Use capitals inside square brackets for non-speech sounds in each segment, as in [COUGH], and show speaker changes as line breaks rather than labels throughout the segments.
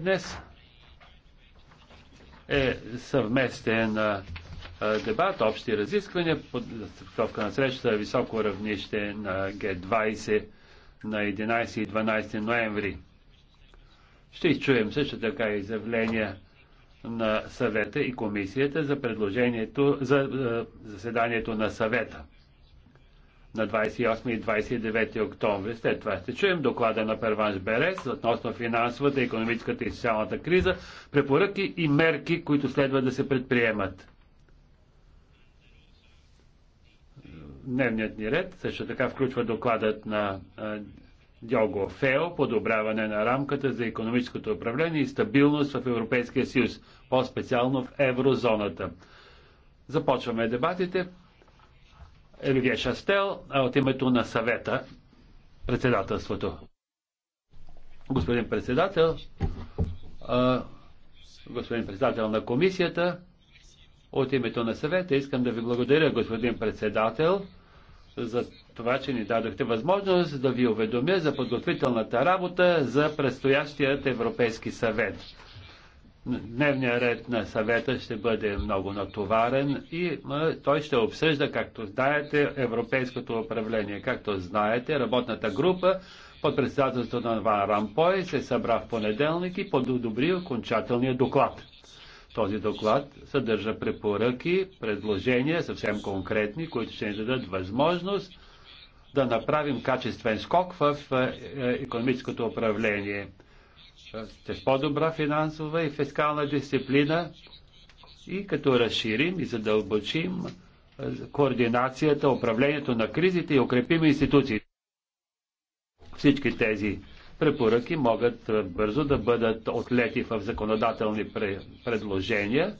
Днес е съвместен дебат, общи разисквания, подготовка на среща високо равнище на Г20 на 11 и 12 ноември. Ще изчуем също така изявления на съвета и комисията за предложението за заседанието на съвета на 28 и 29 октомври. След това ще чуем доклада на Перванш Берес относно финансовата, економическата и социалната криза, препоръки и мерки, които следва да се предприемат. Дневният ни ред също така включва докладът на Дього Фео, подобряване на рамката за економическото управление и стабилност в Европейския съюз, по-специално в еврозоната. Започваме дебатите. Оливия Шастел, а от името на съвета, председателството. Господин председател, а, господин председател на комисията, от името на съвета искам да ви благодаря, господин председател, за това, че ни дадохте възможност да ви уведомя за подготвителната работа за предстоящият Европейски съвет дневният ред на съвета ще бъде много натоварен и той ще обсъжда, както знаете, европейското управление. Както знаете, работната група под председателството на Ван Рампой се събра в понеделник и подобри окончателния доклад. Този доклад съдържа препоръки, предложения, съвсем конкретни, които ще ни дадат възможност да направим качествен скок в е, е, економическото управление чрез е по-добра финансова и фискална дисциплина и като разширим и задълбочим координацията, управлението на кризите и укрепим институциите. Всички тези препоръки могат бързо да бъдат отлети в законодателни предложения,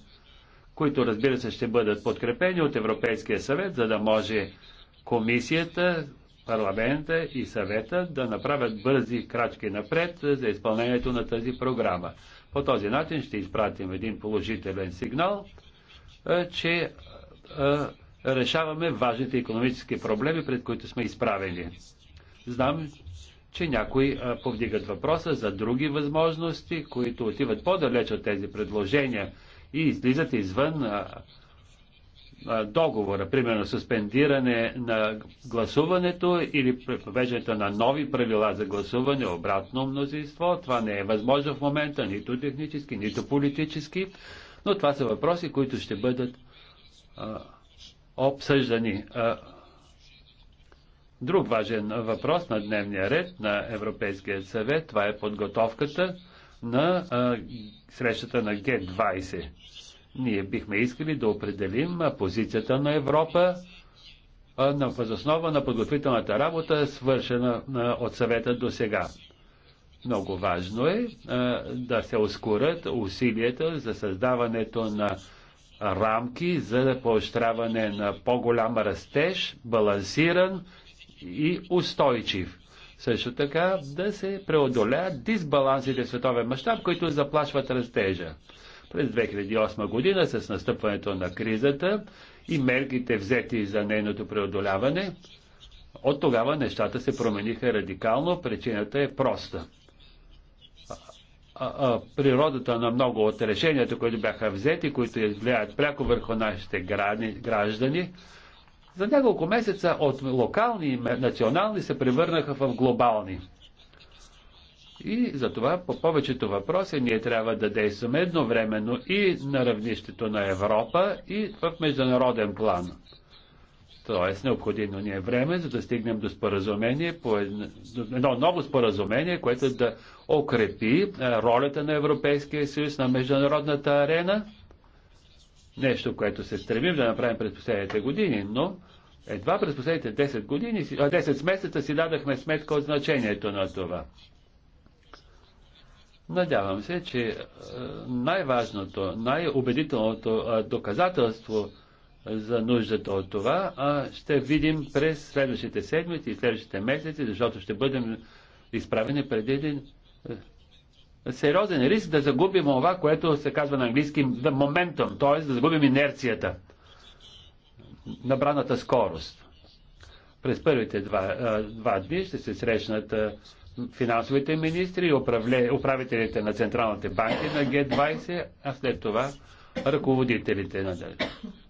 които разбира се ще бъдат подкрепени от Европейския съвет, за да може комисията парламента и съвета да направят бързи крачки напред за изпълнението на тази програма. По този начин ще изпратим един положителен сигнал, че решаваме важните економически проблеми, пред които сме изправени. Знам, че някои повдигат въпроса за други възможности, които отиват по-далеч от тези предложения и излизат извън договора, примерно суспендиране на гласуването или въвеждането на нови правила за гласуване, обратно мнозинство. Това не е възможно в момента, нито технически, нито политически, но това са въпроси, които ще бъдат а, обсъждани. А, друг важен въпрос на дневния ред на Европейския съвет, това е подготовката на а, срещата на Г-20. Ние бихме искали да определим позицията на Европа на възоснова на подготвителната работа, свършена от съвета до сега. Много важно е да се ускорят усилията за създаването на рамки за поощряване на по-голям растеж, балансиран и устойчив. Също така да се преодолят дисбалансите в световен мащаб, които заплашват растежа през 2008 година с настъпването на кризата и мерките взети за нейното преодоляване. От тогава нещата се промениха радикално. Причината е проста. Природата на много от решенията, които бяха взети, които влияят пряко върху нашите граждани, за няколко месеца от локални и национални се превърнаха в глобални. И затова по повечето въпроси ние трябва да действаме едновременно и на равнището на Европа, и в международен план. Тоест, необходимо ни е време, за да стигнем до споразумение, по едно, едно ново споразумение, което да окрепи ролята на Европейския съюз на международната арена. Нещо, което се стремим да направим през последните години, но едва през последните 10 години, 10 месеца си дадахме сметка от значението на това. Надявам се, че е, най-важното, най-убедителното е, доказателство е, за нуждата от това ще видим през следващите седмици и следващите месеци, защото ще бъдем изправени пред един сериозен риск да загубим това, което се казва на английски the momentum, т.е. да загубим инерцията, набраната скорост. През първите два, два дни ще се срещнат финансовите министри и управителите на централните банки на Г-20, а след това ръководителите на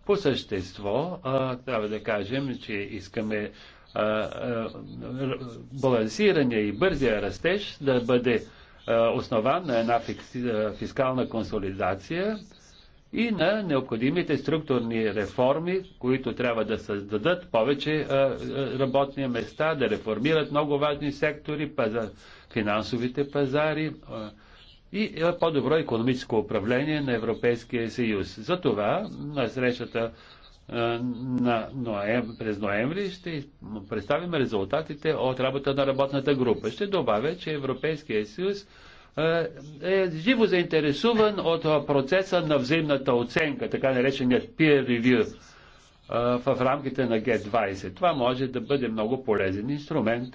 По същество, а, трябва да кажем, че искаме балансирания и бързия растеж да бъде основан на една фискална консолидация, и на необходимите структурни реформи, които трябва да създадат повече работни места, да реформират много важни сектори, финансовите пазари и по-добро економическо управление на Европейския съюз. За това на срещата на ноем, през ноември ще представим резултатите от работа на работната група. Ще добавя, че Европейския съюз е, е живо заинтересуван от е, процеса на взаимната оценка, така нареченият peer review е, в рамките на G20. Това може да бъде много полезен инструмент,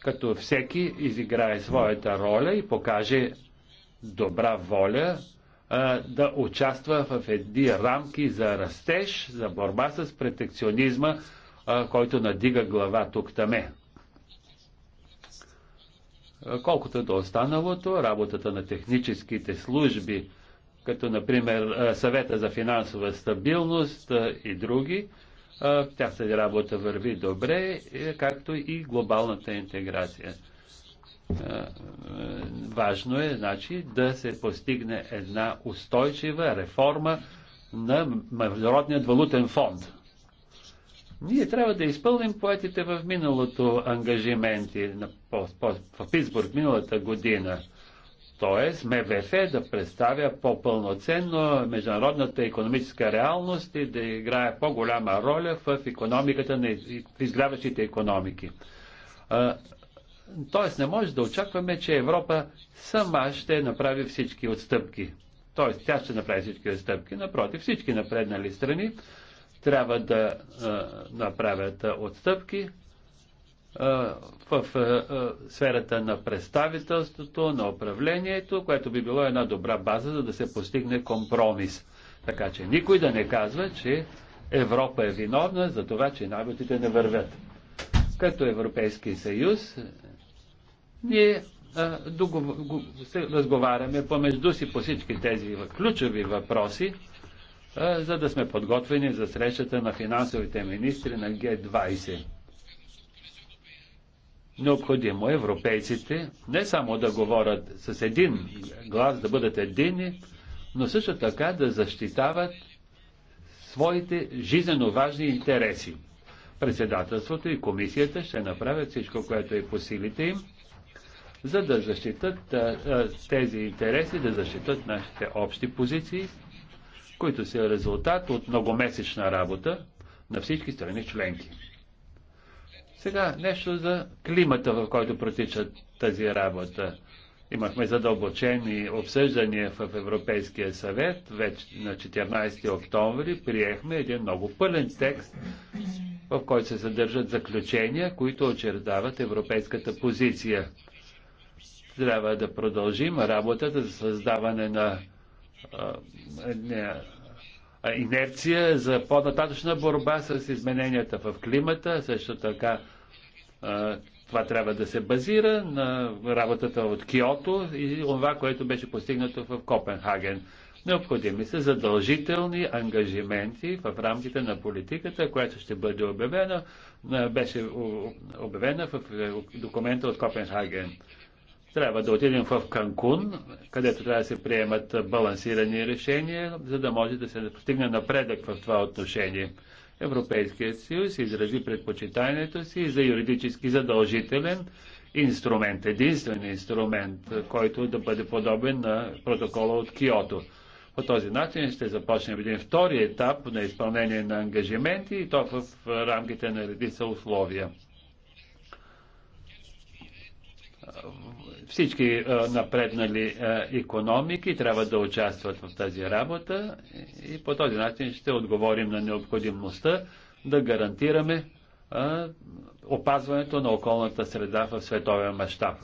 като всеки изиграе своята роля и покаже добра воля да участва в едни рамки за растеж, за борба с протекционизма, който надига глава тук-таме. Е, колкото до останалото, работата на техническите служби, като например е, съвета за финансова стабилност е, и други, тяхната работа върви добре, както и глобалната интеграция. Важно е, значи, да се постигне една устойчива реформа на Международният валутен фонд. Ние трябва да изпълним поетите в миналото ангажименти на, по, по, в Питсбург миналата година. Тоест МВФ да представя по-пълноценно международната економическа реалност и да играе по-голяма роля в економиката на изгряващите економики. Тоест не може да очакваме, че Европа сама ще направи всички отстъпки. Тоест тя ще направи всички отстъпки. Напротив, всички напреднали страни трябва да направят отстъпки в сферата на представителството, на управлението, което би било една добра база, за да се постигне компромис. Така че никой да не казва, че Европа е виновна за това, че работите не вървят. Като Европейски съюз, ние а, договор... разговаряме помежду си по всички тези ключови въпроси, за да сме подготвени за срещата на финансовите министри на Г-20. Необходимо е европейците не само да говорят с един глас, да бъдат едини, но също така да защитават своите жизненно важни интереси. Председателството и комисията ще направят всичко, което е по силите им, за да защитат тези интереси, да защитат нашите общи позиции които са резултат от многомесечна работа на всички страни членки. Сега нещо за климата, в който протича тази работа. Имахме задълбочени обсъждания в Европейския съвет. Вече на 14 октомври приехме един много пълен текст, в който се съдържат заключения, които очертават европейската позиция. Трябва да продължим работата за създаване на е, е, е, инерция за по-нататъчна борба с измененията в климата. Също така това трябва да се базира на работата от Киото и това, което беше постигнато в Копенхаген. Необходими са задължителни ангажименти в рамките на политиката, която ще бъде обявена, беше обявена в документа от Копенхаген. Трябва да отидем в Канкун, където трябва да се приемат балансирани решения, за да може да се постигне напредък в това отношение. Европейският съюз изрази предпочитанието си за юридически задължителен инструмент, единствен инструмент, който да бъде подобен на протокола от Киото. По този начин ще започнем един втори етап на изпълнение на ангажименти и то в рамките на редица условия. Всички напреднали економики трябва да участват в тази работа и по този начин ще отговорим на необходимостта да гарантираме опазването на околната среда в световен мащаб.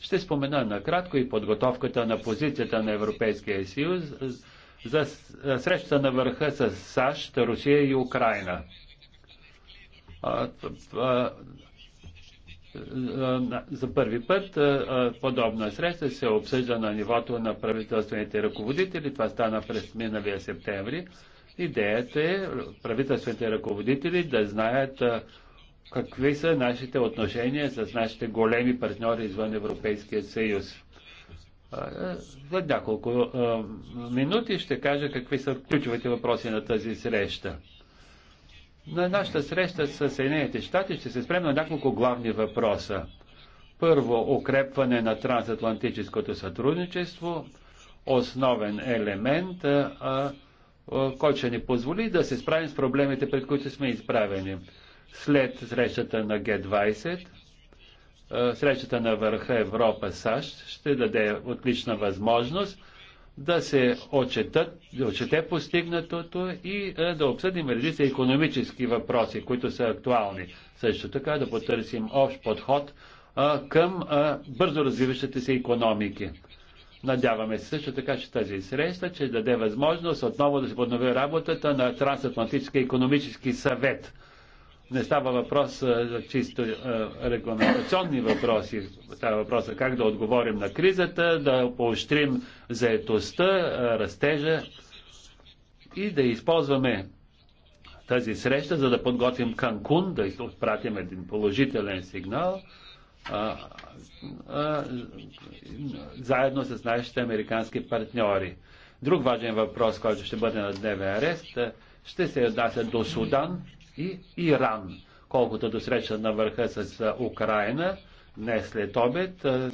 Ще спомена накратко и подготовката на позицията на Европейския съюз за среща на върха с САЩ, Русия и Украина за първи път подобна среща се обсъжда на нивото на правителствените ръководители. Това стана през миналия септември. Идеята е правителствените ръководители да знаят какви са нашите отношения с нашите големи партньори извън Европейския съюз. За няколко минути ще кажа какви са ключовите въпроси на тази среща. На нашата среща с Съединените щати ще се спрем на няколко главни въпроса. Първо, укрепване на трансатлантическото сътрудничество, основен елемент, а, а, който ще ни позволи да се справим с проблемите, пред които сме изправени. След срещата на Г-20, срещата на върха Европа-САЩ ще даде отлична възможност да се отчетат, да отчете постигнатото и е, да обсъдим редица економически въпроси, които са актуални. Също така да потърсим общ подход е, към е, бързо развиващите се економики. Надяваме се също така, че тази среща ще даде възможност отново да се поднови работата на Трансатлантически економически съвет – не става въпрос за чисто регламентационни въпроси. Става въпрос как да отговорим на кризата, да поощрим заетостта, растежа и да използваме тази среща, за да подготвим Канкун, да отпратим един положителен сигнал, а, а, заедно с нашите американски партньори. Друг важен въпрос, който ще бъде на дневен арест, ще се отнася до Судан и Иран. Колкото до среща на върха с Украина, не след обед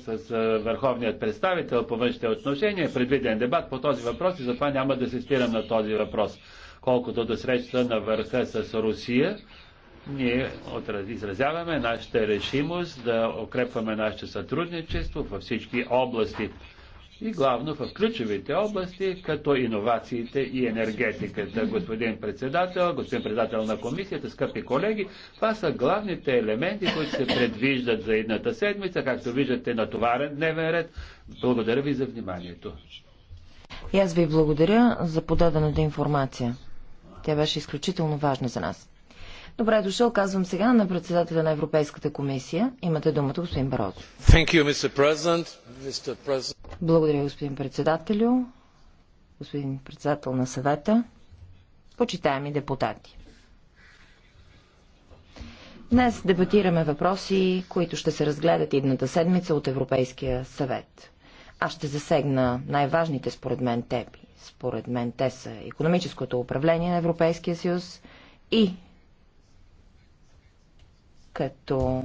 с върховният представител по външните отношения, предвиден дебат по този въпрос и затова няма да се стирам на този въпрос. Колкото до среща на върха с Русия, ние изразяваме нашата решимост да укрепваме нашето сътрудничество във всички области и главно в ключовите области, като иновациите и енергетиката. Господин председател, господин председател на комисията, скъпи колеги, това са главните елементи, които се предвиждат за едната седмица, както виждате натоварен дневен ред. Благодаря ви за вниманието.
И аз ви благодаря за подадената информация. Тя беше изключително важна за нас. Добре дошъл, казвам сега на председателя на Европейската комисия. Имате думата, господин Барозо. Благодаря, господин председателю, господин председател на съвета, почитаеми депутати. Днес дебатираме въпроси, които ще се разгледат идната седмица от Европейския съвет. Аз ще засегна най-важните според мен теми. Според мен те са економическото управление на Европейския съюз и като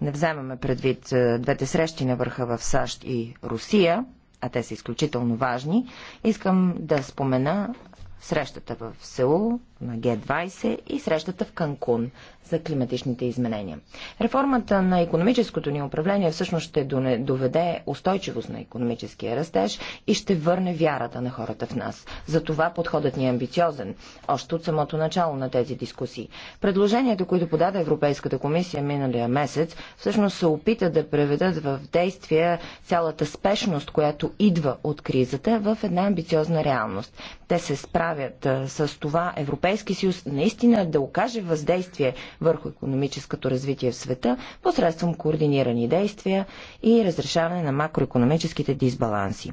не вземаме предвид е, двете срещи на върха в САЩ и Русия, а те са изключително важни, искам да спомена срещата в Сеул на Г-20 и срещата в Канкун за климатичните изменения. Реформата на економическото ни управление всъщност ще доведе устойчивост на економическия растеж и ще върне вярата на хората в нас. Затова подходът ни е амбициозен, още от самото начало на тези дискусии. Предложението, които подаде Европейската комисия миналия месец, всъщност се опита да преведат в действие цялата спешност, която идва от кризата в една амбициозна реалност. Те се справят с това европейските Европейски съюз наистина да окаже въздействие върху економическото развитие в света посредством координирани действия и разрешаване на макроекономическите дисбаланси.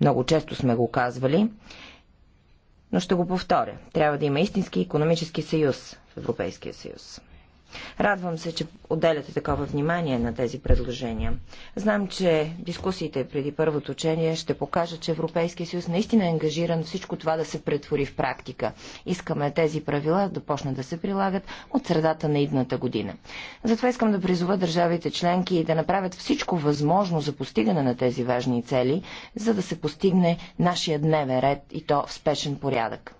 Много често сме го казвали, но ще го повторя. Трябва да има истински економически съюз в Европейския съюз. Радвам се, че отделяте такова внимание на тези предложения. Знам, че дискусиите преди първото учение ще покажат, че Европейския съюз наистина е ангажиран всичко това да се претвори в практика. Искаме тези правила да почнат да се прилагат от средата на идната година. Затова искам да призова държавите членки и да направят всичко възможно за постигане на тези важни цели, за да се постигне нашия дневен ред и то в спешен порядък.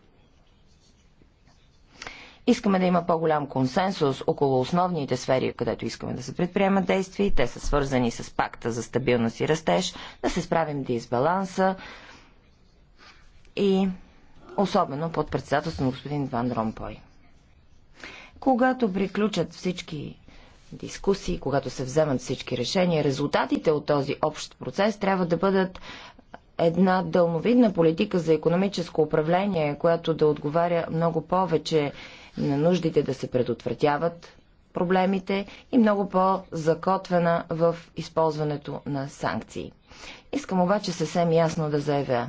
Искаме да има по-голям консенсус около основните сфери, където искаме да се предприемат действия те са свързани с пакта за стабилност и растеж, да се справим дисбаланса и особено под председателство на господин Ван Ромпой. Когато приключат всички дискусии, когато се вземат всички решения, резултатите от този общ процес трябва да бъдат една дълновидна политика за економическо управление, която да отговаря много повече на нуждите да се предотвратяват проблемите и много по-закотвена в използването на санкции. Искам обаче съвсем ясно да заявя.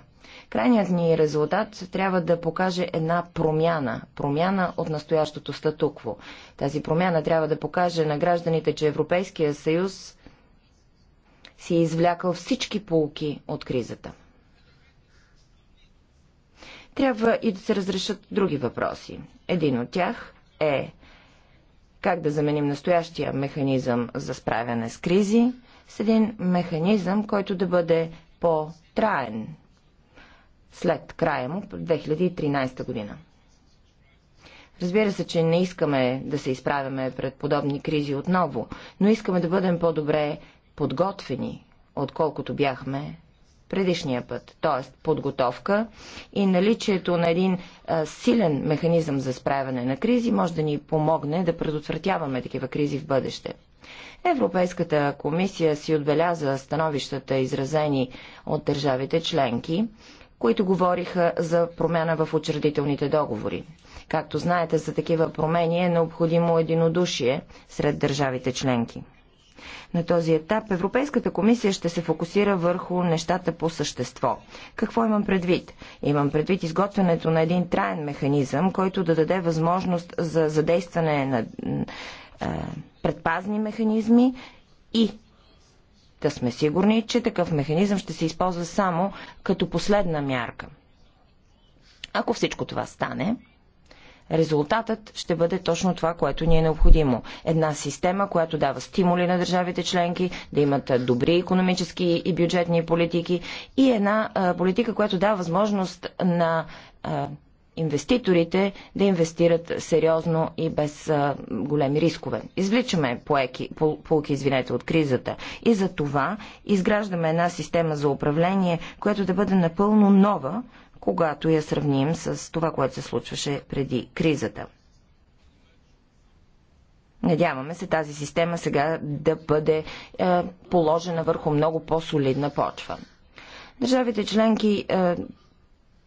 Крайният ни резултат трябва да покаже една промяна, промяна от настоящото статукво. Тази промяна трябва да покаже на гражданите, че Европейския съюз си е извлякал всички полки от кризата трябва и да се разрешат други въпроси. Един от тях е как да заменим настоящия механизъм за справяне с кризи с един механизъм, който да бъде по-траен след края му 2013 година. Разбира се, че не искаме да се изправяме пред подобни кризи отново, но искаме да бъдем по-добре подготвени, отколкото бяхме предишния път, т.е. подготовка и наличието на един а, силен механизъм за справяне на кризи може да ни помогне да предотвратяваме такива кризи в бъдеще. Европейската комисия си отбеляза становищата, изразени от държавите членки, които говориха за промяна в учредителните договори. Както знаете, за такива промени е необходимо единодушие сред държавите членки. На този етап Европейската комисия ще се фокусира върху нещата по същество. Какво имам предвид? Имам предвид изготвянето на един траен механизъм, който да даде възможност за задействане на предпазни механизми и да сме сигурни, че такъв механизъм ще се използва само като последна мярка. Ако всичко това стане, резултатът ще бъде точно това, което ни е необходимо. Една система, която дава стимули на държавите членки да имат добри економически и бюджетни политики и една а, политика, която дава възможност на а, инвеститорите да инвестират сериозно и без а, големи рискове. Извличаме поеки, пол, полки извинете, от кризата и за това изграждаме една система за управление, която да бъде напълно нова, когато я сравним с това, което се случваше преди кризата. Надяваме се тази система сега да бъде е, положена върху много по-солидна почва. Държавите членки е,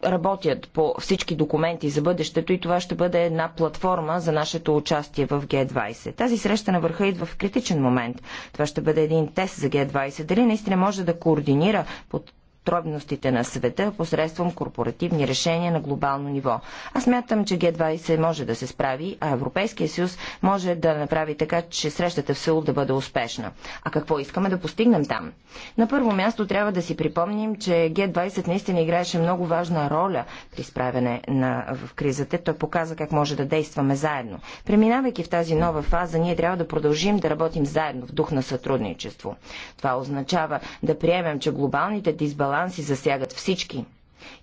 работят по всички документи за бъдещето и това ще бъде една платформа за нашето участие в Г20. Тази среща на върха идва в критичен момент. Това ще бъде един тест за Г20. Дали наистина може да координира под потребностите на света посредством корпоративни решения на глобално ниво. Аз мятам, че Г20 може да се справи, а Европейския съюз може да направи така, че срещата в Сеул да бъде успешна. А какво искаме да постигнем там? На първо място трябва да си припомним, че Г20 наистина играеше много важна роля при справяне на, в кризата. Той показа как може да действаме заедно. Преминавайки в тази нова фаза, ние трябва да продължим да работим заедно в дух на сътрудничество. Това означава да приемем, че глобалните дисбаланси баланси засягат всички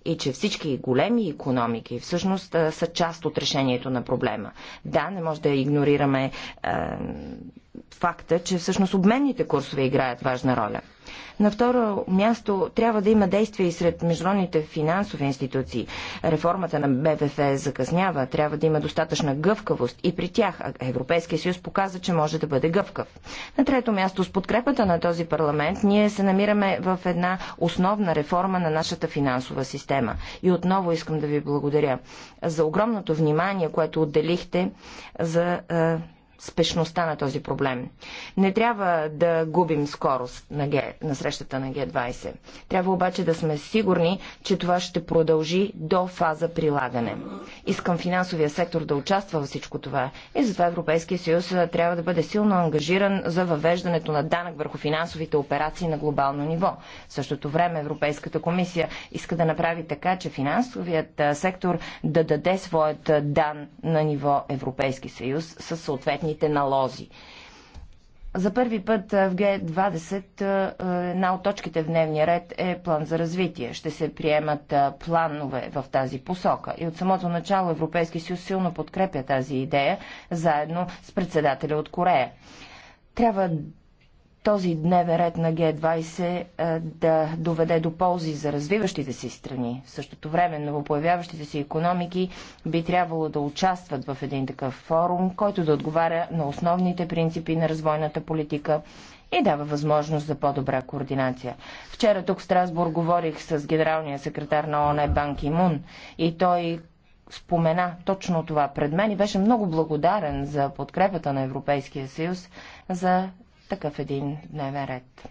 и че всички големи економики всъщност са част от решението на проблема. Да, не може да игнорираме е, факта, че всъщност обменните курсове играят важна роля. На второ място трябва да има действия и сред международните финансови институции. Реформата на БВФ закъснява, трябва да има достатъчна гъвкавост и при тях Европейския съюз показа, че може да бъде гъвкав. На трето място, с подкрепата на този парламент, ние се намираме в една основна реформа на нашата финансова система. И отново искам да ви благодаря за огромното внимание, което отделихте за спешността на този проблем. Не трябва да губим скорост на, Г, на срещата на Г20. Трябва обаче да сме сигурни, че това ще продължи до фаза прилагане. Искам финансовия сектор да участва във всичко това и затова Европейския съюз трябва да бъде силно ангажиран за въвеждането на данък върху финансовите операции на глобално ниво. В същото време Европейската комисия иска да направи така, че финансовият сектор да даде своят дан на ниво Европейски съюз с съответни въглеродните налози. За първи път в Г-20 една от точките в дневния ред е план за развитие. Ще се приемат планове в тази посока. И от самото начало Европейски съюз силно подкрепя тази идея, заедно с председателя от Корея. Трябва този дневен ред на Г-20 е, да доведе до ползи за развиващите си страни. В същото време новопоявяващите си економики би трябвало да участват в един такъв форум, който да отговаря на основните принципи на развойната политика и дава възможност за по-добра координация. Вчера тук в Страсбург говорих с генералния секретар на ОНЕ Бан Кимун и той спомена точно това пред мен и беше много благодарен за подкрепата на Европейския съюз за такъв един дневен ред.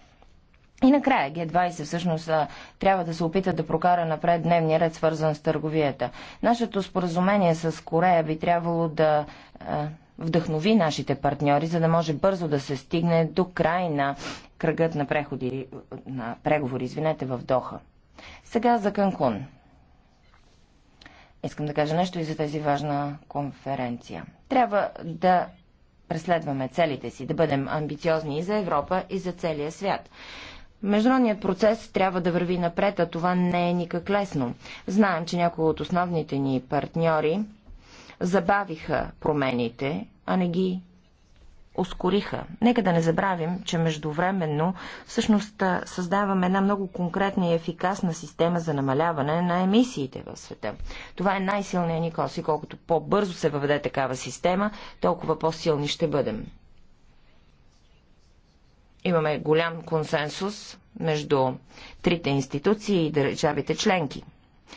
И накрая Г20 всъщност трябва да се опита да прокара напред дневния ред, свързан с търговията. Нашето споразумение с Корея би трябвало да вдъхнови нашите партньори, за да може бързо да се стигне до край на кръгът на, преходи, на преговори извинете, в Доха. Сега за Канкун. Искам да кажа нещо и за тази важна конференция. Трябва да преследваме целите си, да бъдем амбициозни и за Европа, и за целия свят. Международният процес трябва да върви напред, а това не е никак лесно. Знаем, че някои от основните ни партньори забавиха промените, а не ги ускориха. Нека да не забравим, че междувременно всъщност създаваме една много конкретна и ефикасна система за намаляване на емисиите в света. Това е най-силният ни кос и колкото по-бързо се въведе такава система, толкова по-силни ще бъдем. Имаме голям консенсус между трите институции и държавите членки.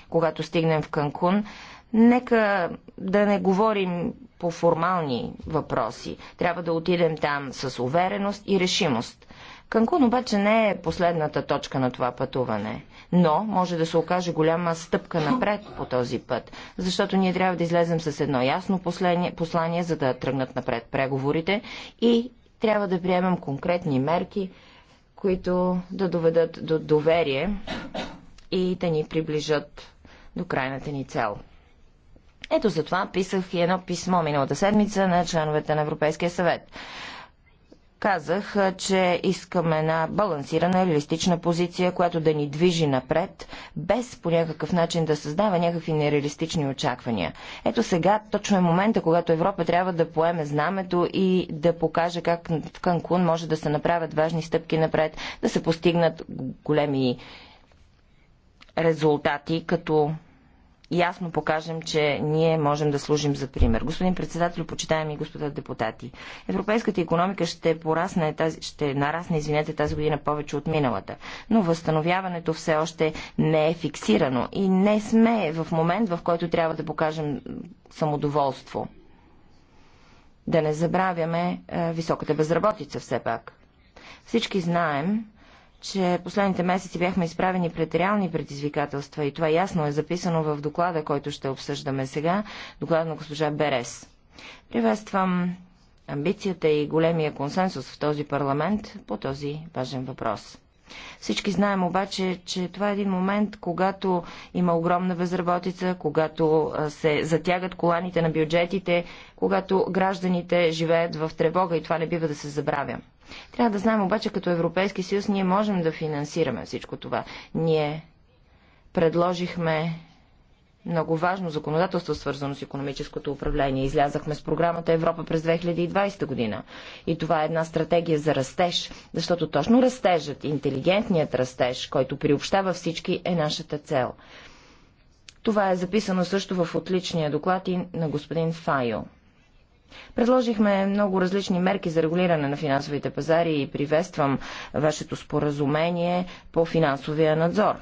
Когато стигнем в Канкун, нека да не говорим по формални въпроси. Трябва да отидем там с увереност и решимост. Канкун обаче не е последната точка на това пътуване, но може да се окаже голяма стъпка напред по този път, защото ние трябва да излезем с едно ясно послание, послание за да тръгнат напред преговорите и трябва да приемем конкретни мерки, които да доведат до доверие и да ни приближат до крайната ни цел. Ето за това писах и едно писмо миналата седмица на членовете на Европейския съвет. Казах, че искаме една балансирана, реалистична позиция, която да ни движи напред, без по някакъв начин да създава някакви нереалистични очаквания. Ето сега точно е момента, когато Европа трябва да поеме знамето и да покаже как в Канкун може да се направят важни стъпки напред, да се постигнат големи резултати, като ясно покажем, че ние можем да служим за пример. Господин председател, почитаеми господа депутати, европейската економика ще, порасне тази, ще нарасне извинете, тази година повече от миналата, но възстановяването все още не е фиксирано и не сме в момент, в който трябва да покажем самодоволство. Да не забравяме е, високата безработица все пак. Всички знаем, че последните месеци бяхме изправени пред реални предизвикателства и това ясно е записано в доклада, който ще обсъждаме сега, доклада на госпожа Берес. Приветствам амбицията и големия консенсус в този парламент по този важен въпрос. Всички знаем обаче, че това е един момент, когато има огромна безработица, когато се затягат коланите на бюджетите, когато гражданите живеят в тревога и това не бива да се забравя. Трябва да знаем обаче, като Европейски съюз ние можем да финансираме всичко това. Ние предложихме много важно законодателство, свързано с економическото управление. Излязахме с програмата Европа през 2020 година. И това е една стратегия за растеж, защото точно растежът, интелигентният растеж, който приобщава всички, е нашата цел. Това е записано също в отличния доклад и на господин Файо. Предложихме много различни мерки за регулиране на финансовите пазари и приветствам вашето споразумение по финансовия надзор.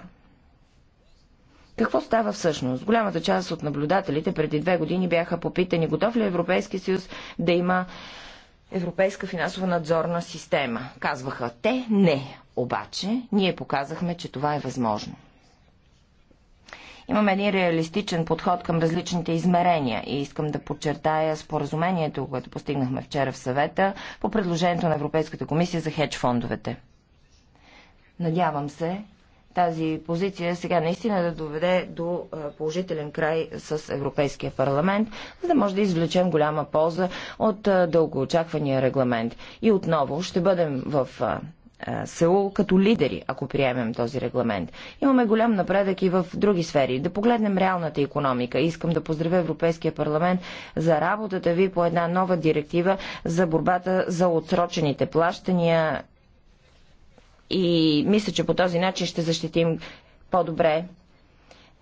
Какво става всъщност? Голямата част от наблюдателите преди две години бяха попитани готов ли Европейски съюз да има Европейска финансова надзорна система. Казваха те не, обаче ние показахме, че това е възможно. Имаме един реалистичен подход към различните измерения и искам да подчертая споразумението, което постигнахме вчера в съвета по предложението на Европейската комисия за хедж фондовете. Надявам се тази позиция сега наистина да доведе до положителен край с Европейския парламент, за да може да извлечем голяма полза от дългоочаквания регламент. И отново ще бъдем в е, Сеул като лидери, ако приемем този регламент. Имаме голям напредък и в други сфери. Да погледнем реалната економика. Искам да поздравя Европейския парламент за работата ви по една нова директива за борбата за отсрочените плащания и мисля, че по този начин ще защитим по-добре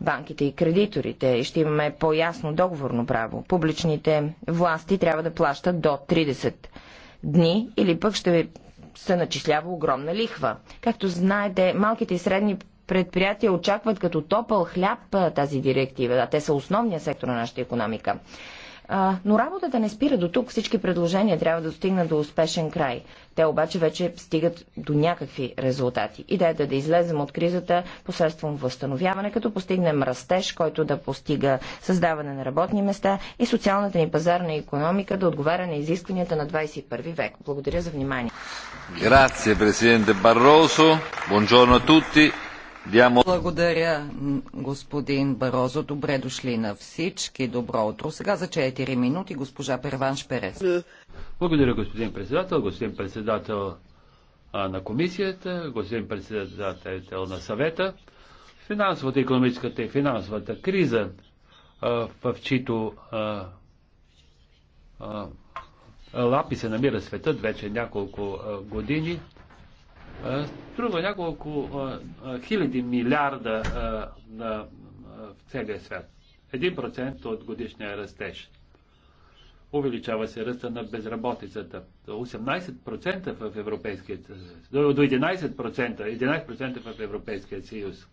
банките и кредиторите и ще имаме по-ясно договорно право. Публичните власти трябва да плащат до 30 дни или пък ще се начислява огромна лихва. Както знаете, малките и средни предприятия очакват като топъл хляб тази директива. Да, те са основния сектор на нашата економика. А, но работата не спира до тук. Всички предложения трябва да достигнат до успешен край. Те обаче вече стигат до някакви резултати. Идеята е да излезем от кризата посредством възстановяване, като постигнем растеж, който да постига създаване на работни места и социалната ни пазарна економика да отговаря на изискванията на 21 век. Благодаря за внимание.
Grazie Presidente Barroso, buongiorno a tutti. Благодаря,
господин Барозо. Добре дошли на всички. Добро утро. Сега за 4 минути госпожа Перванш Перес.
Благодаря, господин председател, господин председател на комисията, господин председател на съвета. Финансовата, економическата и финансовата криза, в чието лапи се намира светът вече няколко години, струва няколко хиляди милиарда на в целия свят. 1% от годишния растеж. Увеличава се ръста на безработицата. 18% в Европейския до 11%, 11% в Европейския съюз.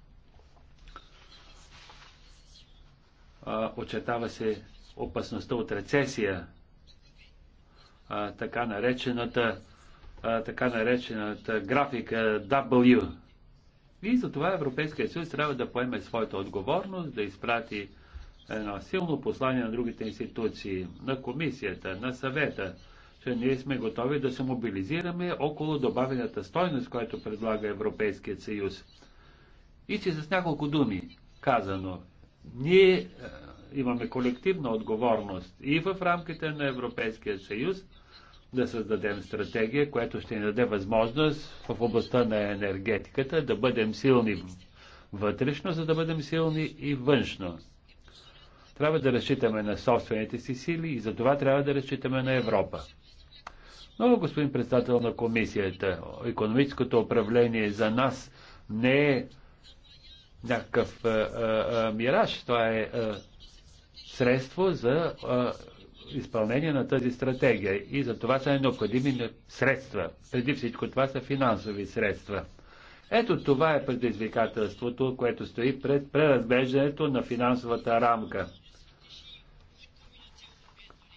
Очетава се опасността от рецесия, така наречената а, така наречената графика W. И за това Европейския съюз трябва да поеме своята отговорност, да изпрати едно силно послание на другите институции, на комисията, на съвета, че ние сме готови да се мобилизираме около добавената стойност, която предлага Европейският съюз. И че с няколко думи казано, ние имаме колективна отговорност и в рамките на Европейския съюз, да създадем стратегия, която ще ни даде възможност в областта на енергетиката да бъдем силни вътрешно, за да бъдем силни и външно. Трябва да разчитаме на собствените си сили и за това трябва да разчитаме на Европа. Но, господин председател на комисията, економическото управление за нас не е някакъв а, а, мираж, това е а, средство за а, изпълнение на тази стратегия и за това са необходими средства. Преди всичко това са финансови средства. Ето това е предизвикателството, което стои пред преразглеждането на финансовата рамка.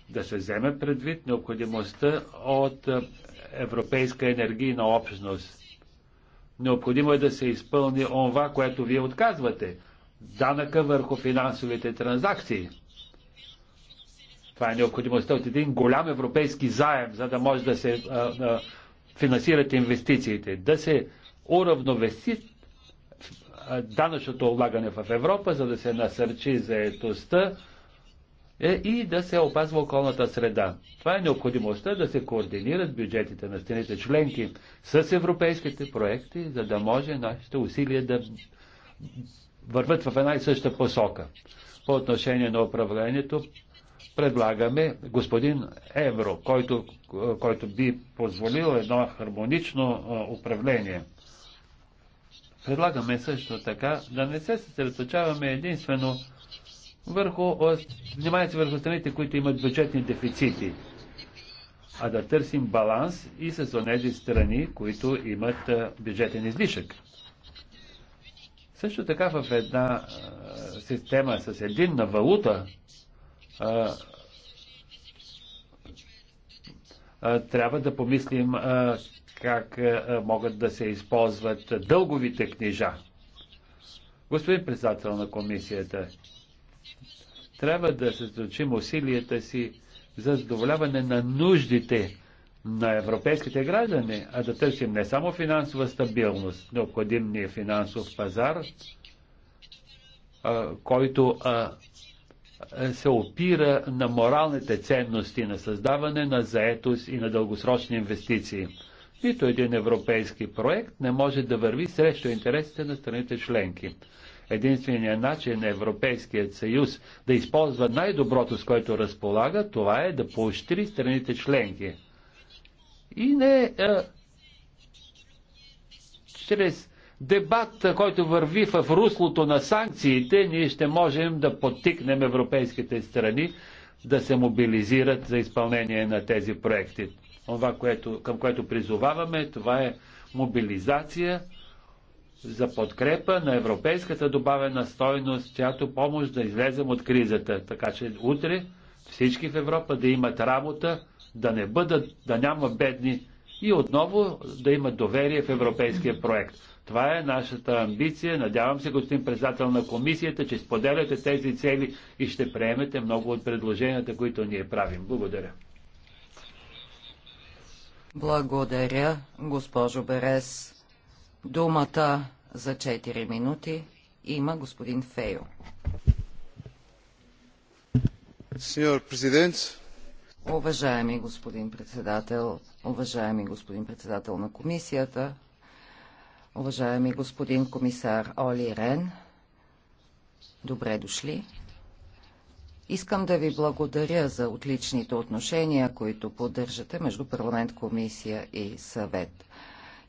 Да се вземе предвид необходимостта от е, Европейска енергийна общност. Необходимо е да се изпълни онва, което вие отказвате – данъка върху финансовите транзакции – това е необходимостта от един голям европейски заем, за да може да се а, а, финансират инвестициите, да се уравновеси данъчното облагане в Европа, за да се насърчи заетостта е, и да се опазва околната среда. Това е необходимостта да се координират бюджетите на страните членки с европейските проекти, за да може нашите усилия да върват в една и съща посока. По отношение на управлението, предлагаме господин Евро, който, който би позволил едно хармонично управление. Предлагаме също така да не се съсредоточаваме единствено върху, внимайте върху страните, които имат бюджетни дефицити, а да търсим баланс и с онези страни, които имат бюджетен излишък. Също така в една система с единна валута трябва да помислим а, как а, могат да се използват дълговите книжа. Господин председател на комисията, трябва да случим усилията си за задоволяване на нуждите на европейските граждани, а да търсим не само финансова стабилност, необходимния е финансов пазар, който се опира на моралните ценности на създаване на заетост и на дългосрочни инвестиции. Нито един европейски проект не може да върви срещу интересите на страните членки. Единственият начин на Европейският съюз да използва най-доброто, с което разполага, това е да поощри страните членки. И не е, чрез дебат, който върви в руслото на санкциите, ние ще можем да подтикнем европейските страни да се мобилизират за изпълнение на тези проекти. Това, което, към което призоваваме, това е мобилизация за подкрепа на европейската добавена стойност, чиято помощ да излезем от кризата. Така че утре всички в Европа да имат работа, да не бъдат, да няма бедни и отново да имат доверие в европейския проект. Това е нашата амбиция. Надявам се, господин председател на комисията, че споделяте тези цели и ще приемете много от предложенията, които ние правим. Благодаря.
Благодаря, госпожо Берес. Думата за 4 минути има господин Фейо.
Сеньор президент,
Уважаеми господин председател, уважаеми господин председател на комисията, уважаеми господин комисар Оли Рен. Добре дошли. Искам да ви благодаря за отличните отношения, които поддържате между парламент, комисия и съвет.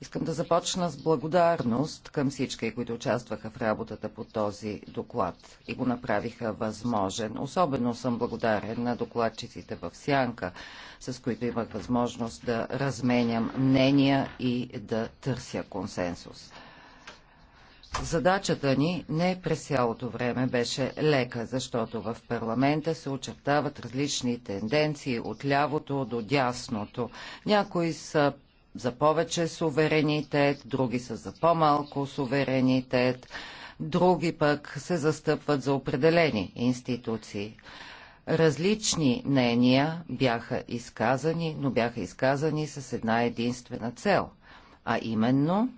Искам да започна с благодарност към всички, които участваха в работата по този доклад и го направиха възможен. Особено съм благодарен на докладчиците в Сянка, с които имах възможност да разменям мнения и да търся консенсус. Задачата ни не през цялото време беше лека, защото в парламента се очертават различни тенденции от лявото до дясното. Някои са за повече суверенитет, други са за по-малко суверенитет, други пък се застъпват за определени институции. Различни мнения бяха изказани, но бяха изказани с една единствена цел, а именно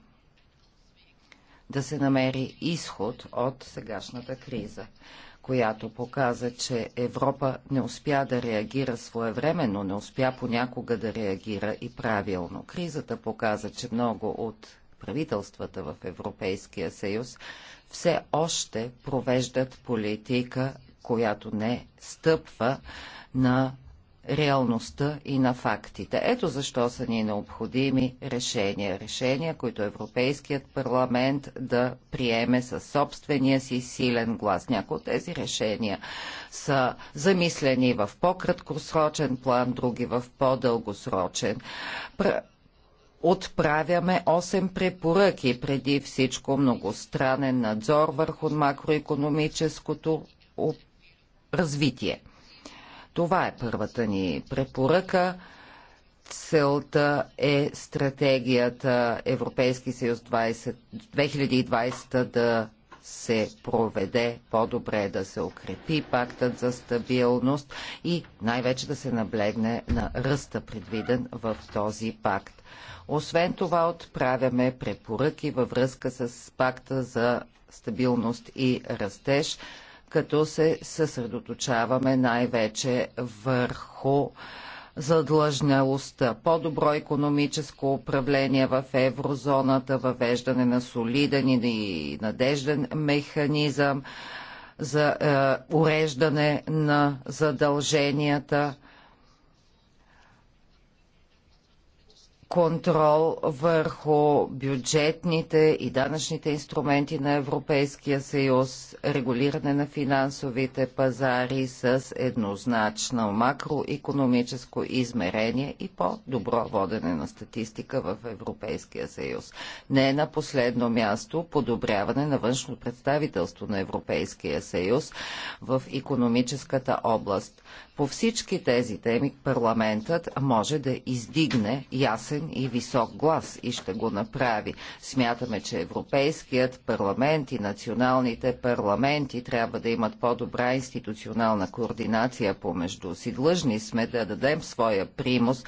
да се намери изход от сегашната криза която показа, че Европа не успя да реагира своевременно, не успя понякога да реагира и правилно. Кризата показа, че много от правителствата в Европейския съюз все още провеждат политика, която не стъпва на реалността и на фактите. Ето защо са ни необходими решения. Решения, които Европейският парламент да приеме със собствения си силен глас. Някои от тези решения са замислени в по-краткосрочен план, други в по-дългосрочен отправяме 8 препоръки, преди всичко многостранен надзор върху макроекономическото развитие. Това е първата ни препоръка. Целта е стратегията Европейски съюз 20, 2020 да се проведе по-добре, е да се укрепи пактът за стабилност и най-вече да се наблегне на ръста, предвиден в този пакт. Освен това отправяме препоръки във връзка с пакта за стабилност и растеж като се съсредоточаваме най-вече върху задлъжнялостта, по-добро економическо управление в еврозоната, въвеждане на солиден и надежден механизъм за е, уреждане на задълженията – контрол върху бюджетните и данъчните инструменти на Европейския съюз, регулиране на финансовите пазари с еднозначно макроекономическо измерение и по-добро водене на статистика в Европейския съюз. Не на последно място подобряване на външно представителство на Европейския съюз в економическата област. По всички тези теми парламентът може да издигне ясен и висок глас и ще го направи. Смятаме, че Европейският парламент и националните парламенти трябва да имат по-добра институционална координация помежду си. Длъжни сме да дадем своя примус,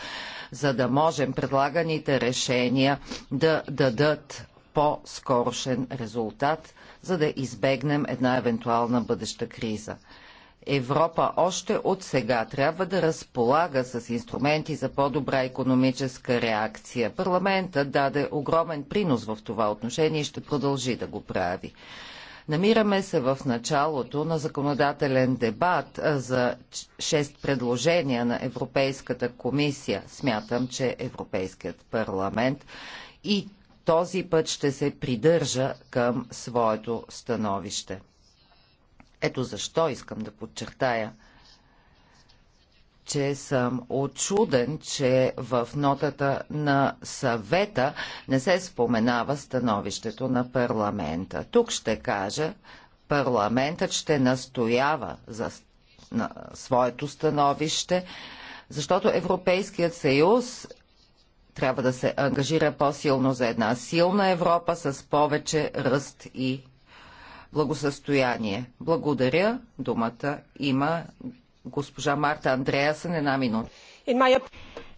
за да можем предлаганите решения да дадат по-скорошен резултат, за да избегнем една евентуална бъдеща криза. Европа още от сега трябва да разполага с инструменти за по-добра економическа реакция. Парламентът даде огромен принос в това отношение и ще продължи да го прави. Намираме се в началото на законодателен дебат за шест предложения на Европейската комисия. Смятам, че Европейският парламент и този път ще се придържа към своето становище. Ето защо искам да подчертая, че съм очуден, че в нотата на съвета не се споменава становището на парламента. Тук ще кажа, парламентът ще настоява за на своето становище, защото Европейският съюз трябва да се ангажира по-силно за една силна Европа с повече ръст и благосъстояние. Благодаря. Думата има госпожа Марта Андреасен. Една минута.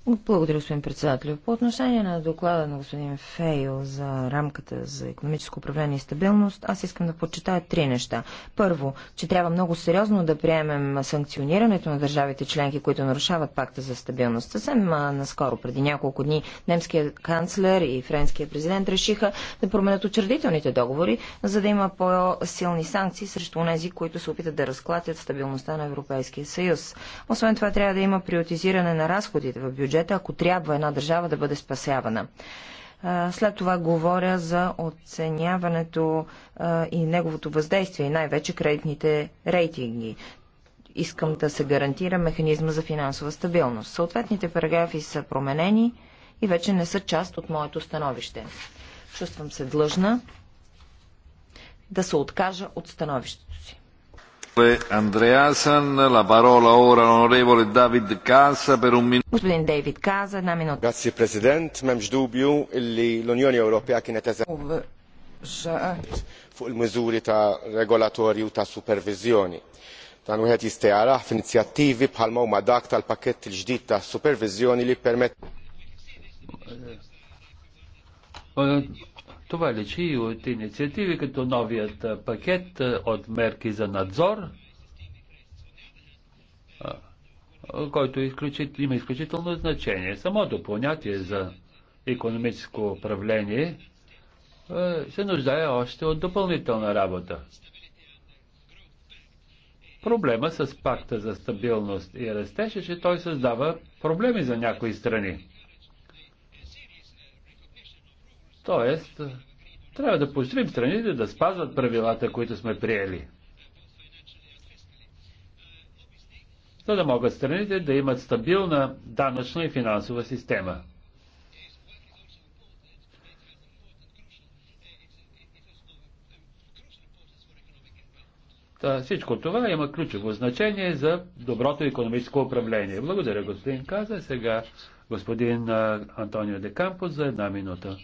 Благодаря, господин председател. По отношение на доклада на господин
Фейл за рамката за економическо управление и стабилност, аз искам да подчитая три неща. Първо, че трябва много сериозно да приемем санкционирането на държавите членки, които нарушават пакта за стабилност. Съвсем наскоро, преди няколко дни, немският канцлер и френският президент решиха да променят учредителните договори, за да има по-силни санкции срещу тези, които се опитат да разклатят стабилността на Европейския съюз. Освен това, трябва да има приоритизиране на разходите в бюджета бюджета, ако трябва една държава да бъде спасявана. След това говоря за оценяването и неговото въздействие, и най-вече кредитните рейтинги искам да се гарантира механизма за финансова стабилност. Съответните параграфи са променени и вече не са част от моето становище. Чувствам се длъжна да се откажа от становището. Господин Дейвид Каза, една минута.
fuq il-miżuri ta' regolatorju ta' superviżjoni. Dan wieħed jista' jarah f'inizjattivi bħalma huma dak tal-pakkett il-ġdid ta' superviżjoni li permett
това личи и от инициативи като новият пакет от мерки за надзор, който има изключително значение. Самото понятие за економическо управление се нуждае още от допълнителна работа. Проблема с пакта за стабилност и растеж е, че той създава проблеми за някои страни. Тоест, трябва да поощрим страните да спазват правилата, които сме приели. За да могат страните да имат стабилна данъчна и финансова система. Та, всичко това има ключово значение за доброто економическо управление. Благодаря, господин Каза. Сега господин Антонио Декампо за една минута.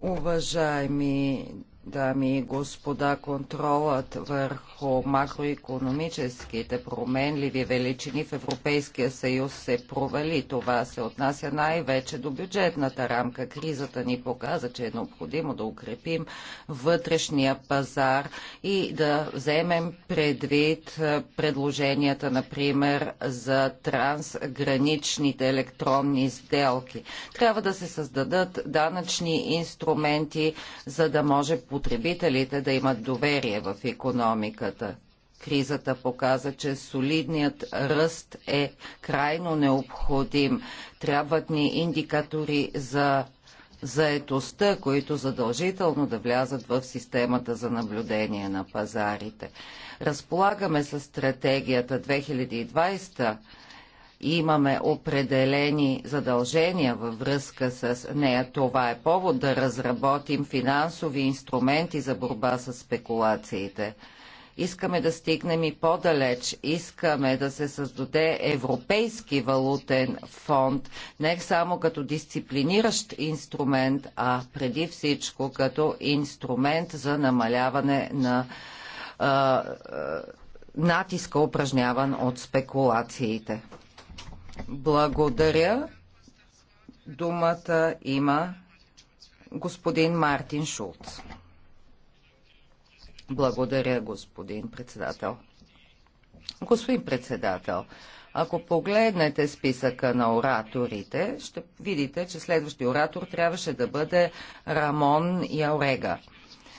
Уважаеми Дами и господа, контролът върху макроекономическите променливи величини в Европейския съюз се провали. Това се отнася най-вече до бюджетната рамка. Кризата ни показа, че е необходимо да укрепим вътрешния пазар и да вземем предвид предложенията, например, за трансграничните електронни сделки. Трябва да се създадат данъчни инструменти, за да може по потребителите да имат доверие в економиката. Кризата показа, че солидният ръст е крайно необходим. Трябват ни индикатори за заетостта, които задължително да влязат в системата за наблюдение на пазарите. Разполагаме с стратегията 2020 имаме определени задължения във връзка с нея. Това е повод да разработим финансови инструменти за борба с спекулациите. Искаме да стигнем и по-далеч. Искаме да се създаде Европейски валутен фонд, не само като дисциплиниращ инструмент, а преди всичко като инструмент за намаляване на а, а, натиска, упражняван от спекулациите. Благодаря. Думата има господин Мартин Шулц. Благодаря, господин председател. Господин председател, ако погледнете списъка на ораторите, ще видите, че следващия оратор трябваше да бъде Рамон Яорега.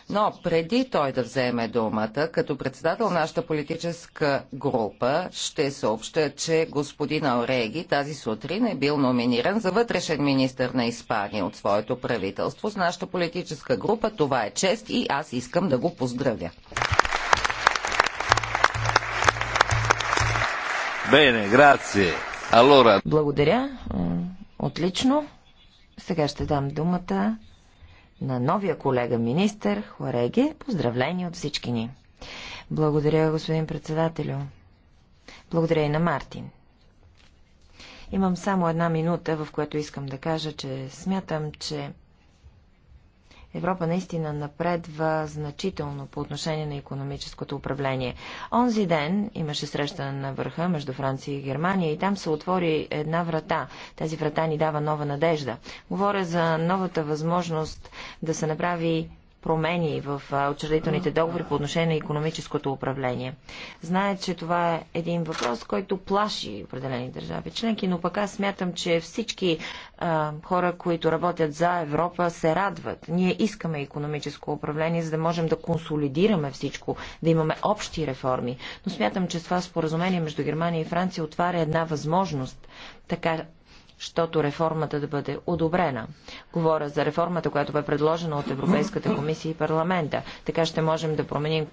Но преди той да вземе думата, като председател на нашата политическа група, ще съобща, че господин Ореги тази сутрин е бил номиниран за вътрешен министр на Испания от своето правителство. С нашата политическа група това е чест и аз искам да го поздравя.
Бене, грация.
Благодаря. Отлично. Сега ще дам думата на новия колега министър Хореге. Поздравление от всички ни! Благодаря, господин председателю. Благодаря и на Мартин. Имам само една минута, в която искам да кажа, че смятам, че Европа наистина напредва значително по отношение на економическото управление. Онзи ден имаше среща на върха между Франция и Германия и там се отвори една врата. Тази врата ни дава нова надежда. Говоря за новата възможност да се направи промени в учредителните договори по отношение на економическото управление. Знае, че това е един въпрос, който плаши определени държави членки, но пък аз смятам, че всички а, хора, които работят за Европа, се радват. Ние искаме економическо управление, за да можем да консолидираме всичко, да имаме общи реформи. Но смятам, че това споразумение между Германия и Франция отваря една възможност така щото реформата да бъде одобрена. Говоря за реформата, която бе предложена от Европейската комисия и парламента. Така ще можем да променим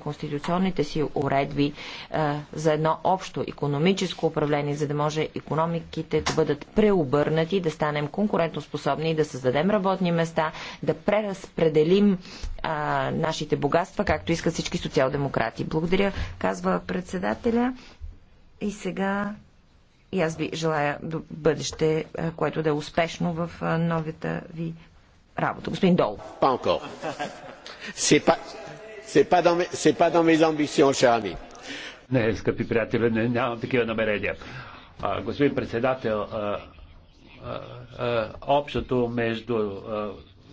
конституционните си уредби е, за едно общо економическо управление, за да може економиките да бъдат преобърнати, да станем конкурентоспособни, да създадем работни места, да преразпределим е, нашите богатства, както искат всички социал-демократи. Благодаря, казва председателя. И сега и аз ви желая до бъдеще, което да е успешно в новата ви работа. Господин Дол.
Не, скъпи приятели, не, нямам такива намерения. А, господин председател, а, а, а, общото между а,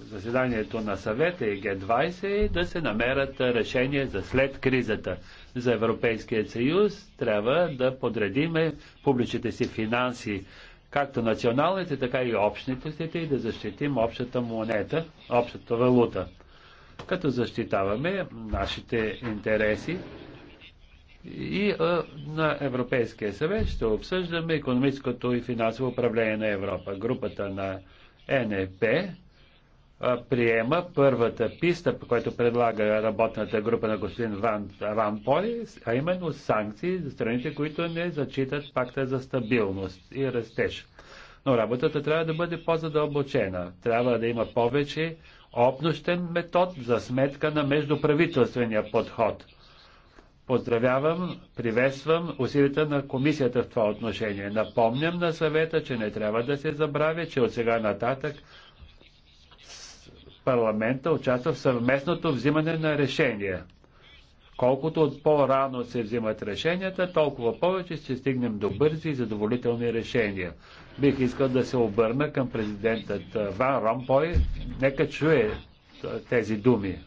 заседанието на съвета и Г-20 да се намерят решения за след кризата. За Европейския съюз трябва да подредиме публичните си финанси, както националните, така и общните, и да защитим общата монета, общата валута. Като защитаваме нашите интереси, и а, на Европейския съвет ще обсъждаме економическото и финансово управление на Европа. Групата на НЕП приема първата писта, която предлага работната група на господин Ван, Ван Поли, а именно санкции за страните, които не зачитат пакта за стабилност и растеж. Но работата трябва да бъде по-задълбочена. Трябва да има повече общностен метод за сметка на междуправителствения подход. Поздравявам, приветствам усилията на комисията в това отношение. Напомням на съвета, че не трябва да се забравя, че от сега нататък парламента участва в съвместното взимане на решения. Колкото от по-рано се взимат решенията, толкова повече ще стигнем до бързи и задоволителни решения. Бих искал да се обърна към президентът Ван Ромпой. Нека чуе тези думи.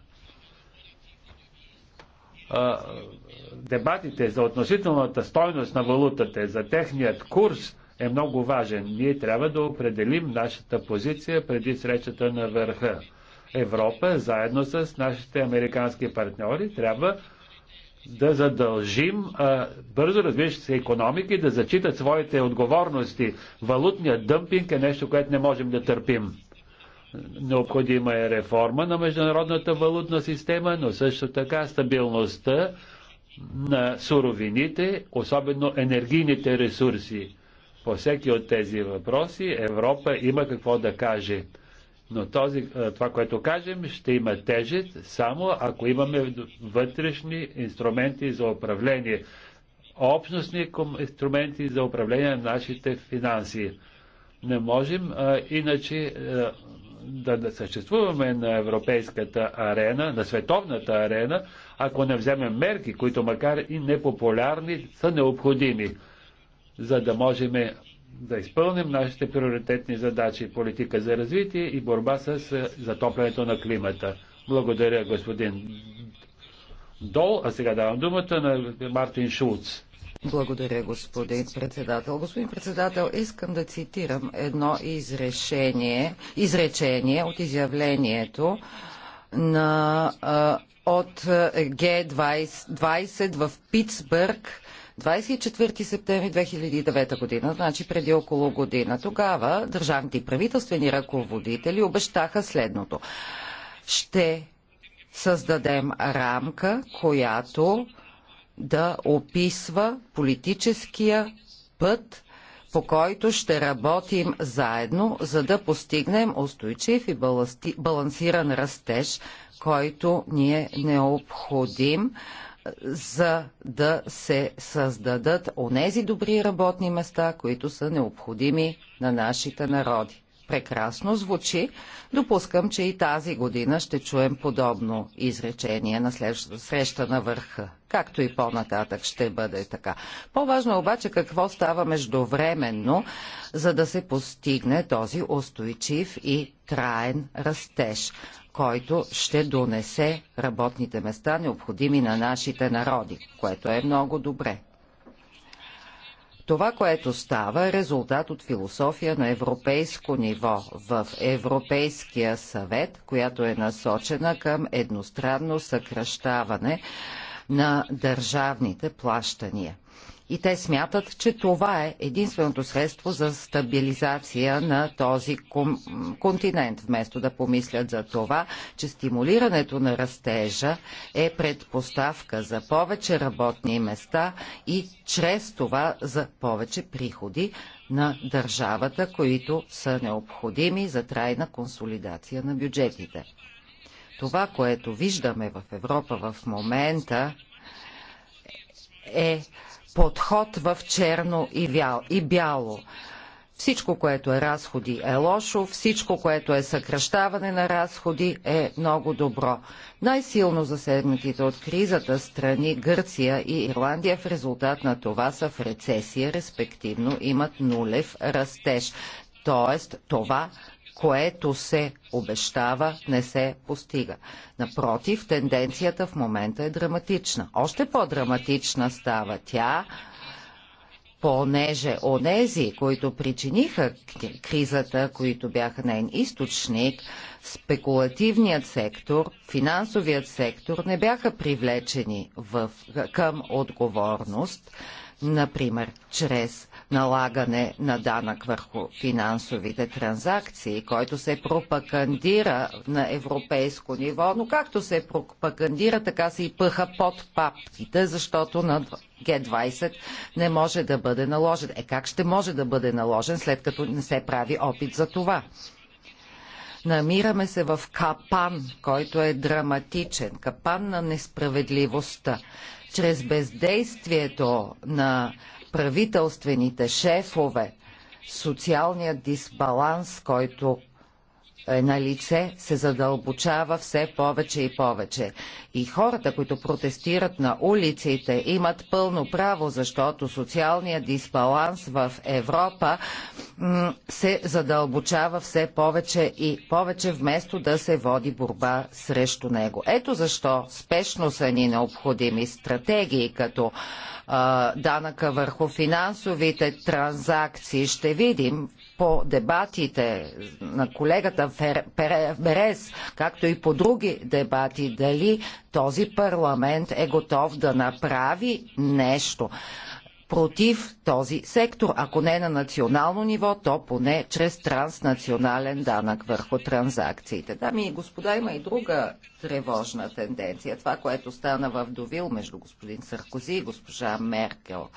Дебатите за относителната стойност на валутата, за техният курс е много важен. Ние трябва да определим нашата позиция преди срещата на върха. Европа, заедно с нашите американски партньори, трябва да задължим а, бързо развиващите се економики да зачитат своите отговорности. Валутният дъмпинг е нещо, което не можем да търпим. Необходима е реформа на международната валутна система, но също така стабилността на суровините, особено енергийните ресурси. По всеки от тези въпроси Европа има какво да каже. Но този, това, което кажем, ще има тежест само ако имаме вътрешни инструменти за управление, общностни инструменти за управление на нашите финанси. Не можем а, иначе а, да, да съществуваме на европейската арена, на световната арена, ако не вземем мерки, които макар и непопулярни, са необходими, за да можем да изпълним нашите приоритетни задачи политика за развитие и борба с е, затоплянето на климата. Благодаря, господин Дол. А сега давам думата на Мартин Шулц.
Благодаря, господин председател. Господин председател, искам да цитирам едно изрешение, изречение от изявлението на, е, от е, Г20 в Питсбърг 24 септември 2009 година, значи преди около година. Тогава държавните и правителствени ръководители обещаха следното. Ще създадем рамка, която да описва политическия път, по който ще работим заедно, за да постигнем устойчив и балансиран растеж, който ни е необходим за да се създадат онези добри работни места, които са необходими на нашите народи. Прекрасно звучи. Допускам, че и тази година ще чуем подобно изречение на среща на върха. Както и по-нататък ще бъде така. По-важно е обаче какво става междувременно, за да се постигне този устойчив и траен растеж който ще донесе работните места, необходими на нашите народи, което е много добре. Това, което става, е резултат от философия на европейско ниво в Европейския съвет, която е насочена към едностранно съкръщаване на държавните плащания и те смятат, че това е единственото средство за стабилизация на този континент, вместо да помислят за това, че стимулирането на растежа е предпоставка за повече работни места и чрез това за повече приходи на държавата, които са необходими за трайна консолидация на бюджетите. Това, което виждаме в Европа в момента, е подход в черно и бяло. Всичко, което е разходи е лошо, всичко, което е съкръщаване на разходи е много добро. Най-силно засегнатите от кризата страни Гърция и Ирландия в резултат на това са в рецесия, респективно имат нулев растеж. Тоест това което се обещава, не се постига. Напротив, тенденцията в момента е драматична. Още по-драматична става тя, понеже онези, които причиниха кризата, които бяха нейн източник, спекулативният сектор, финансовият сектор не бяха привлечени в, към отговорност, например, чрез налагане на данък върху финансовите транзакции, който се пропагандира на европейско ниво, но както се пропагандира, така се и пъха под папките, защото на Г20 не може да бъде наложен. Е как ще може да бъде наложен, след като не се прави опит за това? Намираме се в капан, който е драматичен, капан на несправедливостта. Чрез бездействието на правителствените шефове, социалният дисбаланс, който е на лице, се задълбочава все повече и повече. И хората, които протестират на улиците, имат пълно право, защото социалният дисбаланс в Европа се задълбочава все повече и повече, вместо да се води борба срещу него. Ето защо спешно са ни необходими стратегии като данъка върху финансовите транзакции. Ще видим по дебатите на колегата Берес, както и по други дебати, дали този парламент е готов да направи нещо против този сектор. Ако не е на национално ниво, то поне чрез транснационален данък върху транзакциите. Дами и господа, има и друга тревожна тенденция. Това, което стана в Довил между господин Саркози и госпожа Меркел.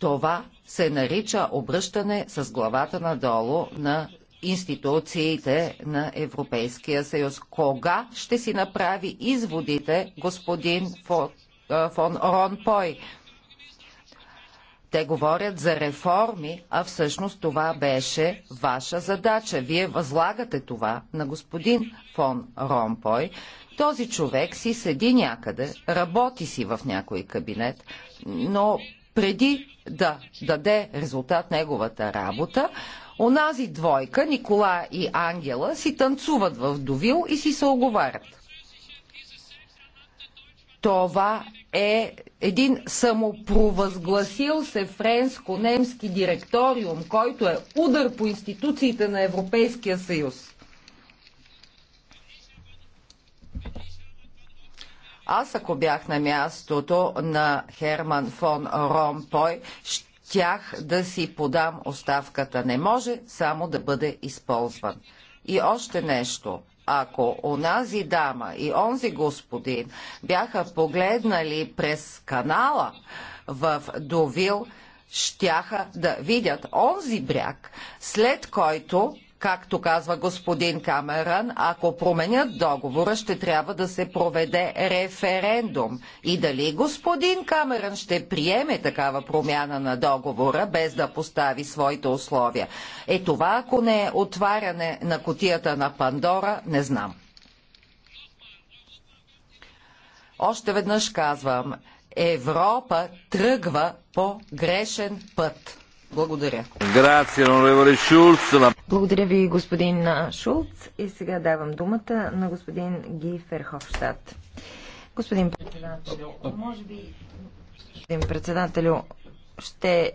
Това се нарича обръщане с главата надолу на институциите на Европейския съюз. Кога ще си направи изводите господин Фон Ронпой? Те говорят за реформи, а всъщност това беше ваша задача. Вие възлагате това на господин фон Ромпой. Този човек си седи някъде, работи си в някой кабинет, но преди да даде резултат неговата работа, онази двойка, Никола и Ангела, си танцуват в Довил и си се оговарят. Това е един самопровъзгласил се френско-немски директориум, който е удар по институциите на Европейския съюз. Аз ако бях на мястото на Херман фон Ромпой, щях да си подам оставката. Не може само да бъде използван. И още нещо – ако онази дама и онзи господин бяха погледнали през канала в Довил, щяха да видят онзи бряг, след който както казва господин Камеран, ако променят договора, ще трябва да се проведе референдум. И дали господин Камеран ще приеме такава промяна на договора, без да постави своите условия? Е това, ако не е отваряне на котията на Пандора, не знам. Още веднъж казвам, Европа тръгва по грешен път. Благодаря.
Благодаря ви,
господин Шулц. И сега давам думата на господин Ги Ферховщад. Господин
председател, може би...
Господин председател, ще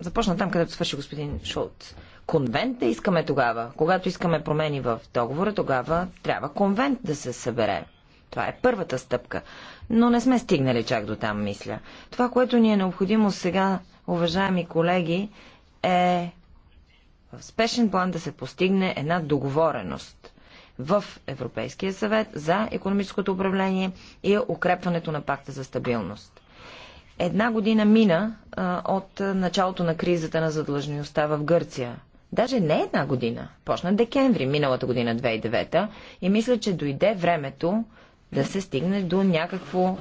започна там, където свърши господин Шулц. Конвент да искаме тогава. Когато искаме промени в договора, тогава трябва конвент да се събере. Това е първата стъпка. Но не сме стигнали чак до там, мисля. Това, което ни е необходимо сега уважаеми колеги, е в спешен план да се постигне една договореност в Европейския съвет за економическото управление и укрепването на пакта за стабилност. Една година мина а, от началото на кризата на задлъжността в Гърция. Даже не една година. Почна декември миналата година, 2009 и мисля, че дойде времето да се стигне до някакво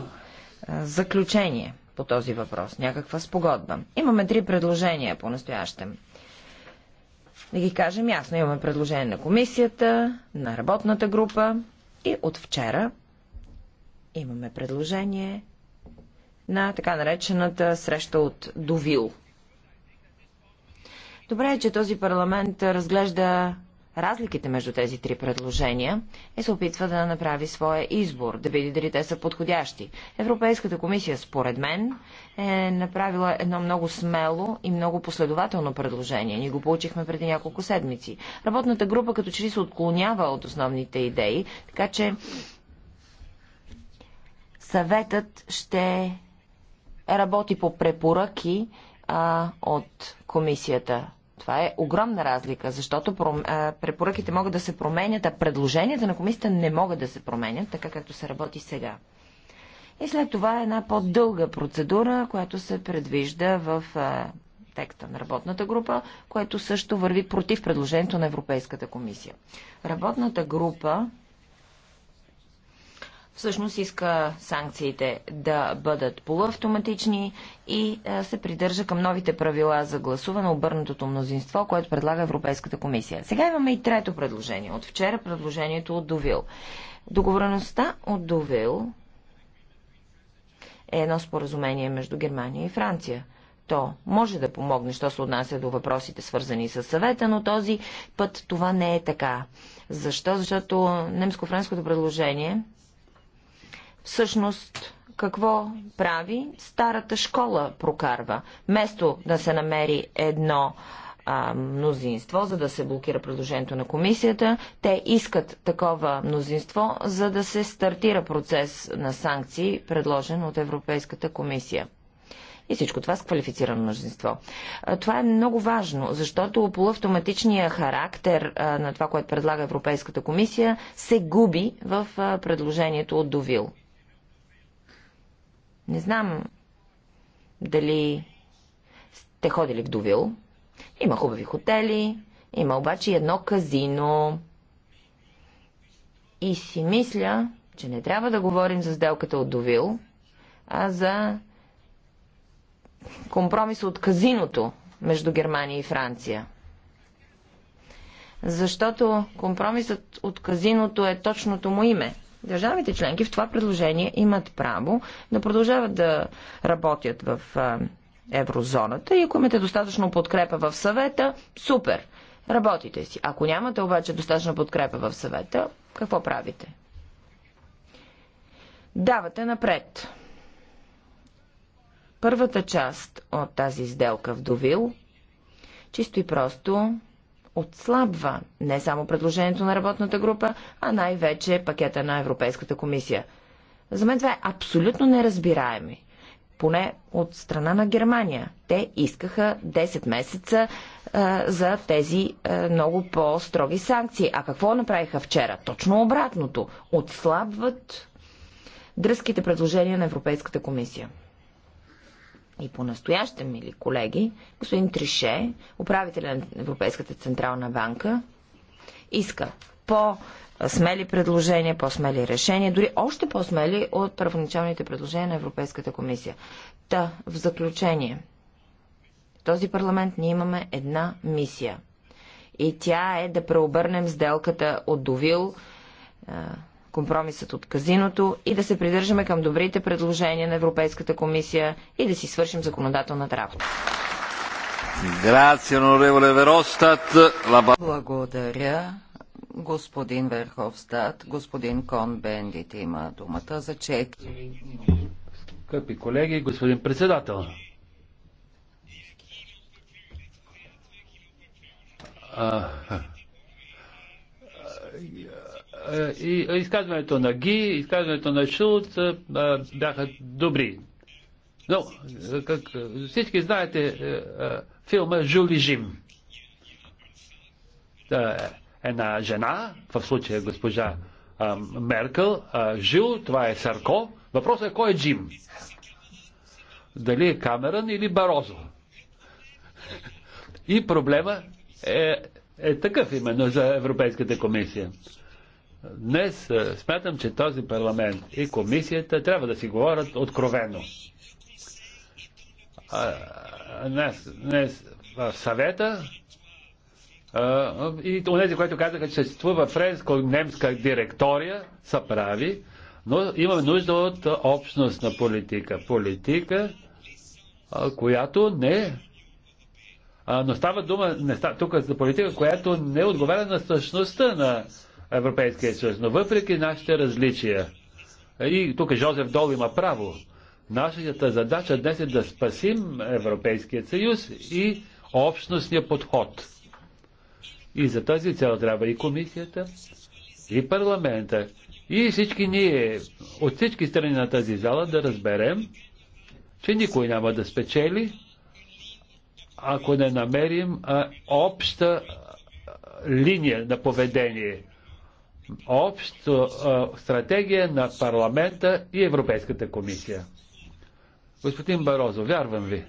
а, заключение по този въпрос, някаква спогодба. Имаме три предложения по-настоящем. Да ги кажем ясно, имаме предложение на комисията, на работната група и от вчера имаме предложение на така наречената среща от Довил. Добре е, че този парламент разглежда разликите между тези три предложения и е се опитва да направи своя избор, да види дали те са подходящи. Европейската комисия, според мен, е направила едно много смело и много последователно предложение. Ние го получихме преди няколко седмици. Работната група като че ли се отклонява от основните идеи, така че съветът ще работи по препоръки а, от комисията това е огромна разлика, защото препоръките могат да се променят, а предложенията на комисията не могат да се променят, така както се работи сега. И след това е една по-дълга процедура, която се предвижда в текста на работната група, което също върви против предложението на Европейската комисия. Работната група всъщност иска санкциите да бъдат полуавтоматични и се придържа към новите правила за гласуване, обърнатото мнозинство, което предлага Европейската комисия. Сега имаме и трето предложение. От вчера предложението от Довил. Договореността от Довил е едно споразумение между Германия и Франция. То може да помогне, що се отнася до въпросите, свързани с съвета, но този път това не е така. Защо? Защото немско-френското предложение всъщност какво прави? Старата школа прокарва. Место да се намери едно а, мнозинство, за да се блокира предложението на комисията. Те искат такова мнозинство, за да се стартира процес на санкции, предложен от Европейската комисия. И всичко това с квалифицирано мнозинство. Това е много важно, защото полуавтоматичният характер на това, което предлага Европейската комисия, се губи в предложението от Довил. Не знам дали сте ходили в Довил. Има хубави хотели, има обаче едно казино. И си мисля, че не трябва да говорим за сделката от Довил, а за компромис от казиното между Германия и Франция. Защото компромисът от казиното е точното му име. Държавите членки в това предложение имат право да продължават да работят в еврозоната и ако имате достатъчно подкрепа в съвета, супер, работите си. Ако нямате обаче достатъчно подкрепа в съвета, какво правите? Давате напред. Първата част от тази сделка в Довил чисто и просто отслабва не само предложението на работната група, а най-вече пакета на Европейската комисия. За мен това е абсолютно неразбираеми. Поне от страна на Германия. Те искаха 10 месеца а, за тези а, много по-строги санкции. А какво направиха вчера? Точно обратното. Отслабват дръзките предложения на Европейската комисия и по-настоящем, мили колеги, господин Трише, управителя на Европейската централна банка, иска по-смели предложения, по-смели решения, дори още по-смели от първоначалните предложения на Европейската комисия. Та, в заключение, в този парламент ние имаме една мисия. И тя е да преобърнем сделката от Довил компромисът от казиното и да се придържаме към добрите предложения на Европейската комисия и да си свършим законодателната
работа. Благодаря, господин Верховстат. Господин Кон Бендит има думата за четири.
Скъпи колеги, господин председател. А, е, и е, изказването на Ги, изказването на Шулц е, бяха добри. Но, как, всички знаете филма Жули Жим. Една жена, в случая госпожа Меркел, Жил, това е Сарко. Въпросът е кой е Джим? Дали е Камерън или Барозо? И проблема е, е такъв именно за Европейската комисия. Днес е, смятам, че този парламент и комисията трябва да си говорят откровено. Днес, днес в съвета и онези, които казаха, че съществува френско-немска директория, са прави, но имаме нужда от общност на политика. Политика, която не. но става дума не става, тук за политика, която не отговаря на същността на Европейския съюз. Но въпреки нашите различия, и тук Жозеф Дол има право, нашата задача днес е да спасим Европейския съюз и общностния подход. И за тази цел трябва и комисията, и парламента, и всички ние от всички страни на тази зала да разберем, че никой няма да спечели, ако не намерим а, обща линия на поведение общо стратегия на парламента и Европейската комисия. Господин Барозо, вярвам ви.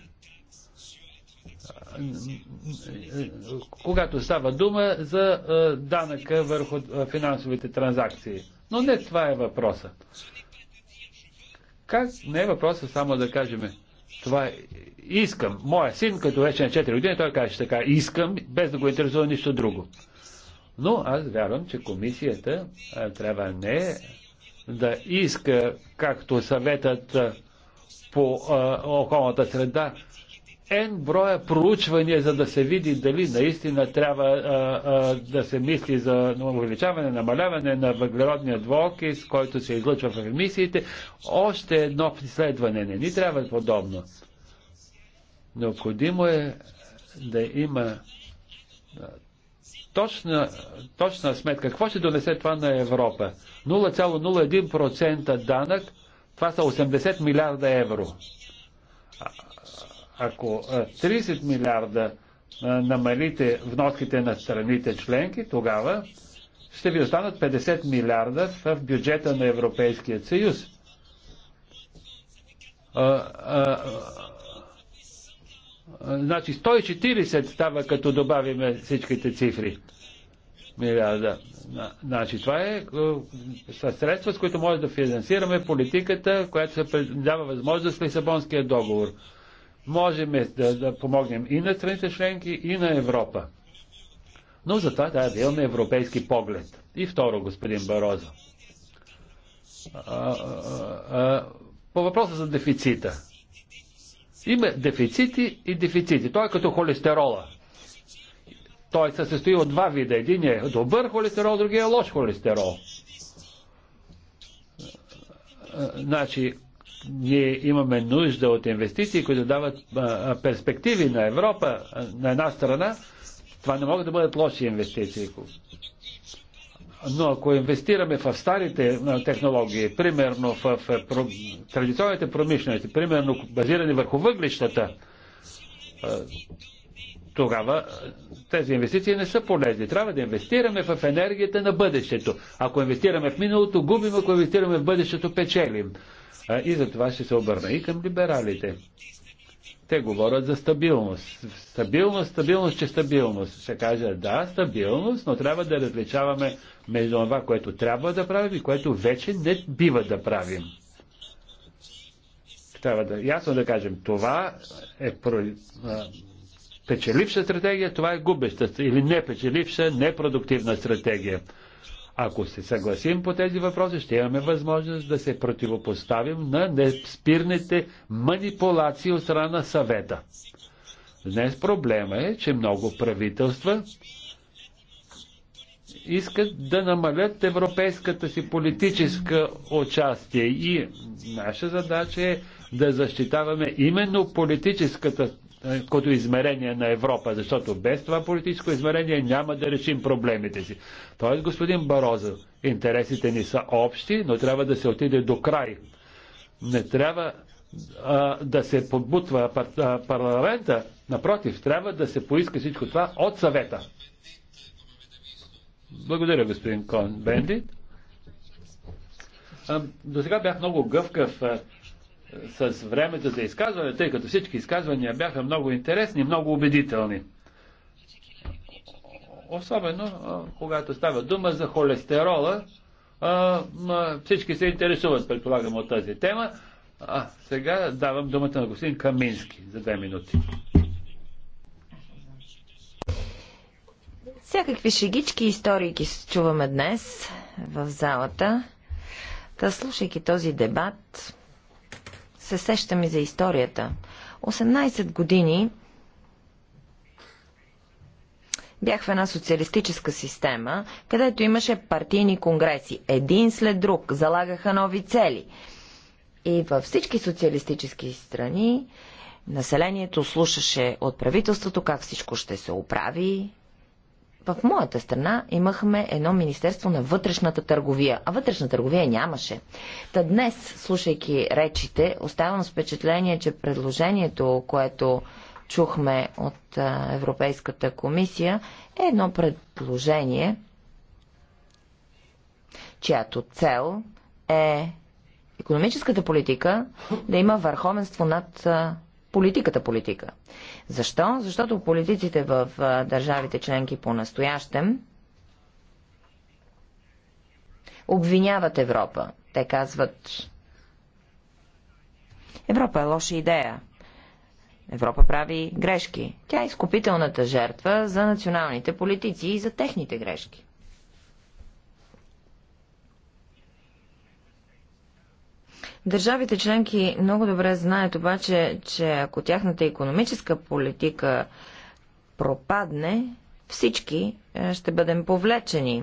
Когато става дума за данъка върху финансовите транзакции. Но не това е въпроса. Как не е въпроса само да кажем това е искам. Моя син, като вече е на 4 години, той каже така, искам, без да го интересува нищо друго. Но аз вярвам, че комисията трябва не да иска, както съветът по околната среда, ен броя проучвания, за да се види дали наистина трябва да се мисли за увеличаване, намаляване на въглеродния с който се излъчва в емисиите. Още едно изследване не ни трябва подобно. Необходимо е да има точна, точна сметка. Какво ще донесе това на Европа? 0,01% данък, това са 80 милиарда евро. А, ако 30 милиарда намалите вноските на страните членки, тогава ще ви останат 50 милиарда в бюджета на Европейския съюз. А, а, Значи 140 става като добавиме всичките цифри. Милиарда. Значи това е, е средства, с които може да финансираме политиката, която се дава възможност с Лисабонския договор. Можем да, да помогнем и на страните членки, и на Европа. Но за това трябва да имаме европейски поглед. И второ, господин Барозо. А, а, а, по въпроса за дефицита. Има дефицити и дефицити. Той е като холестерола. Той се състои от два вида. Един е добър холестерол, другия е лош холестерол. Значи, ние имаме нужда от инвестиции, които дават перспективи на Европа, на една страна. Това не могат да бъдат лоши инвестиции. Но ако инвестираме в старите технологии, примерно в е, традиционните промишлености, примерно базирани върху въглищата, тогава тези инвестиции не са полезни. Трябва да инвестираме в енергията на бъдещето. Ако инвестираме в миналото, губим, ако инвестираме в бъдещето, печелим. И за това ще се обърна и към либералите. Те говорят за стабилност. Стабилност, стабилност, че стабилност. Ще кажа да, стабилност, но трябва да различаваме между това, което трябва да правим и което вече не бива да правим. Трябва да ясно да кажем, това е про, а, печеливша стратегия, това е губеща или непечеливша, непродуктивна стратегия. Ако се съгласим по тези въпроси, ще имаме възможност да се противопоставим на неспирните манипулации от страна на съвета. Днес проблема е, че много правителства искат да намалят европейската си политическа участие. И наша задача е да защитаваме именно политическата е, като измерение на Европа, защото без това политическо измерение няма да решим проблемите си. Тоест, господин Барозо, интересите ни са общи, но трябва да се отиде до край. Не трябва а, да се подбутва пар, а, парламента, напротив, трябва да се поиска всичко това от съвета. Благодаря, господин Кон Бендит. До сега бях много гъвкав с времето за изказване, тъй като всички изказвания бяха много интересни, много убедителни. Особено когато става дума за холестерола, всички се интересуват, предполагам, от тази тема. А сега давам думата на господин Камински за две минути.
Всякакви шегички и истории чуваме днес в залата. Та слушайки този дебат, се сещам и за историята. 18 години бях в една социалистическа система, където имаше партийни конгреси. Един след друг залагаха нови цели. И във всички социалистически страни населението слушаше от правителството как всичко ще се оправи, в моята страна имахме едно Министерство на вътрешната търговия, а вътрешна търговия нямаше. Та днес, слушайки речите, оставам с впечатление, че предложението, което чухме от Европейската комисия, е едно предложение, чиято цел е економическата политика да има върховенство над политиката политика. Защо? Защото политиците в държавите членки по-настоящем обвиняват Европа. Те казват Европа е лоша идея. Европа прави грешки. Тя е изкупителната жертва за националните политици и за техните грешки. Държавите членки много добре знаят обаче, че ако тяхната економическа политика пропадне, всички е, ще бъдем повлечени.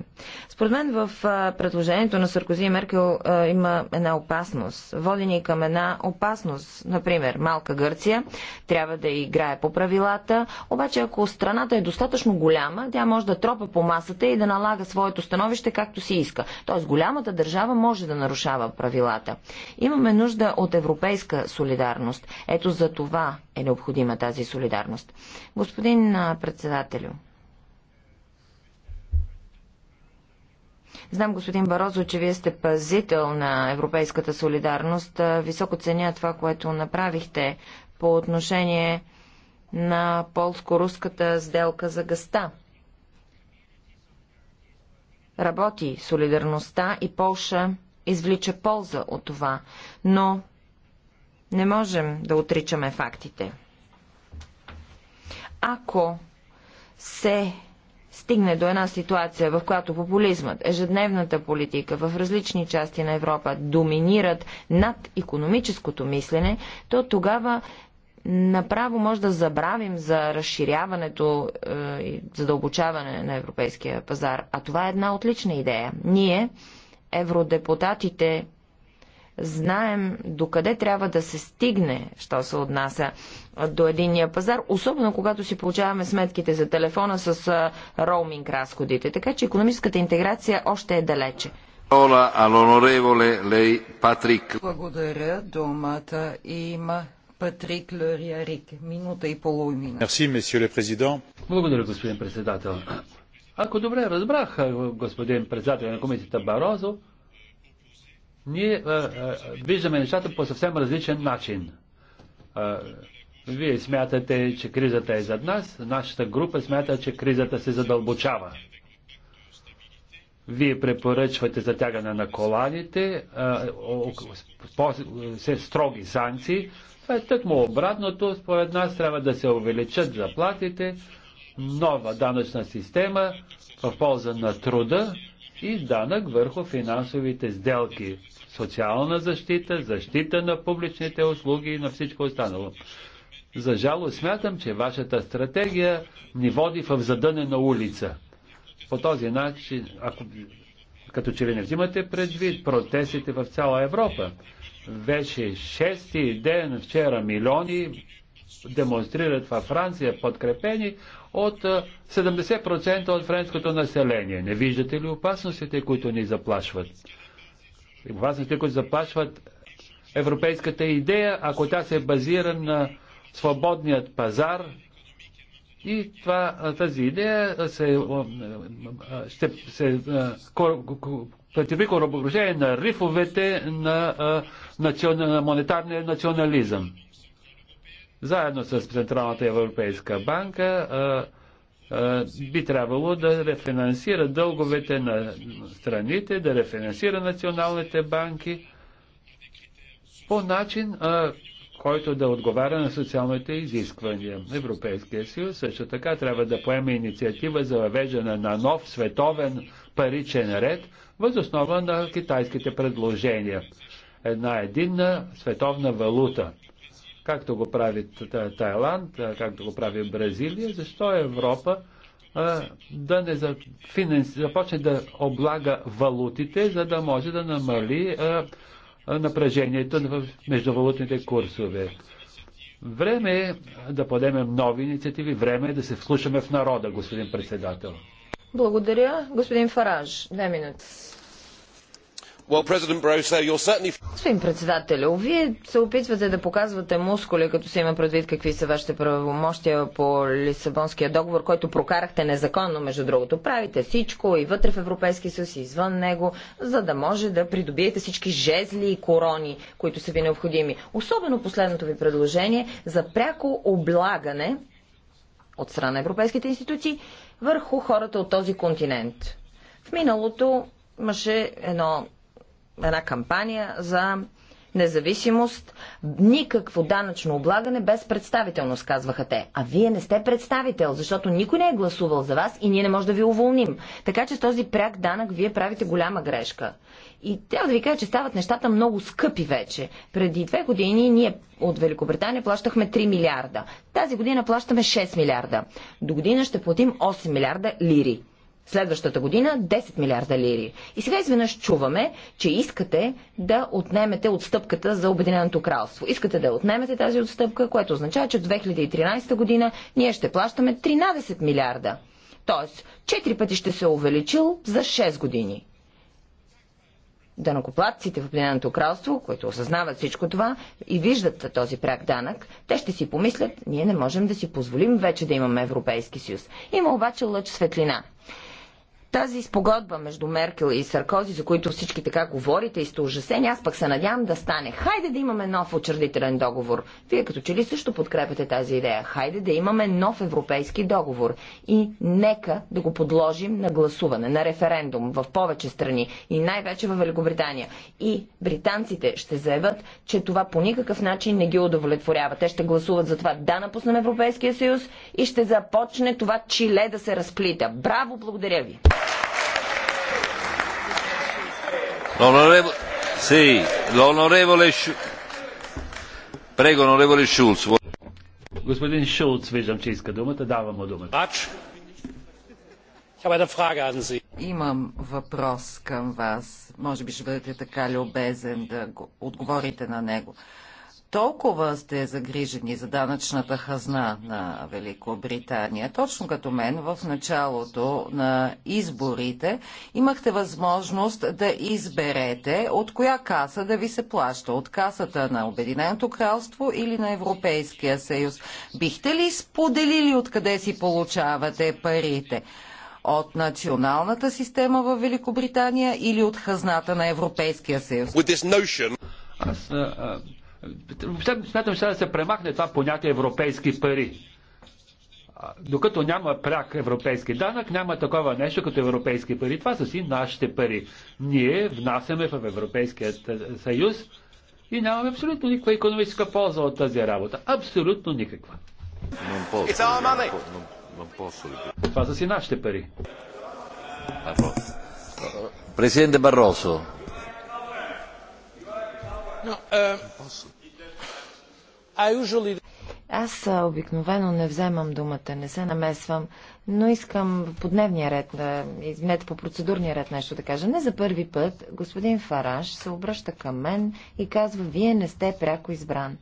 Според мен в е, предложението на Саркози и Меркел е, има една опасност. Водени към една опасност, например, малка Гърция трябва да играе по правилата, обаче ако страната е достатъчно голяма, тя може да тропа по масата и да налага своето становище както си иска. Тоест голямата държава може да нарушава правилата. Имаме нужда от европейска солидарност. Ето за това е необходима тази солидарност. Господин председателю, Знам, господин Барозо, че вие сте пазител на европейската солидарност. Високо ценя това, което направихте по отношение на полско-руската сделка за гъста. Работи солидарността и Полша извлича полза от това, но не можем да отричаме фактите. Ако се стигне до една ситуация, в която популизмът, ежедневната политика в различни части на Европа доминират над економическото мислене, то тогава направо може да забравим за разширяването е, и задълбочаване на европейския пазар. А това е една отлична идея. Ние, евродепутатите, знаем докъде трябва да се стигне, що се отнася до единния пазар, особено когато си получаваме сметките за телефона с роуминг разходите. Така
че економическата интеграция още е далече. Благодаря. Думата има Патрик Лориарик. Минута
и половина. Благодаря, господин председател. Ако добре разбрах, господин председател на комисията Барозо, ние а, а, виждаме нещата по съвсем различен начин. А, вие смятате, че кризата е зад нас, нашата група смята, че кризата се задълбочава. Вие препоръчвате затягане на коланите, а, се строги санкции. Това е тъкмо обратното. Според нас трябва да се увеличат заплатите, нова данъчна система в полза на труда, и данък върху финансовите сделки, социална защита, защита на публичните услуги и на всичко останало. За жало смятам, че вашата стратегия ни води в задънена улица. По този начин, ако, като че ли не взимате предвид протестите в цяла Европа, вече шести ден вчера милиони демонстрират във Франция подкрепени от 70% от френското население. Не виждате ли опасностите, които ни заплашват? Опасностите, които заплашват европейската идея, ако тя се базира на свободният пазар, и това, тази идея се, ще се противи корабокрушение на рифовете на, на, на монетарния национализъм заедно с Централната европейска банка би трябвало да рефинансира дълговете на страните, да рефинансира националните банки по начин, който да отговаря на социалните изисквания. Европейския съюз също така трябва да поеме инициатива за въвеждане на нов световен паричен ред, възоснова на китайските предложения. Една единна световна валута – както го прави Тайланд, както го прави Бразилия, защо Европа а, да не за, финанс, започне да облага валутите, за да може да намали а, напрежението в междувалутните курсове. Време е да подемем нови инициативи, време е да се вслушаме в народа, господин председател.
Благодаря, господин Фараж. Две минути.
Господин
председател, вие се опитвате да показвате мускули, като се има предвид какви са вашите правомощия по Лисабонския договор, който прокарахте незаконно, между другото. Правите всичко и вътре в Европейски съюз, и извън него, за да може да придобиете всички жезли и корони, които са ви необходими. Особено последното ви предложение за пряко облагане от страна на европейските институции върху хората от този континент. В миналото имаше едно една кампания за независимост, никакво данъчно облагане без представителност, казваха те. А вие не сте представител, защото никой не е гласувал за вас и ние не може да ви уволним. Така че с този пряк данък вие правите голяма грешка. И трябва да ви кажа, че стават нещата много скъпи вече. Преди две години ние от Великобритания плащахме 3 милиарда. Тази година плащаме 6 милиарда. До година ще платим 8 милиарда лири следващата година 10 милиарда лири. И сега изведнъж чуваме, че искате да отнемете отстъпката за Обединеното кралство. Искате да отнемете тази отстъпка, което означава, че в 2013 година ние ще плащаме 13 милиарда. Тоест, 4 пъти ще се е увеличил за 6 години. Данокоплатците в Обединеното кралство, които осъзнават всичко това и виждат този пряк данък, те ще си помислят, ние не можем да си позволим вече да имаме Европейски съюз. Има обаче лъч светлина. Тази спогодба между Меркел и Саркози, за които всички така говорите и сте ужасени, аз пък се надявам да стане. Хайде да имаме нов учредителен договор. Вие като че ли също подкрепяте тази идея. Хайде да имаме нов европейски договор. И нека да го подложим на гласуване, на референдум в повече страни и най-вече в Великобритания. И британците ще заявят, че това по никакъв начин не ги удовлетворява. Те ще гласуват за това да напуснем Европейския съюз и ще започне това чиле да се разплита. Браво, благодаря ви!
Господин Шулц, виждам, че иска думата. Давам му думата.
Имам въпрос към вас. Може би ще бъдете така любезен да отговорите на него толкова сте загрижени за данъчната хазна на Великобритания, точно като мен в началото на изборите имахте възможност да изберете от коя каса да ви се плаща, от касата на Обединеното кралство или на Европейския съюз. Бихте ли споделили откъде си получавате парите? от националната система в Великобритания или от хазната на Европейския съюз?
Аз а, Смятам, че трябва да се премахне това понятие европейски пари. Докато няма пряк европейски данък, няма такова нещо като европейски пари. Това са си нашите пари. Ние внасяме в Европейският съюз и нямаме абсолютно никаква економическа полза от тази работа. Абсолютно никаква.
Това са си нашите пари. Президенте Барросо.
Uh,
Аз обикновено не вземам думата, не се намесвам, но искам по дневния ред, да, извинете, по процедурния ред нещо да кажа. Не за първи път господин Фараш се обръща към мен и казва, вие не сте пряко избран.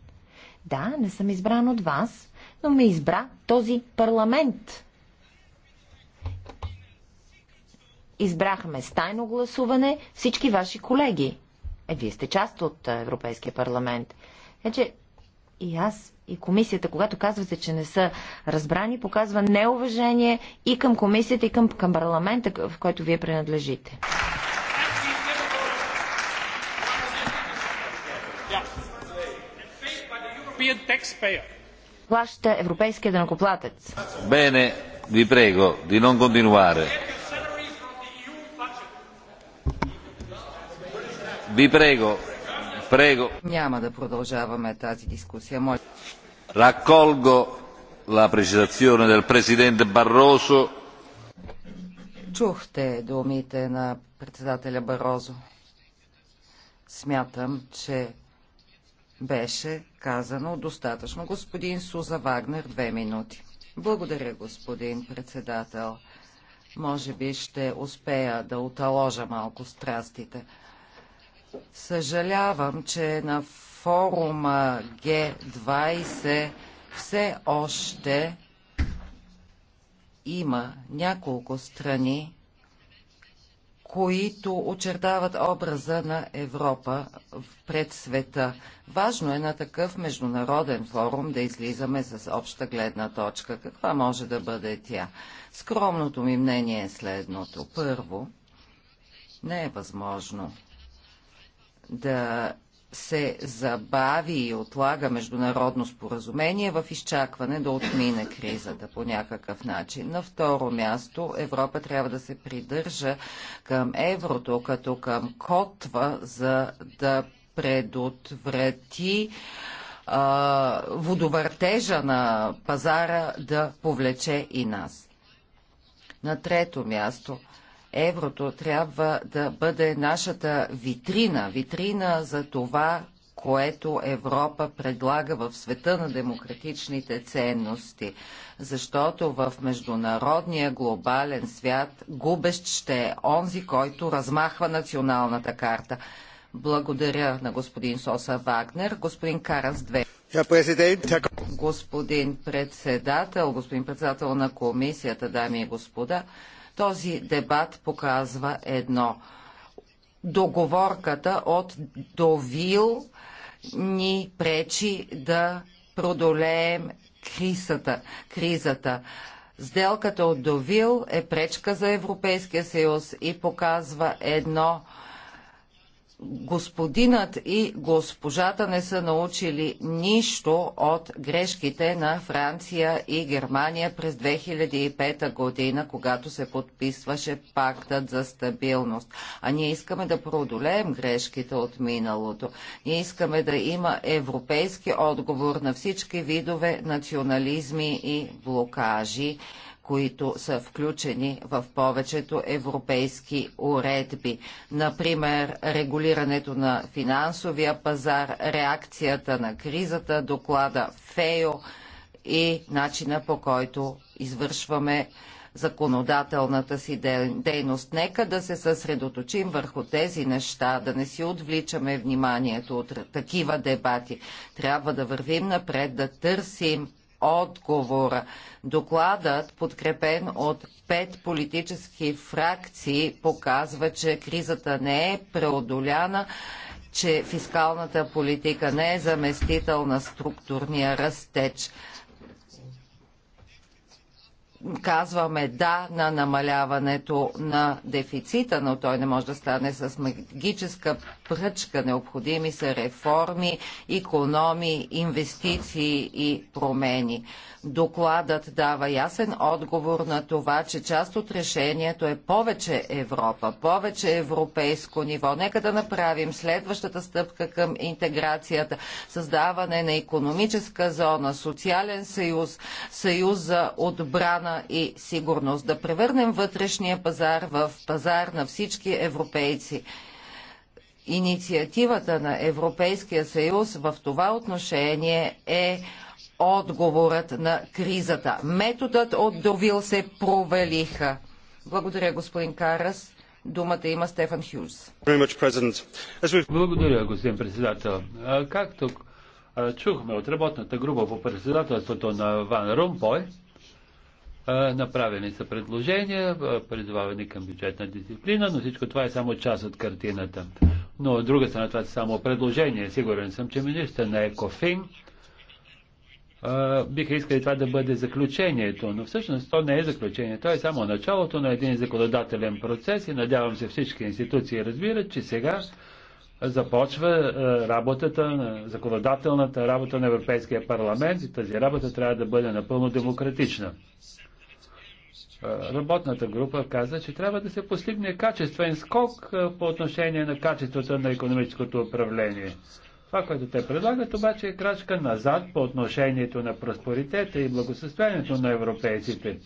Да, не съм избран от вас, но ме избра този парламент. Избрахме стайно гласуване всички ваши колеги. Е, вие сте част от Европейския парламент. Е, че и аз, и комисията, когато казвате, че не са разбрани, показва неуважение и към комисията, и към, към парламента, в който вие принадлежите. Плаща европейския данокоплатец.
Бене, ви прего, ди нон континуаре. Ви прего. Прего.
Няма да продължаваме тази дискусия.
la precisazione del presidente Barroso.
Чухте думите на председателя Барозо. Смятам, че беше казано достатъчно. Господин Суза Вагнер, две минути. Благодаря, господин председател. Може би ще успея да оталожа малко страстите. Съжалявам, че на форума Г20 все още има няколко страни, които очертават образа на Европа пред света. Важно е на такъв международен форум да излизаме с обща гледна точка. Каква може да бъде тя? Скромното ми мнение е следното. Първо, не е възможно да се забави и отлага международно споразумение в изчакване да отмине кризата по някакъв начин. На второ място Европа трябва да се придържа към еврото като към котва, за да предотврати а, водовъртежа на пазара да повлече и нас. На трето място – Еврото трябва да бъде нашата витрина, витрина за това, което Европа предлага в света на демократичните ценности. Защото в международния глобален свят губещ ще е онзи, който размахва националната карта. Благодаря на господин Соса Вагнер. Господин Каранс, две. Господин председател, господин председател на комисията, дами и господа, този дебат показва едно. Договорката от Довил ни пречи да продолеем кризата. кризата. Сделката от Довил е пречка за Европейския съюз и показва едно господинът и госпожата не са научили нищо от грешките на Франция и Германия през 2005 година, когато се подписваше пактът за стабилност. А ние искаме да продолеем грешките от миналото. Ние искаме да има европейски отговор на всички видове национализми и блокажи които са включени в повечето европейски уредби. Например, регулирането на финансовия пазар, реакцията на кризата, доклада ФЕО и начина по който извършваме законодателната си дейност. Нека да се съсредоточим върху тези неща, да не си отвличаме вниманието от такива дебати. Трябва да вървим напред, да търсим отговора. Докладът, подкрепен от пет политически фракции, показва, че кризата не е преодоляна, че фискалната политика не е заместител на структурния растеч казваме да на намаляването на дефицита, но той не може да стане с магическа пръчка. Необходими са реформи, економии, инвестиции и промени. Докладът дава ясен отговор на това, че част от решението е повече Европа, повече европейско ниво. Нека да направим следващата стъпка към интеграцията, създаване на економическа зона, социален съюз, съюз за отбрана и сигурност. Да превърнем вътрешния пазар в пазар на всички европейци. Инициативата на Европейския съюз в това отношение е отговорът на кризата. Методът от Довил се провалиха. Благодаря, господин Карас. Думата има Стефан Хюз.
Благодаря, господин председател. Както чухме от работната група по председателството на Ван Румпой, Направени са предложения, призовавани към бюджетна дисциплина, но всичко това е само част от картината. Но от друга страна това е само предложение. Сигурен съм, че министър на Екофин биха искали това да бъде заключението, но всъщност то не е заключение, Това е само началото на един законодателен процес и надявам се всички институции разбират, че сега започва работата, на законодателната работа на Европейския парламент и тази работа трябва да бъде напълно демократична. Е, работната група каза, че трябва да се постигне качествен скок е, по отношение на качеството на економическото управление. Това, което те предлагат, обаче е крачка назад по отношението на проспоритета и благосъстоянието на европейците.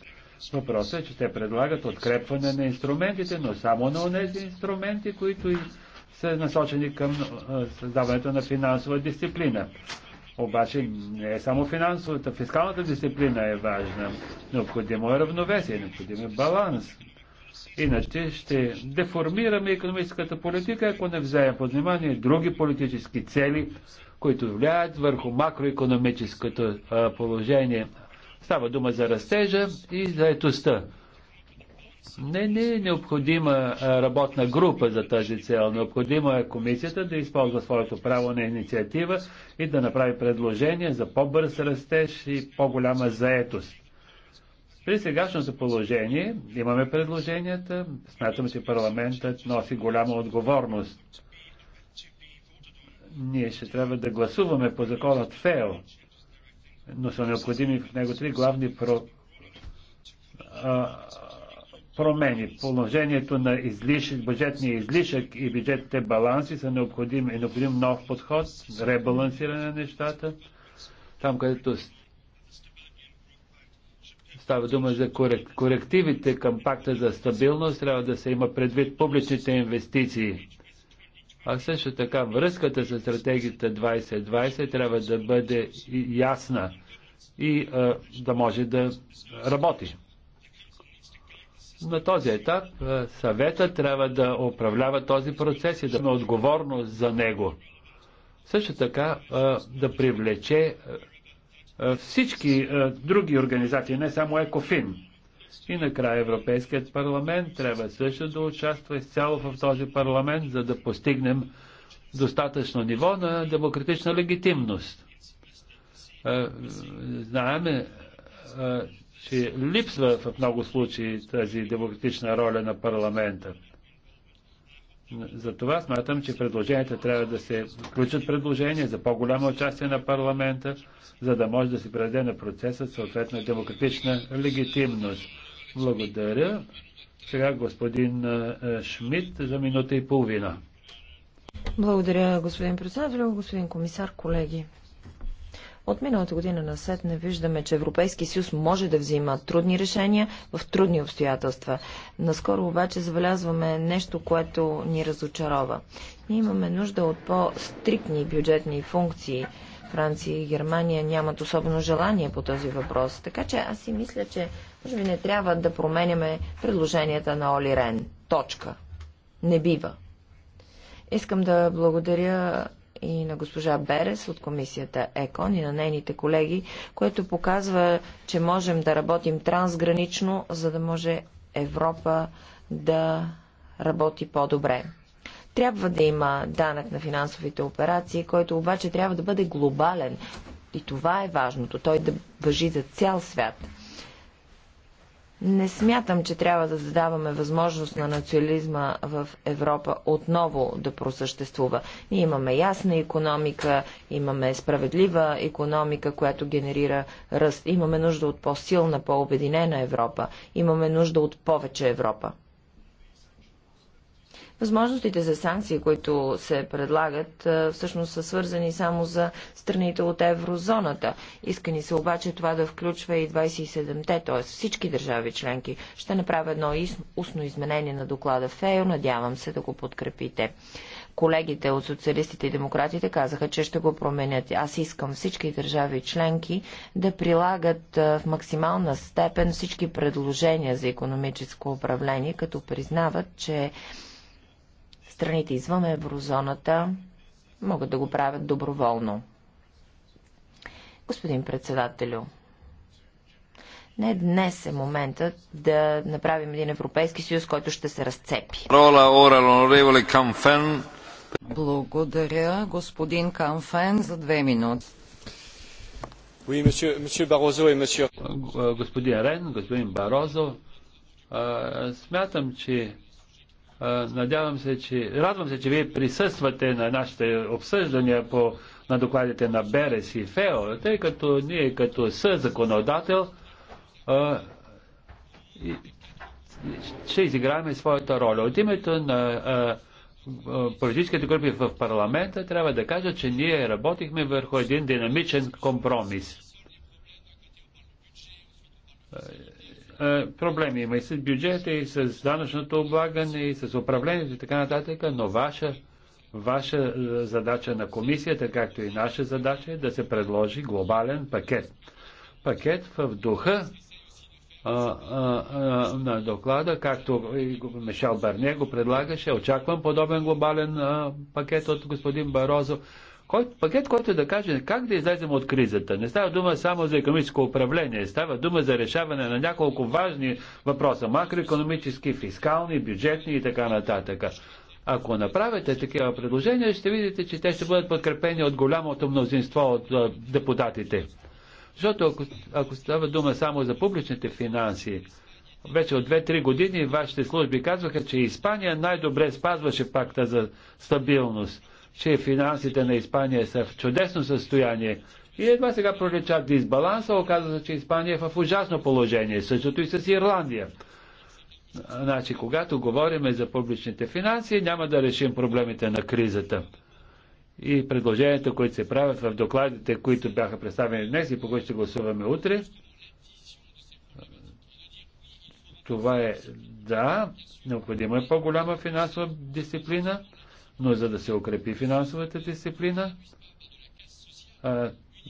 Въпросът е, че те предлагат открепване на инструментите, но само на тези инструменти, които са насочени към е, създаването на финансова дисциплина. Обаче не е само финансовата, фискалната дисциплина е важна. Необходимо е равновесие, необходим е баланс. Иначе ще деформираме економическата политика, ако не вземем под внимание други политически цели, които влияят върху макроекономическото положение. Става дума за растежа и заетостта. Не, не е необходима работна група за тази цел. Необходимо е комисията да използва своето право на инициатива и да направи предложение за по-бърз растеж и по-голяма заетост. При сегашното положение имаме предложенията. Смятам, че парламентът носи голяма отговорност. Ние ще трябва да гласуваме по законът ФЕО, но са необходими в него три главни про... а, промени. Положението на излишък, бюджетния излишък и бюджетните баланси са необходим, е необходим нов подход, ребалансиране на нещата. Там, където става дума за корективите към пакта за стабилност, трябва да се има предвид публичните инвестиции. А също така връзката с стратегията 2020 трябва да бъде ясна и а, да може да работи. На този етап е, съвета трябва да управлява този процес и да има отговорност за него. Също така е, да привлече е, всички други организации, не само ЕКОФИН. И накрая Европейският парламент трябва също да участва изцяло в този парламент, за да постигнем достатъчно ниво на демократична легитимност. Знаеме, че липсва в много случаи тази демократична роля на парламента. Затова смятам, че предложенията трябва да се включат предложения за по-голямо участие на парламента, за да може да се предаде на процеса съответна демократична легитимност. Благодаря. Сега господин Шмидт за минута и половина.
Благодаря, господин председател, господин комисар, колеги. От миналата година на след не виждаме, че Европейски съюз може да взима трудни решения в трудни обстоятелства. Наскоро обаче забелязваме нещо, което ни разочарова. Ние имаме нужда от по-стрикни бюджетни функции. Франция и Германия нямат особено желание по този въпрос. Така че аз си мисля, че може би не трябва да променяме предложенията на Оли Рен. Точка. Не бива. Искам да благодаря и на госпожа Берес от комисията ЕКОН и на нейните колеги, което показва, че можем да работим трансгранично, за да може Европа да работи по-добре. Трябва да има данък на финансовите операции, който обаче трябва да бъде глобален. И това е важното. Той да въжи за цял свят. Не смятам, че трябва да задаваме възможност на национализма в Европа отново да просъществува. Ние имаме ясна економика, имаме справедлива економика, която генерира ръст. Имаме нужда от по-силна, по-обединена Европа. Имаме нужда от повече Европа. Възможностите за санкции, които се предлагат, всъщност са свързани само за страните от еврозоната. Искани се обаче това да включва и 27-те, т.е. всички държави членки. Ще направя едно устно изменение на доклада ФЕО. Надявам се да го подкрепите колегите от социалистите и демократите казаха, че ще го променят. Аз искам всички държави членки да прилагат в максимална степен всички предложения за економическо управление, като признават, че Страните извън еврозоната могат да го правят доброволно. Господин председателю, не днес е моментът да направим един Европейски съюз, който ще се разцепи.
Благодаря, господин Камфен, за две минути.
Oui, monsieur, monsieur Barozo et monsieur...
Господин Рен, господин Барозо, смятам, че Надявам се, че, радвам се, че вие присъствате на нашите обсъждания по, на докладите на Берес и ФЕО, тъй като ние като и, ще изиграем своята роля. От името на политическите групи в парламента трябва да кажа, че ние работихме върху един динамичен компромис е, проблеми има и с бюджета, и с данъчното облагане, и с управлението и така нататък, но ваша, ваша е, задача на комисията, както и наша задача е да се предложи глобален пакет. Пакет в духа а, а, а, на доклада, както и Мишел Барне го предлагаше. Очаквам подобен глобален пакет от господин Барозо който, пакет, който да каже как да излезем от кризата. Не става дума само за економическо управление, става дума за решаване на няколко важни въпроса макроекономически, фискални, бюджетни и така нататък. Ако направите такива предложения, ще видите, че те ще бъдат подкрепени от голямото мнозинство от а, депутатите. Защото ако, ако става дума само за публичните финанси, вече от 2-3 години вашите служби казваха, че Испания най-добре спазваше пакта за стабилност че финансите на Испания са в чудесно състояние. И едва сега пролича дисбаланса, оказва се, че Испания е в ужасно положение. Същото и с Ирландия. Значи, когато говорим за публичните финанси, няма да решим проблемите на кризата. И предложенията, които се правят в докладите, които бяха представени днес и по които ще гласуваме утре, това е да, необходима е по-голяма финансова дисциплина, но за да се укрепи финансовата дисциплина,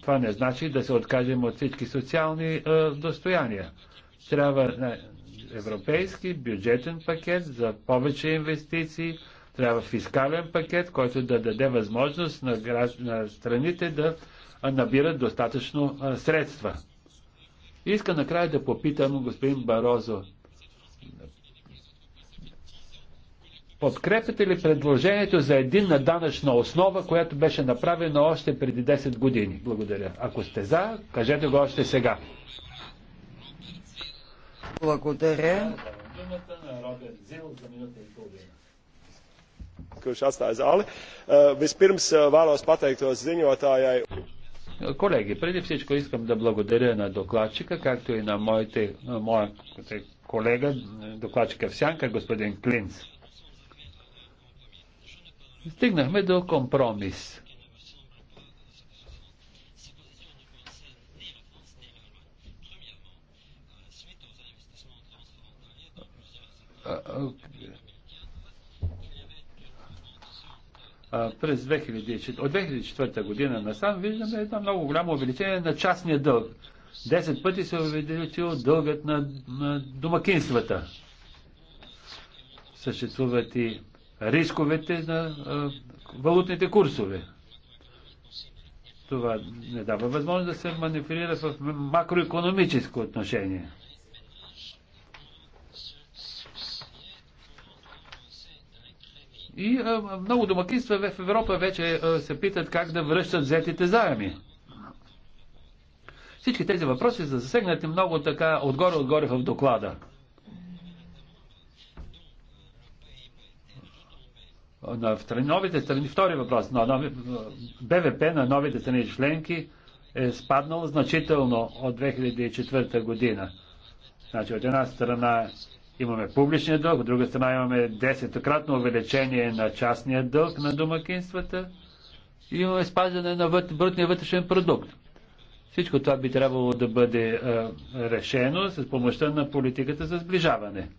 това не значи да се откажем от всички социални достояния. Трябва европейски бюджетен пакет за повече инвестиции, трябва фискален пакет, който да даде възможност на, град... на страните да набират достатъчно средства. Иска накрая да попитам господин Барозо, Подкрепяте ли предложението за единна данъчна основа, която беше направена още преди 10 години? Благодаря. Ако сте за, кажете го още сега. Благодаря. Колеги, преди всичко искам да благодаря на докладчика, както и на моите, моя колега, докладчика в Сянка, господин Клинц стигнахме до компромис. през 2004, от 2004 година насам виждаме едно много голямо увеличение на частния дълг. Десет пъти се е увеличил дългът на, на домакинствата. Съществуват и рисковете на валутните курсове. Това не дава възможност да се манифилира в макроекономическо отношение. И а, много домакинства в Европа вече а, се питат как да връщат взетите заеми. Всички тези въпроси са засегнати много така отгоре-отгоре в доклада. на новите страни, втори въпрос, на нови, БВП на новите страни членки е спаднал значително от 2004 година. Значи от една страна имаме публичния дълг, от друга страна имаме 10-кратно увеличение на частния дълг на домакинствата и имаме спазване на вът, брутния вътрешен продукт. Всичко това би трябвало да бъде а, е, решено с помощта на политиката за сближаване.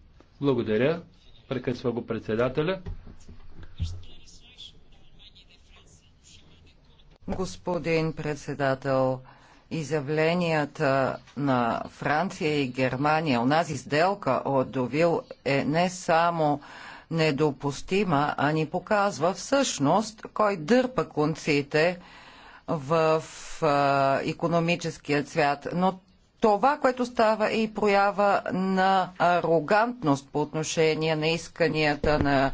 Благодаря. Прекъсва го председателя.
Господин председател, изявленията на Франция и Германия, унази сделка от Довил е не само недопустима, а ни показва всъщност кой дърпа конците в а, економическия цвят. Но това, което става е и проява на арогантност по отношение на исканията на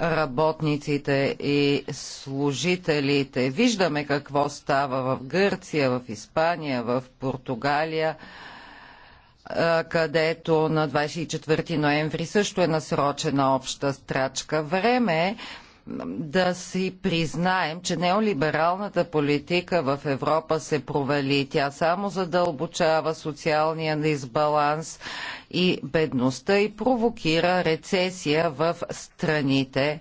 работниците и служителите. Виждаме какво става в Гърция, в Испания, в Португалия където на 24 ноември също е насрочена обща страчка. Време е да си признаем, че неолибералната политика в Европа се провали. Тя само задълбочава социалния дисбаланс и бедността и провокира рецесия в страните,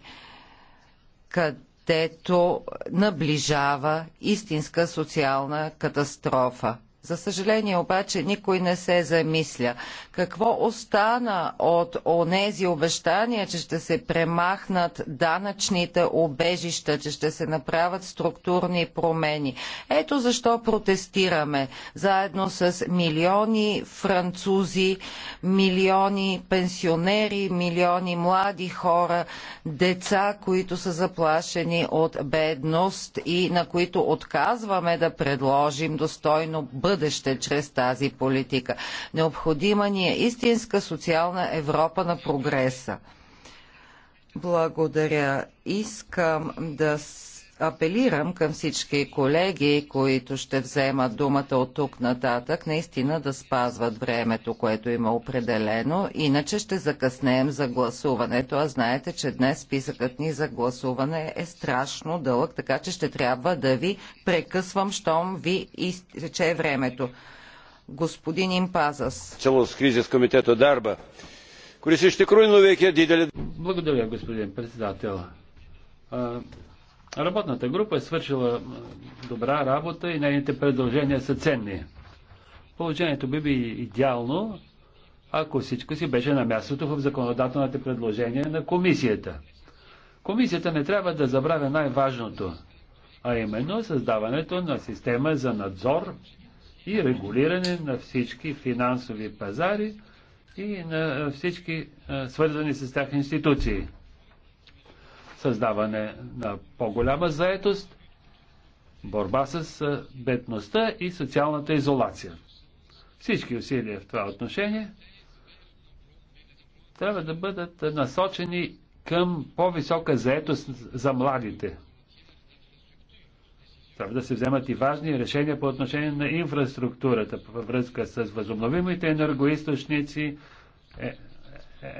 където наближава истинска социална катастрофа. За съжаление обаче никой не се замисля. Какво остана от онези обещания, че ще се премахнат данъчните обежища, че ще се направят структурни промени? Ето защо протестираме заедно с милиони французи, милиони пенсионери, милиони млади хора, деца, които са заплашени от бедност и на които отказваме да предложим достойно бъдеще бъдеще чрез тази политика. Необходима ни е истинска социална Европа на прогреса. Благодаря. Искам да апелирам към всички колеги, които ще вземат думата от тук нататък, наистина да спазват времето, което има определено, иначе ще закъснеем за гласуването, а знаете, че днес списъкът ни за гласуване е страшно дълъг, така че ще трябва да ви прекъсвам, щом ви изтече времето. Господин Импазас.
кризи с комитета Дарба, Благодаря, господин председател. Работната група е свършила добра работа и нейните предложения са ценни. Положението би би идеално, ако всичко си беше на мястото в законодателните предложения на комисията. Комисията не трябва да забравя най-важното, а именно създаването на система за надзор и регулиране на всички финансови пазари и на всички свързани с тях институции създаване на по-голяма заетост, борба с бедността и социалната изолация. Всички усилия в това отношение трябва да бъдат насочени към по-висока заетост за младите. Трябва да се вземат и важни решения по отношение на инфраструктурата във връзка с възобновимите енергоисточници, е,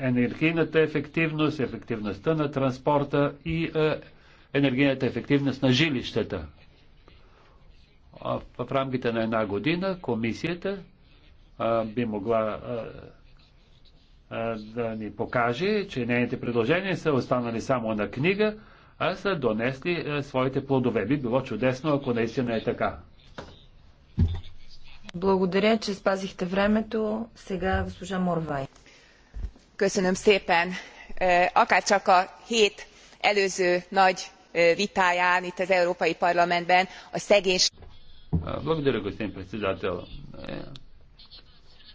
енергийната ефективност, ефективността на транспорта и е, енергийната ефективност на жилищата. В рамките на една година комисията би могла да ни покаже, че нейните предложения са останали само на книга, а са донесли своите плодове. Би било чудесно, ако наистина е така.
Благодаря, че спазихте времето. Сега госпожа Морвай akárcsak a hét előző nagy vitáján itt az európai parlamentben
a szegénység.
Благодаря, господин председател. Е,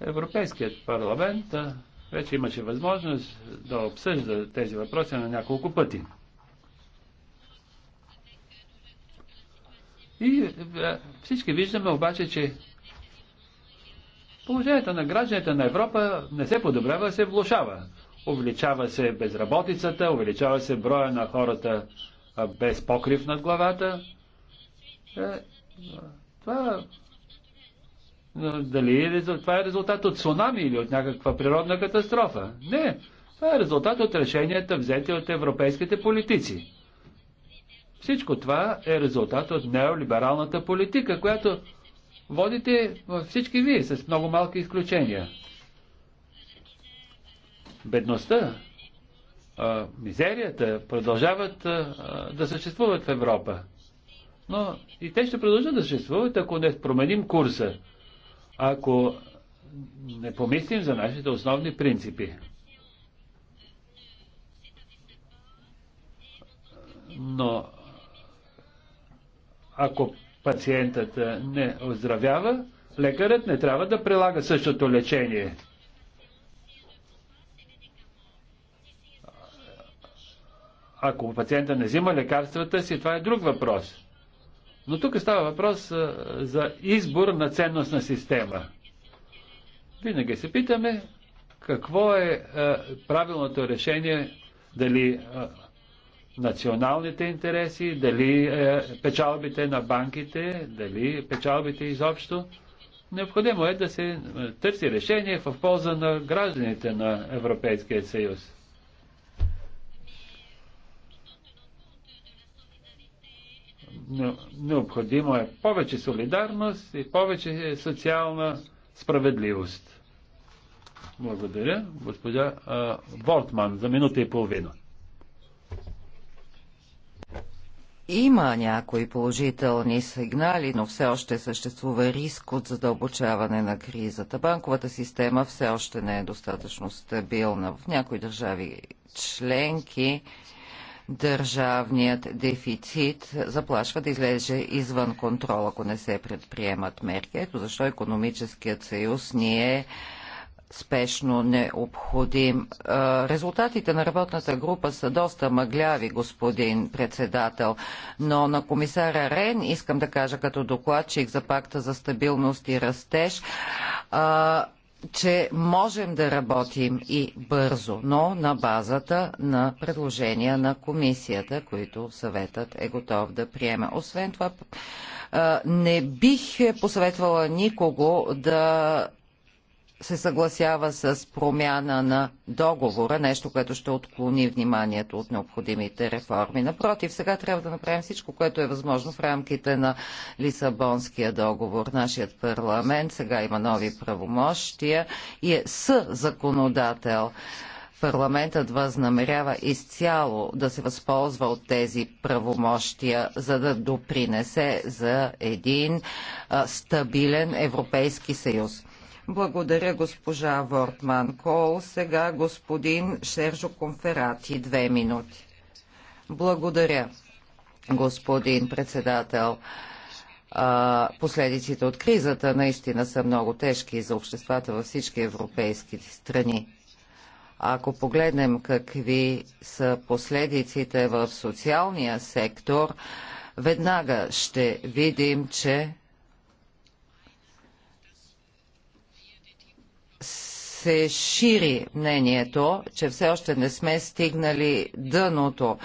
Европейският парламент е, вече имаше възможност да обсъжда тези въпроси на няколко пъти. И е, всички виждаме обаче, че Положението на гражданите на Европа не се подобрява, а се влушава. Увеличава се безработицата, увеличава се броя на хората без покрив над главата. Е, това, дали е, това е резултат от цунами или от някаква природна катастрофа? Не. Това е резултат от решенията, взети от европейските политици. Всичко това е резултат от неолибералната политика, която водите във всички вие, с много малки изключения. Бедността, а, мизерията продължават а, да съществуват в Европа. Но и те ще продължат да съществуват, ако не променим курса, ако не помислим за нашите основни принципи. Но ако пациентът не оздравява, лекарът не трябва да прилага същото лечение. Ако пациента не взима лекарствата си, това е друг въпрос. Но тук става въпрос за избор на ценностна система. Винаги се питаме какво е правилното решение дали националните интереси, дали е, печалбите на банките, дали печалбите изобщо. Необходимо е да се е, търси решение в полза на гражданите на Европейския съюз. Необходимо е повече солидарност и повече е, социална справедливост. Благодаря, госпожа Вортман, за минута и половина.
Има някои положителни сигнали, но все още съществува риск от задълбочаване на кризата. Банковата система все още не е достатъчно стабилна. В някои държави членки държавният дефицит заплашва да излезе извън контрол, ако не се предприемат мерки. Ето защо економическият съюз ни е спешно необходим. Е, резултатите на работната група са доста мъгляви, господин председател, но на комисара Рен искам да кажа като докладчик за пакта за стабилност и растеж, е, че можем да работим и бързо, но на базата на предложения на комисията, които съветът е готов да приеме. Освен това, е, не бих посъветвала никого да се съгласява с промяна на договора, нещо, което ще отклони вниманието от необходимите реформи. Напротив, сега трябва да направим всичко, което е възможно в рамките на Лисабонския договор. Нашият парламент сега има нови правомощия и е с законодател. Парламентът възнамерява изцяло да се възползва от тези правомощия, за да допринесе за един а, стабилен Европейски съюз. Благодаря, госпожа Вортман Кол. Сега господин Шержо Конферати. Две минути. Благодаря, господин председател последиците от кризата наистина са много тежки за обществата във всички европейски страни. Ако погледнем какви са последиците в социалния сектор, веднага ще видим, че се шири мнението, че все още не сме стигнали дъното.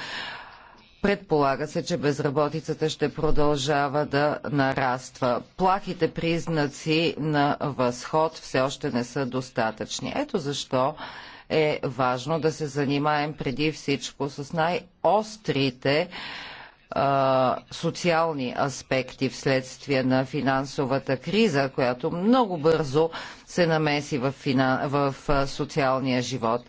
Предполага се, че безработицата ще продължава да нараства. Плахите признаци на възход все още не са достатъчни. Ето защо е важно да се занимаем преди всичко с най-острите социални аспекти вследствие на финансовата криза, която много бързо се намеси в, фина... в социалния живот.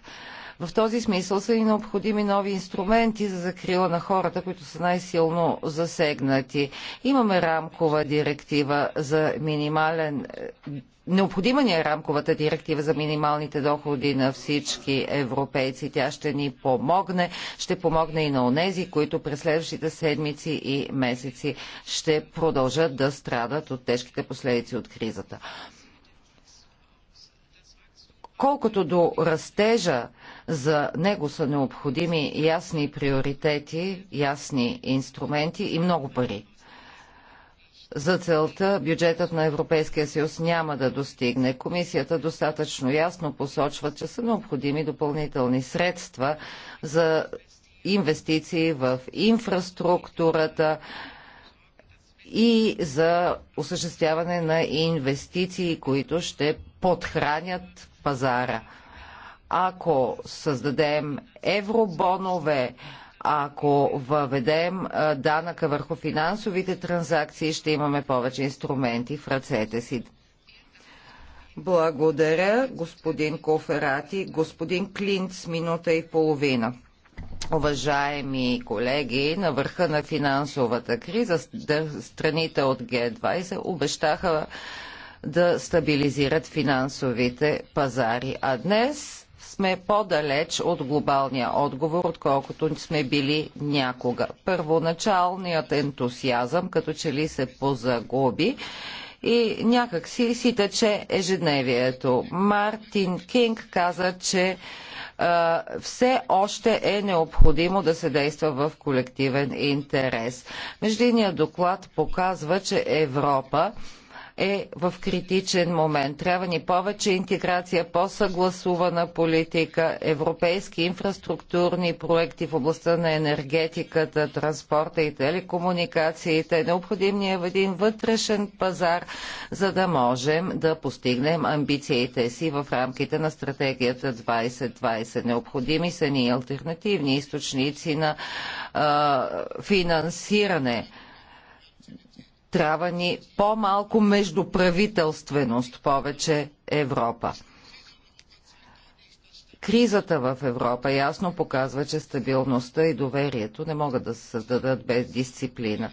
В този смисъл са и необходими нови инструменти за закрила на хората, които са най-силно засегнати. Имаме рамкова директива за минимален. Е, необходима ни е рамковата директива за минималните доходи на всички европейци. Тя ще ни помогне, ще помогне и на онези, които през следващите седмици и месеци ще продължат да страдат от тежките последици от кризата. Колкото до растежа, за него са необходими ясни приоритети, ясни инструменти и много пари. За целта бюджетът на Европейския съюз няма да достигне. Комисията достатъчно ясно посочва, че са необходими допълнителни средства за инвестиции в инфраструктурата и за осъществяване на инвестиции, които ще подхранят пазара. Ако създадем евробонове, ако въведем данъка върху финансовите транзакции, ще имаме повече инструменти в ръцете си. Благодаря, господин Коферати. Господин Клинц, минута и половина. Уважаеми колеги, на върха на финансовата криза страните от Г20 обещаха да стабилизират финансовите пазари. А днес сме по-далеч от глобалния отговор, отколкото сме били някога. Първоначалният ентусиазъм като че ли се позагуби и някак си си тече ежедневието. Мартин Кинг каза, че а, все още е необходимо да се действа в колективен интерес. Междинният доклад показва, че Европа е в критичен момент. Трябва ни повече интеграция, по-съгласувана политика, европейски инфраструктурни проекти в областта на енергетиката, транспорта и телекомуникациите. Необходим ни е един вътрешен пазар, за да можем да постигнем амбициите си в рамките на стратегията 2020. Необходими са ни альтернативни източници на а, финансиране трябва ни по-малко междуправителственост, повече Европа. Кризата в Европа ясно показва, че стабилността и доверието не могат да се създадат без дисциплина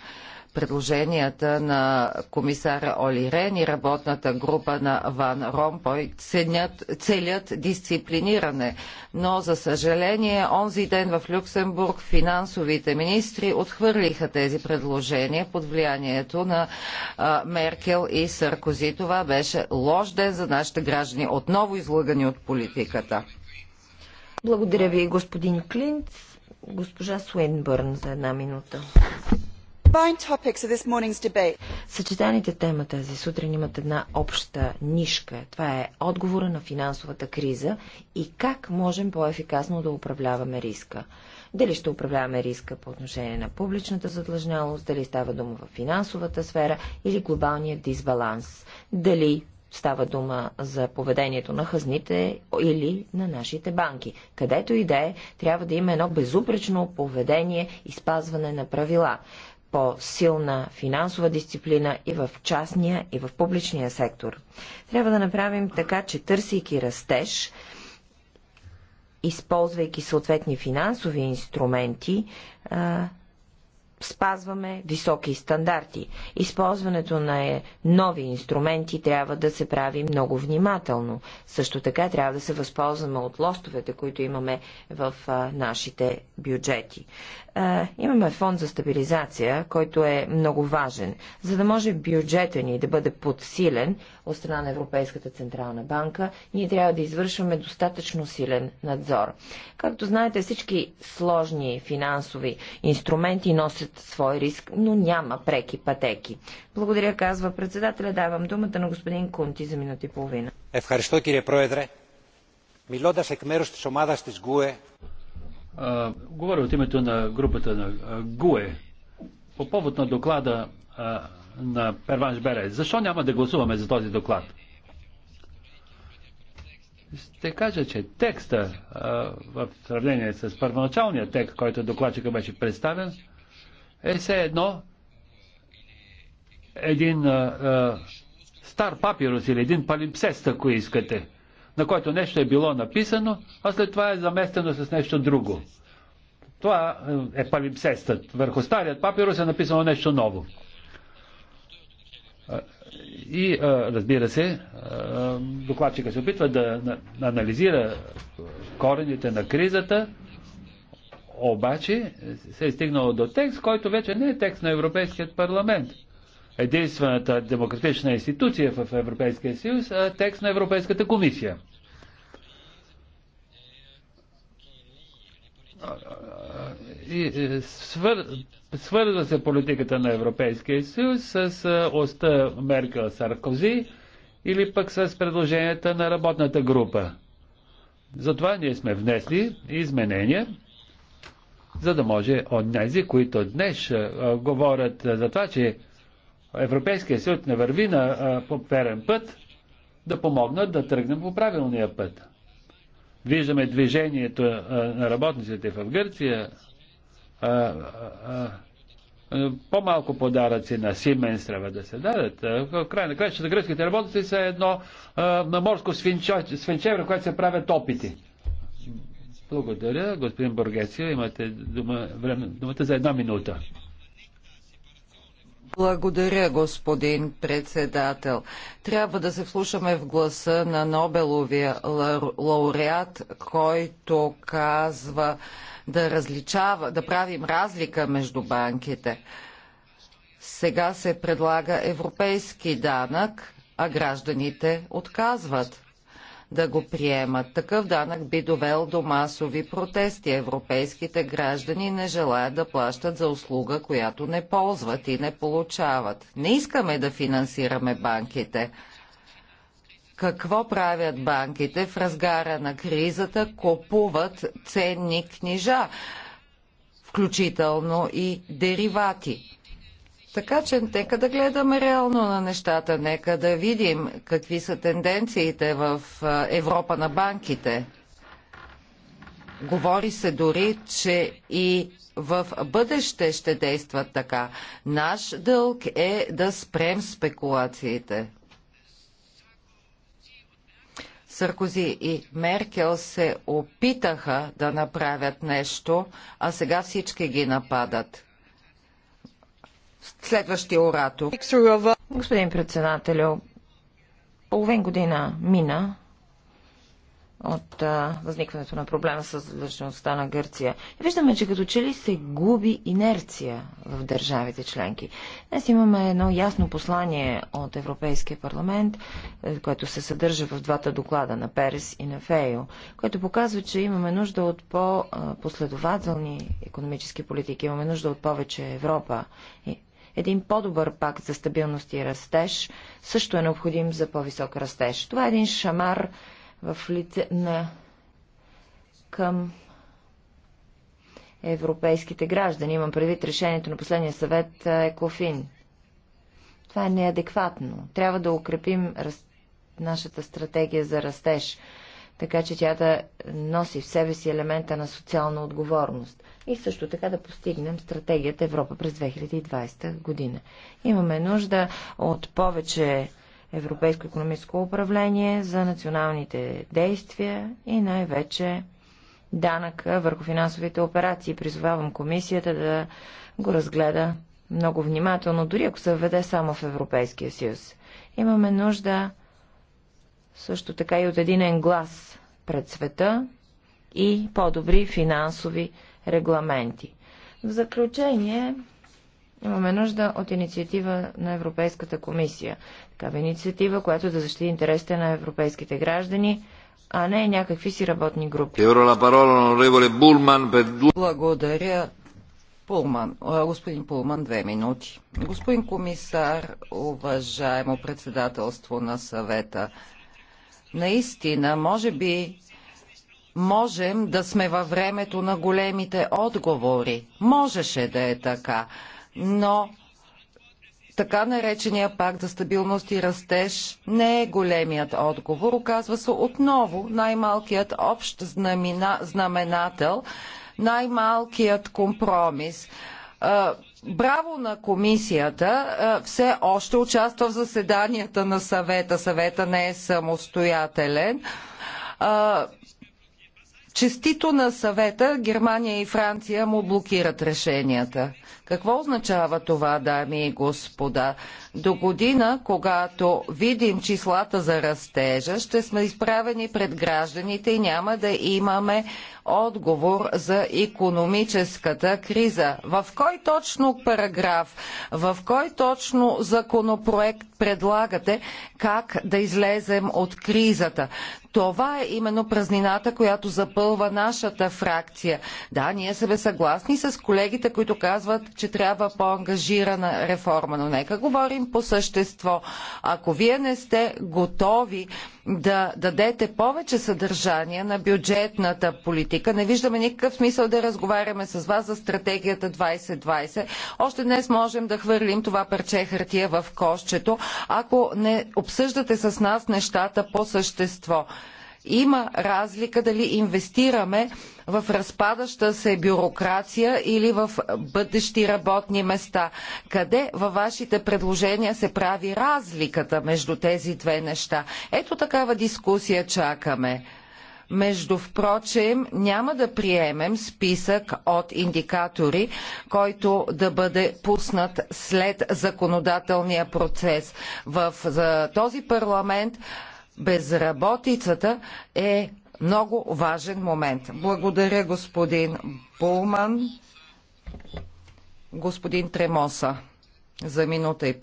предложенията на комисара Оли Рен и работната група на Ван Ромпой ценят, целят дисциплиниране. Но, за съжаление, онзи ден в Люксембург финансовите министри отхвърлиха тези предложения под влиянието на а, Меркел и Саркози. Това беше лош ден за нашите граждани, отново излъгани от политиката.
Благодаря ви, господин Клинт.
Госпожа Суенбърн за една минута.
Съчетаните тема тази сутрин имат една обща нишка. Това е отговора на финансовата криза и как можем по-ефикасно да управляваме риска. Дали ще управляваме риска по отношение на публичната задлъжнялост, дали става дума в финансовата сфера или глобалния дисбаланс. Дали става дума за поведението на хазните или на нашите банки. Където и да е, трябва да има едно безупречно поведение и спазване на правила по-силна финансова дисциплина и в частния, и в публичния сектор. Трябва да направим така, че търсейки растеж, използвайки съответни финансови инструменти, спазваме високи стандарти. Използването на е, нови инструменти трябва да се прави много внимателно. Също така трябва да се възползваме от лостовете, които имаме в нашите бюджети. Е, имаме фонд за стабилизация, който е много важен, за да може бюджета ни да бъде подсилен от страна на Европейската Централна банка, ние трябва да извършваме достатъчно силен надзор. Както знаете, всички сложни финансови инструменти носят свой риск, но няма преки пътеки. Благодаря, казва председателя. Давам думата на господин Кунти за минути и половина.
Ευχαριστώ, кире проедре. Μιλώντας εκ της ομάδας της говоря
от името на групата на ГУЕ по повод на доклада а, на Перванш Берез. Защо няма да гласуваме за този доклад? Ще кажа, че текста а, в сравнение с първоначалния текст, който докладчика беше представен, е все едно един а, а, стар папирус или един палипсест, ако искате на който нещо е било написано, а след това е заместено с нещо друго. Това е, е палипсестът. Върху старият папирус е написано нещо ново. И разбира се, докладчика се опитва да анализира корените на кризата, обаче се е стигнало до текст, който вече не е текст на Европейският парламент единствената демократична институция в Европейския съюз, а текст на Европейската комисия. И свър... Свързва се политиката на Европейския съюз с оста Меркел Саркози или пък с предложенията на работната група. Затова ние сме внесли изменения, за да може онези, които днес говорят за това, че Европейския съюз не върви на по верен път, да помогнат да тръгнем по правилния път. Виждаме движението на работниците в Гърция, по-малко подаръци на Сименс трябва да се дадат. В край на краищата гръцките работници са едно на морско свинчевре, което се правят опити. Благодаря, господин Бургецио. Имате дума, време, думата за една минута.
Благодаря, господин председател. Трябва да се вслушаме в гласа на Нобеловия лауреат, който казва да различава, да правим разлика между банките. Сега се предлага европейски данък, а гражданите отказват да го приемат. Такъв данък би довел до масови протести. Европейските граждани не желаят да плащат за услуга, която не ползват и не получават. Не искаме да финансираме банките. Какво правят банките в разгара на кризата? Купуват ценни книжа, включително и деривати. Така че нека да гледаме реално на нещата, нека да видим какви са тенденциите в Европа на банките. Говори се дори, че и в бъдеще ще действат така. Наш дълг е да спрем спекулациите. Съркози и Меркел се опитаха да направят нещо, а сега всички ги нападат. Следващия оратор. Господин председател, половин година мина
от а, възникването на проблема с задължеността на Гърция. И виждаме, че като че ли се губи инерция в държавите членки. Днес имаме едно ясно послание от Европейския парламент, е, което се съдържа в двата доклада на Перес и на Фейо, което показва, че имаме нужда от по-последователни економически политики, имаме нужда от повече Европа. И един по-добър пакт за стабилност и растеж също е необходим за по-висок растеж. Това е един шамар в лице на към европейските граждани. Имам предвид решението на последния съвет Екофин. Това е неадекватно. Трябва да укрепим раз... нашата стратегия за растеж така че тя да носи в себе си елемента на социална отговорност и също така да постигнем стратегията Европа през 2020 година. Имаме нужда от повече европейско економическо управление за националните действия и най-вече данък върху финансовите операции. Призовавам комисията да го разгледа много внимателно, дори ако се введе само в Европейския съюз. Имаме нужда също така и от единен глас пред света и по-добри финансови регламенти. В заключение имаме нужда от инициатива на Европейската комисия. Такава инициатива, която да защити интересите на европейските граждани,
а не някакви си работни групи.
Благодаря.
Пулман, господин Пулман, две минути. Господин комисар, уважаемо председателство на съвета, Наистина, може би можем да сме във времето на големите отговори. Можеше да е така, но така наречения пакт за стабилност и растеж не е големият отговор. Оказва се отново най-малкият общ знамена, знаменател, най-малкият компромис Браво на комисията все още участва в заседанията на съвета. Съвета не е самостоятелен. Честито на съвета Германия и Франция му блокират решенията. Какво означава това, дами и господа? До година, когато видим числата за растежа, ще сме изправени пред гражданите и няма да имаме отговор за економическата криза. В кой точно параграф, в кой точно законопроект предлагате как да излезем от кризата? Това е именно празнината, която запълва нашата фракция. Да, ние сме съгласни с колегите, които казват, че трябва по-ангажирана реформа, но нека говорим по същество. Ако вие не сте готови да дадете повече съдържание на бюджетната политика. Не виждаме никакъв смисъл да разговаряме с вас за стратегията 2020. Още днес можем да хвърлим това парче хартия в кошчето, ако не обсъждате с нас нещата по същество. Има разлика дали инвестираме в разпадаща се бюрокрация или в бъдещи работни места. Къде във вашите предложения се прави разликата между тези две неща? Ето такава дискусия чакаме. Между впрочем, няма да приемем списък от индикатори, който да бъде пуснат след законодателния процес. В този парламент безработицата е много важен момент. Благодаря господин Булман, господин Тремоса за минута и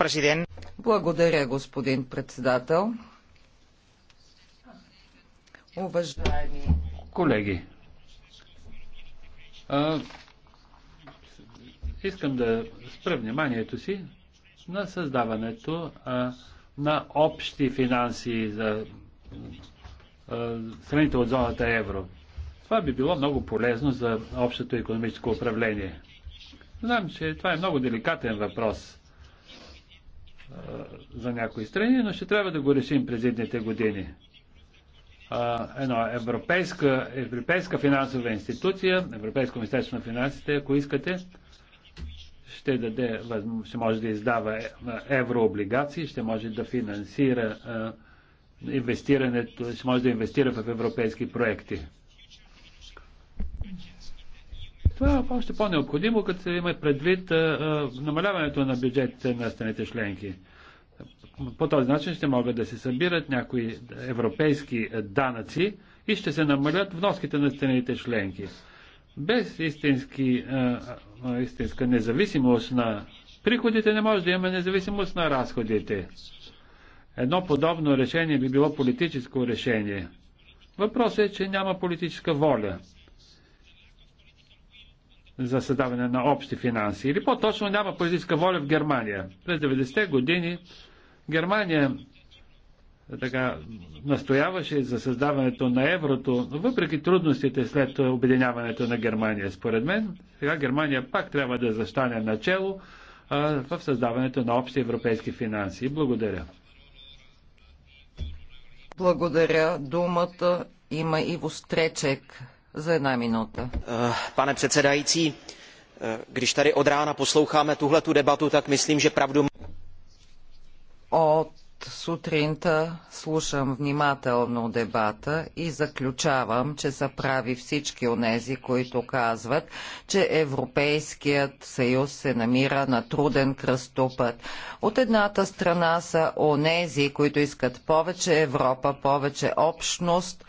президент. Благодаря, господин председател. Уважаеми
колеги, а, искам да спра вниманието си на създаването а, на общи финанси за страните от зоната евро. Това би било много полезно за общото економическо управление. Знам, че това е много деликатен въпрос за някои страни, но ще трябва да го решим през едните години. Едно европейска, европейска финансова институция, Европейско министерство на финансите, ако искате, ще, даде, ще може да издава е, еврооблигации, ще може да финансира е, инвестирането, ще може да инвестира в европейски проекти. Това е още по-необходимо, като се има предвид е, намаляването на бюджетите на страните членки. По този начин ще могат да се събират някои европейски данъци и ще се намалят вноските на страните членки. Без истински а, истинска независимост на приходите, не може да има независимост на разходите. Едно подобно решение би било политическо решение. Въпросът е, че няма политическа воля за създаване на общи финанси. Или по-точно няма политическа воля в Германия. През 90-те години Германия така, настояваше за създаването на еврото, но въпреки трудностите след обединяването на Германия, според мен, сега Германия пак трябва да застане начало а, в създаването на общи европейски финанси. Благодаря.
Благодаря. Думата има Иво Стречек за една минута.
Пане председající, když tady od rána posloucháme tuhle tu debatu, tak myslím, že pravdu...
От сутринта слушам внимателно дебата и заключавам, че са прави всички онези, които казват, че Европейският съюз се намира на труден кръстопът. От едната страна са онези, които искат повече Европа, повече общност,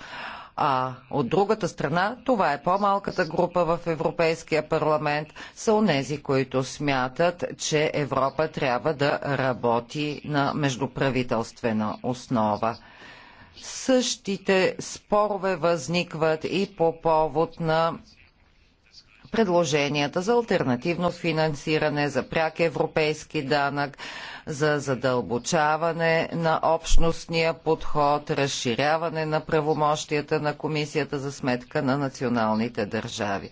а от другата страна, това е по-малката група в Европейския парламент, са онези, които смятат, че Европа трябва да работи на междуправителствена основа. Същите спорове възникват и по повод на предложенията за альтернативно финансиране, за пряк европейски данък, за задълбочаване на общностния подход, разширяване на правомощията на комисията за сметка на националните държави.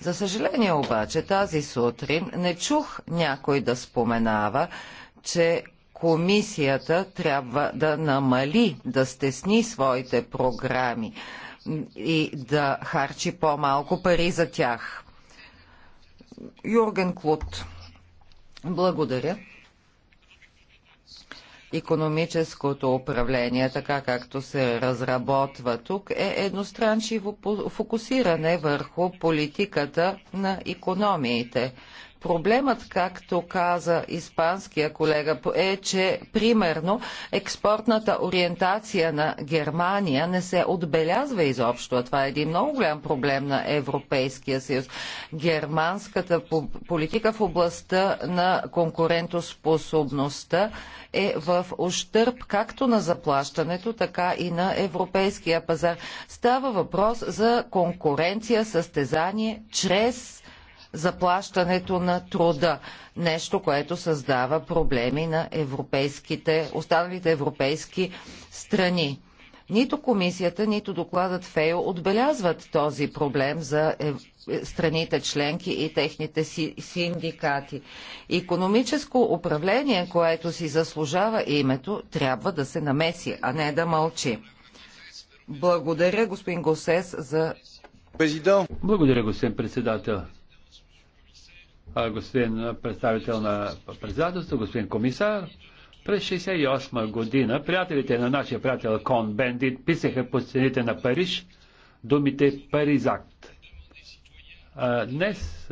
За съжаление обаче тази сутрин не чух някой да споменава, че комисията трябва да намали, да стесни своите програми и да харчи по-малко пари за тях. Юрген Клуд, Благодаря. Економическото управление, така както се разработва тук, е едностранчиво фокусиране върху политиката на економиите. Проблемът, както каза испанския колега, е, че примерно експортната ориентация на Германия не се отбелязва изобщо. А това е един много голям проблем на Европейския съюз. Германската политика в областта на конкурентоспособността е в ощърп както на заплащането, така и на европейския пазар. Става въпрос за конкуренция, състезание чрез заплащането на труда. Нещо, което създава проблеми на европейските, останалите европейски страни. Нито комисията, нито докладът ФЕО отбелязват този проблем за е, страните членки и техните си, синдикати. Економическо управление, което си заслужава името, трябва да се намеси, а не да мълчи. Благодаря, господин Госес, за...
Президент. Благодаря, господин председател господин представител на председателство, господин комисар. През 1968 година приятелите на нашия приятел Кон Бендит писаха по стените на Париж думите Паризакт. Днес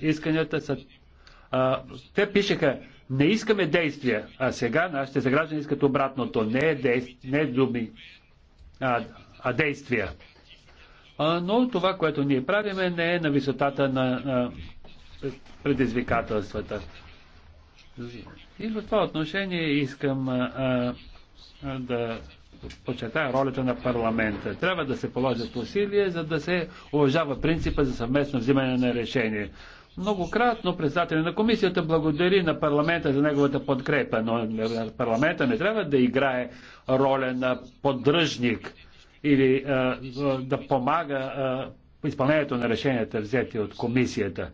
исканията са... Те пишеха не искаме действия, а сега нашите съграждани искат обратното. Не, е действ... не е думи, а, а действия. Но това, което ние правиме, не е на висотата на, на предизвикателствата. И в това отношение искам а, а, да почетая ролята на парламента. Трябва да се положат усилия, за да се уважава принципа за съвместно взимане на решение. Многократно председателя на комисията благодари на парламента за неговата подкрепа, но парламента не трябва да играе роля на поддръжник или а, да помага а, изпълнението на решенията, взети от комисията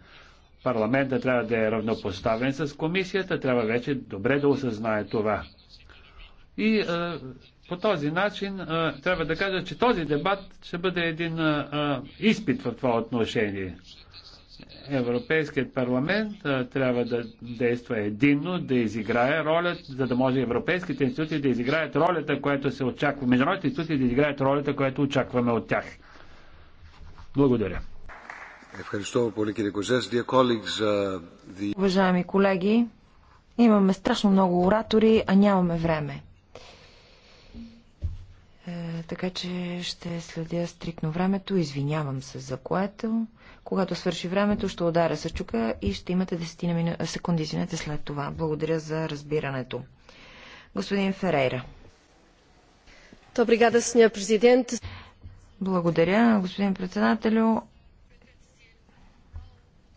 парламента трябва да е равнопоставен с комисията, трябва вече добре да осъзнае това. И а, е, по този начин а, е, трябва да кажа, че този дебат ще бъде един а, е, изпит в това отношение. Европейският парламент а, трябва да действа единно, да изиграе роля, за да може европейските институции да изиграят ролята, която се очаква, международните институции да изиграят ролята, която очакваме от тях. Благодаря.
Uh,
Уважаеми колеги,
имаме страшно много оратори, а нямаме време. Е, така че ще следя стрикно времето. Извинявам се за което. Когато свърши времето, ще ударя съчука и ще имате 10 секунди извинете след това. Благодаря за разбирането. Господин Ферейра.
Добре, президент. Благодаря, господин председателю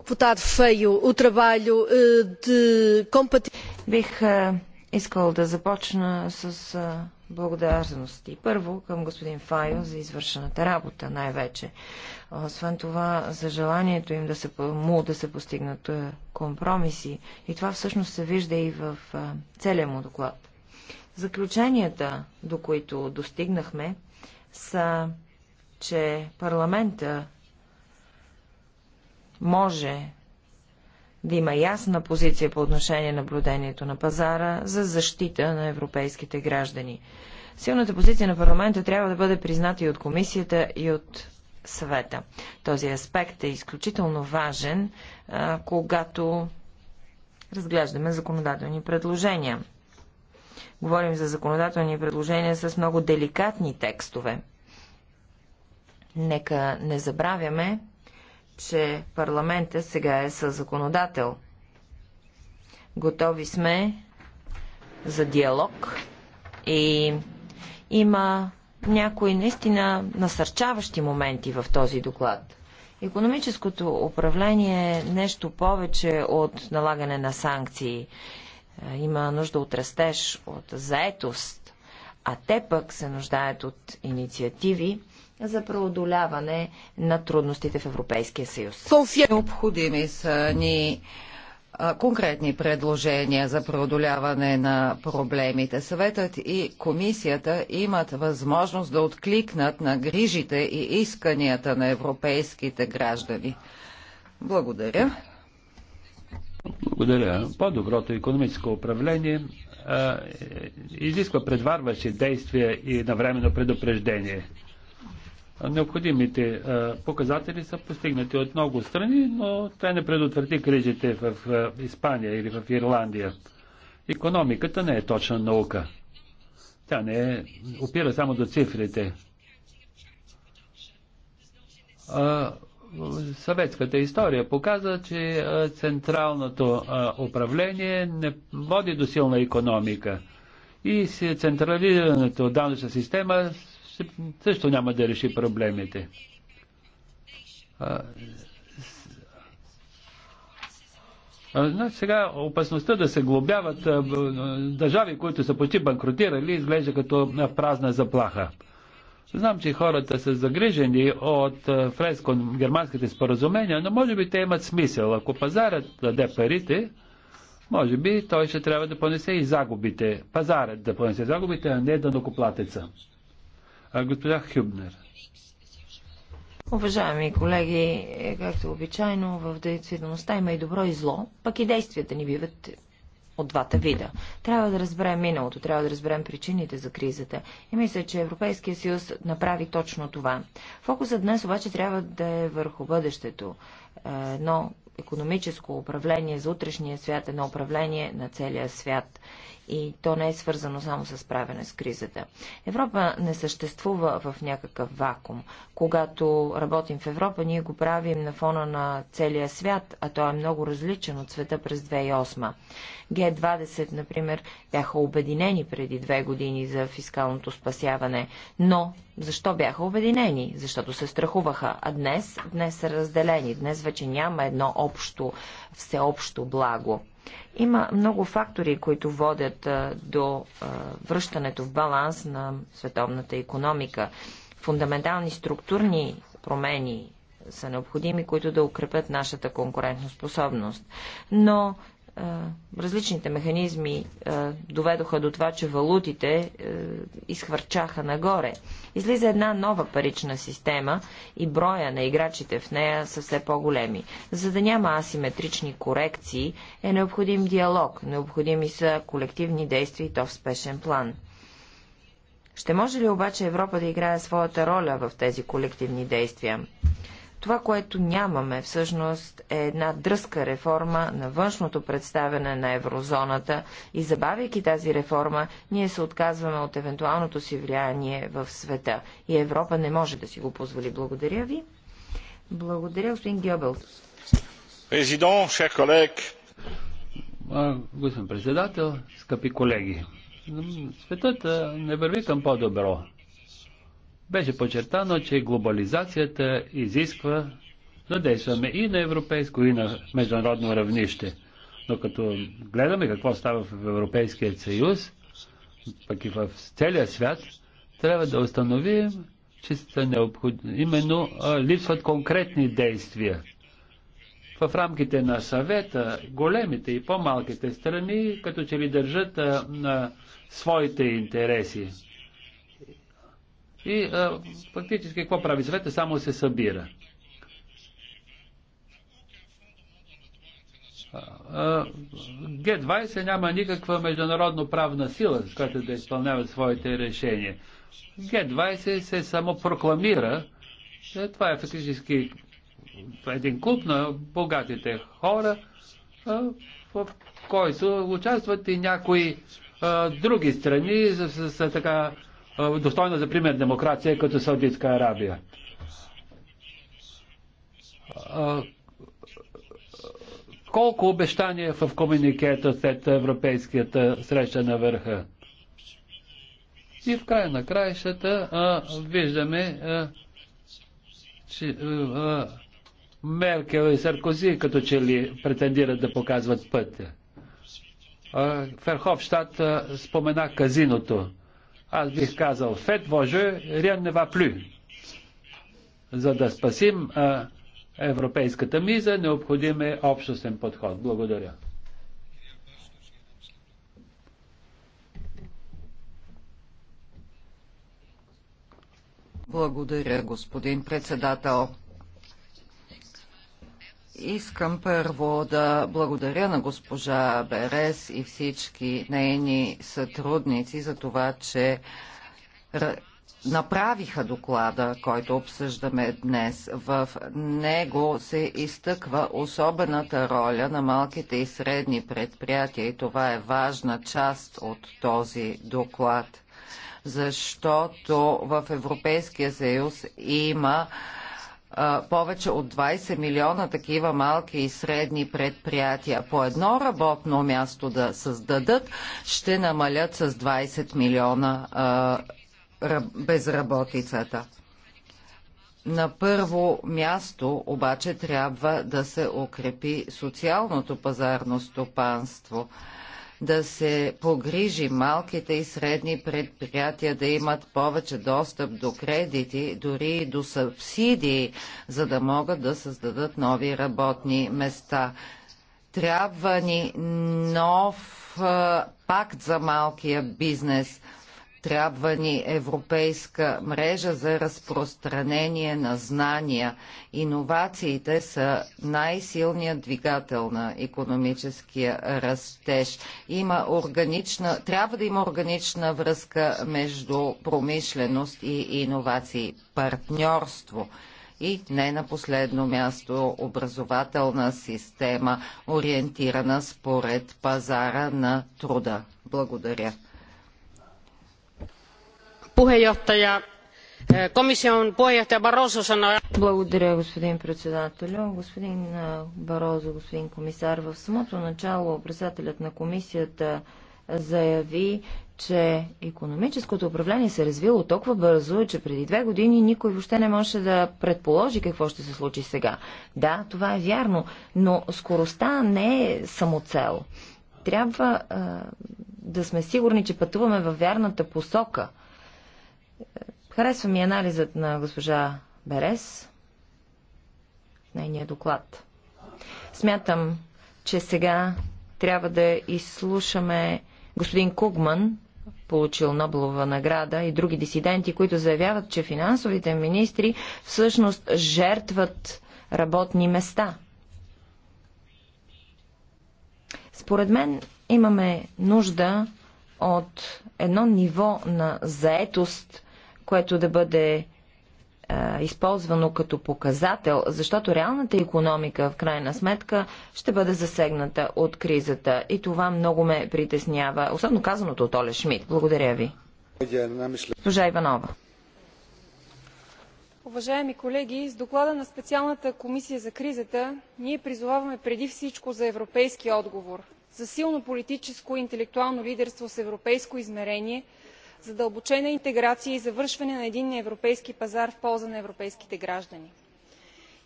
votado feio o trabalho eh, de
Бих е, искал да започна с е, благодарности. Първо към господин Файо за извършената работа най-вече. Освен това, за желанието им да се, му да се постигнат е, компромиси. И това всъщност се вижда и в целия му доклад. Заключенията, до които достигнахме, са, че парламента може да има ясна позиция по отношение на наблюдението на пазара за защита на европейските граждани. Силната позиция на парламента трябва да бъде призната и от комисията, и от съвета. Този аспект е изключително важен, когато разглеждаме законодателни предложения. Говорим за законодателни предложения с много деликатни текстове. Нека не забравяме, че парламента сега е със законодател. Готови сме за диалог и има някои наистина насърчаващи моменти в този доклад. Економическото управление е нещо повече от налагане на санкции. Е, има нужда от растеж, от заетост, а те пък се нуждаят от инициативи, за преодоляване на трудностите в Европейския съюз.
Необходими са ни конкретни предложения за преодоляване на проблемите. Съветът и комисията имат възможност да откликнат на грижите и исканията на европейските граждани. Благодаря.
Благодаря. По-доброто економическо управление а, е, изисква предварващи действия и навременно предупреждение. Необходимите е, показатели са постигнати от много страни, но това не предотврати кризите в е, Испания или в Ирландия. Економиката не е точна наука. Тя не е, опира само до цифрите. Е, съветската история показа, че централното управление не води до силна економика и централизираната данъчна система също няма да реши проблемите. А, сега опасността да се глобяват държави, които са почти банкротирали, изглежда като празна заплаха. Знам, че хората са загрижени от френско-германските споразумения, но може би те имат смисъл. Ако пазарът даде парите, може би той ще трябва да понесе и загубите. Пазарът да понесе загубите, а не да накоплатеца. Госпожа Хюбнер.
Уважаеми колеги, е, както обичайно в действителността има и добро и зло, пък и действията ни биват от двата вида. Трябва да разберем миналото, трябва да разберем причините за кризата. И мисля, че Европейския съюз направи точно това. Фокусът днес обаче трябва да е върху бъдещето. Е, едно економическо управление за утрешния свят, едно управление на целия свят и то не е свързано само с правене с кризата. Европа не съществува в някакъв вакуум. Когато работим в Европа, ние го правим на фона на целия свят, а то е много различен от света през 2008. Г-20, например, бяха обединени преди две години за фискалното спасяване. Но защо бяха обединени? Защото се страхуваха. А днес, днес са разделени. Днес вече няма едно общо, всеобщо благо. Има много фактори, които водят до връщането в баланс на световната економика. Фундаментални структурни промени са необходими, които да укрепят нашата конкурентоспособност. Но различните механизми доведоха до това, че валутите е, изхвърчаха нагоре. Излиза една нова парична система и броя на играчите в нея са все по-големи. За да няма асиметрични корекции, е необходим диалог, необходими са колективни действия и то в спешен план. Ще може ли обаче Европа да играе своята роля в тези колективни действия? Това, което нямаме всъщност е една дръска реформа на външното представяне на еврозоната и забавяйки тази реформа, ние се отказваме от евентуалното си влияние в света. И Европа не може да си го позволи. Благодаря ви. Благодаря, господин
Гьобелс. Президент, шер колег.
Господин председател, скъпи колеги. Светът не върви към по-добро. Беше подчертано, че глобализацията изисква да действаме и на европейско, и на международно равнище. Но като гледаме какво става в Европейския съюз, пък и в целия свят, трябва да установим, че са необходими. Именно а, липсват конкретни действия. В рамките на съвета, големите и по-малките страни, като че ли държат а, на своите интереси. И а, фактически какво прави света? Само се събира. Г-20 няма никаква международно правна сила, с която да изпълнява своите решения. Г-20 се само прокламира. Е, това е фактически един клуб на богатите хора, в който участват и някои други страни с, с, с така достойна за пример демокрация, като Саудитска Арабия. Колко обещания в комуникета след европейската среща на върха? И в края на краищата виждаме, а, че а, Меркел и Саркози като че ли претендират да показват пътя. Ферховщад спомена казиното. Аз бих казал, фет воже, рен не ва плю. За да спасим а, европейската миза, необходим е общностен подход. Благодаря.
Благодаря, господин председател. Искам първо да благодаря на госпожа Берес и всички нейни сътрудници за това, че направиха доклада, който обсъждаме днес. В него се изтъква особената роля на малките и средни предприятия и това е важна част от този доклад, защото в Европейския съюз има повече от 20 милиона такива малки и средни предприятия по едно работно място да създадат, ще намалят с 20 милиона а, безработицата. На първо място обаче трябва да се укрепи социалното пазарно стопанство да се погрижи малките и средни предприятия да имат повече достъп до кредити, дори и до субсидии, за да могат да създадат нови работни места. Трябва ни нов пакт за малкия бизнес – трябва ни европейска мрежа за разпространение на знания. Иновациите са най-силният двигател на економическия растеж. Има органична, трябва да има органична връзка между промишленост и иновации. Партньорство и не на последно място образователна система, ориентирана според пазара на труда. Благодаря
puheenjohtaja komission puheenjohtaja Барозо sanoi...
Благодаря, господин председателю. Господин Барозо, господин комисар, в самото начало председателят на комисията заяви, че економическото управление се е развило толкова бързо, че преди две години никой въобще не може да предположи какво ще се случи сега. Да, това е вярно, но скоростта не е самоцел. Трябва а, да сме сигурни, че пътуваме във вярната посока – харесва ми анализът на госпожа Берес в нейния доклад. Смятам, че сега трябва да изслушаме господин Кугман, получил Нобелова награда и други дисиденти, които заявяват, че финансовите министри всъщност жертват работни места. Според мен имаме нужда от едно ниво на заетост, което да бъде а, използвано като показател, защото реалната економика в крайна сметка ще бъде засегната от кризата. И това много ме притеснява, особено казаното от Оле Шмидт. Благодаря ви. Служа Иванова.
Уважаеми колеги, с доклада на специалната комисия за кризата ние призоваваме преди всичко за европейски отговор, за силно политическо и интелектуално лидерство с европейско измерение – задълбочена интеграция и завършване на единния европейски пазар в полза на европейските граждани.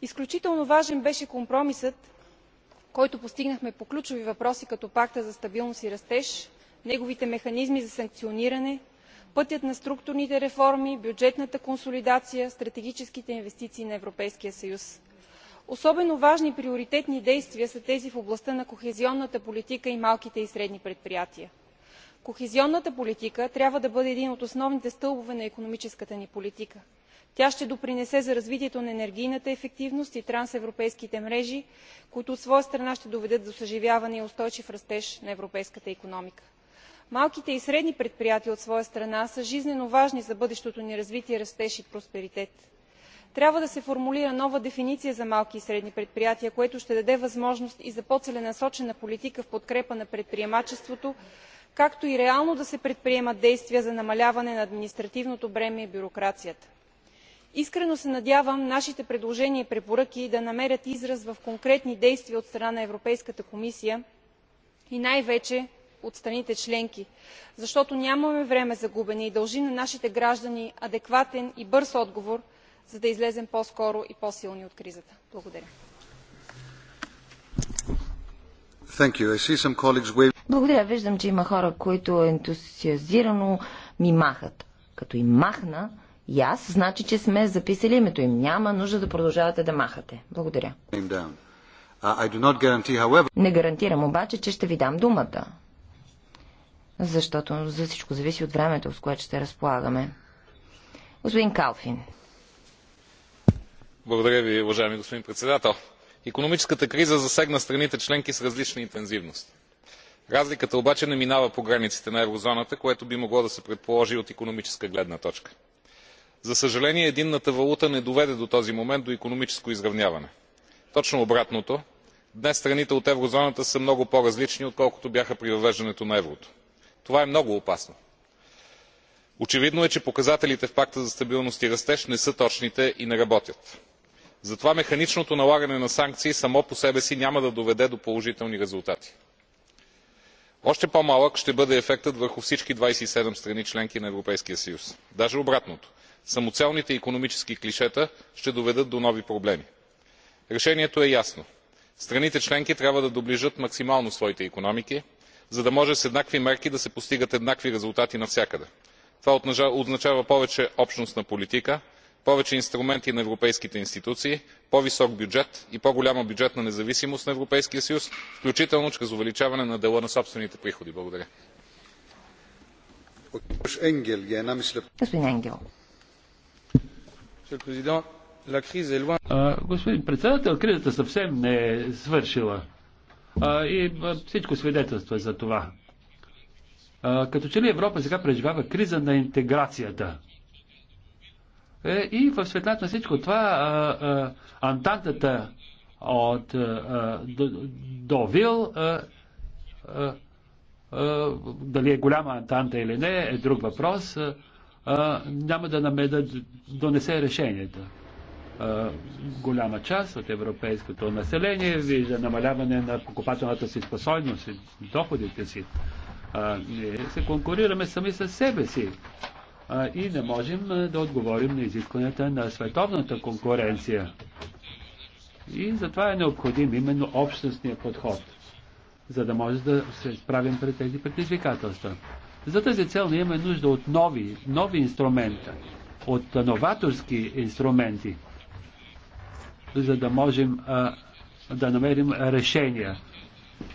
изключително важен беше компромисът който постигнахме по ключови въпроси като пакта за стабилност и растеж неговите механизми за санкциониране пътят на структурните реформи бюджетната консолидация стратегическите инвестиции на европейския съюз. особено важни приоритетни действия са тези в областта на кохезионната политика и малките и средни предприятия кохезионната политика трябва да бъде един от основните стълбове на икономическата ни политика. тя ще допринесе за развитието на енергийната ефективност и трансевропейските мрежи които от своя страна ще доведат до съживяване и устойчив растеж на европейската икономика. малките и средни предприятия от своя страна са жизненоважни за бъдещото ни развитие растеж и просперитет. трябва да се формулира нова дефиниция за малки и средни предприятия което ще даде възможност и за по целенасочена политика в подкрепа на предприемачеството както и реално да се предприемат действия за намаляване на административното бреме и бюрокрацията. искрено се надявам нашите предложения и препоръки да намерят израз в конкретни действия от страна на европейската комисия и най вече от страните членки защото нямаме време за губене и дължим на нашите граждани адекватен и бърз отговор за да излезем по скоро и по силни от кризата. благодаря.
Colleagues...
Благодаря. Виждам, че има хора, които ентусиазирано ми махат. Като им махна и аз, значи, че сме записали името им. Няма нужда да продължавате да махате. Благодаря.
Uh, however... Не
гарантирам обаче, че ще ви дам думата. Защото за всичко зависи от времето, с което ще разполагаме. Господин Калфин.
Благодаря ви, уважаеми господин председател икономическата криза засегна страните членки с различна интензивност. разликата обаче не минава по границите на еврозоната което би могло да се предположи и от икономическа гледна точка. за съжаление единната валута не доведе до този момент до икономическо изравняване. точно обратното днес страните от еврозоната са много по различни отколкото бяха при въвеждането на еврото. това е много опасно. очевидно е че показателите в пакта за стабилност и растеж не са точните и не работят затова механичното налагане на санкции само по себе си няма да доведе до положителни резултати. още по малък ще бъде ефектът върху всички двадесет и седем страни членки на европейския съюз. даже обратното самоцелните икономически клишета ще доведат до нови проблеми. решението е ясно страните членки трябва да доближат максимално своите икономики за да може с еднакви мерки да се постигат еднакви резултати навсякъде. това означава повече общностна политика повече инструменти на европейските институции по висок бюджет и по голяма бюджетна независимост на европейския съюз включително чрез увеличаване на дела на собствените приходи. благодаря.
господин председател кризата съвсем не е свършила и всичко свидетелства за това. Като че ли Европа сега преживява криза на интеграцията? Е, и в светлата на всичко това антантата от Довил, дали е голяма антанта или не, е друг въпрос, няма да, намеда, да донесе решението. Голяма част от европейското население вижда намаляване на покупателната си способност, доходите си. Ние се конкурираме сами с себе си и не можем да отговорим на изискванията на световната конкуренция. И затова е необходим именно общностния подход, за да може да се справим пред тези предизвикателства. За тази цел ние имаме нужда от нови, нови инструмента, от новаторски инструменти, за да можем а, да намерим решения.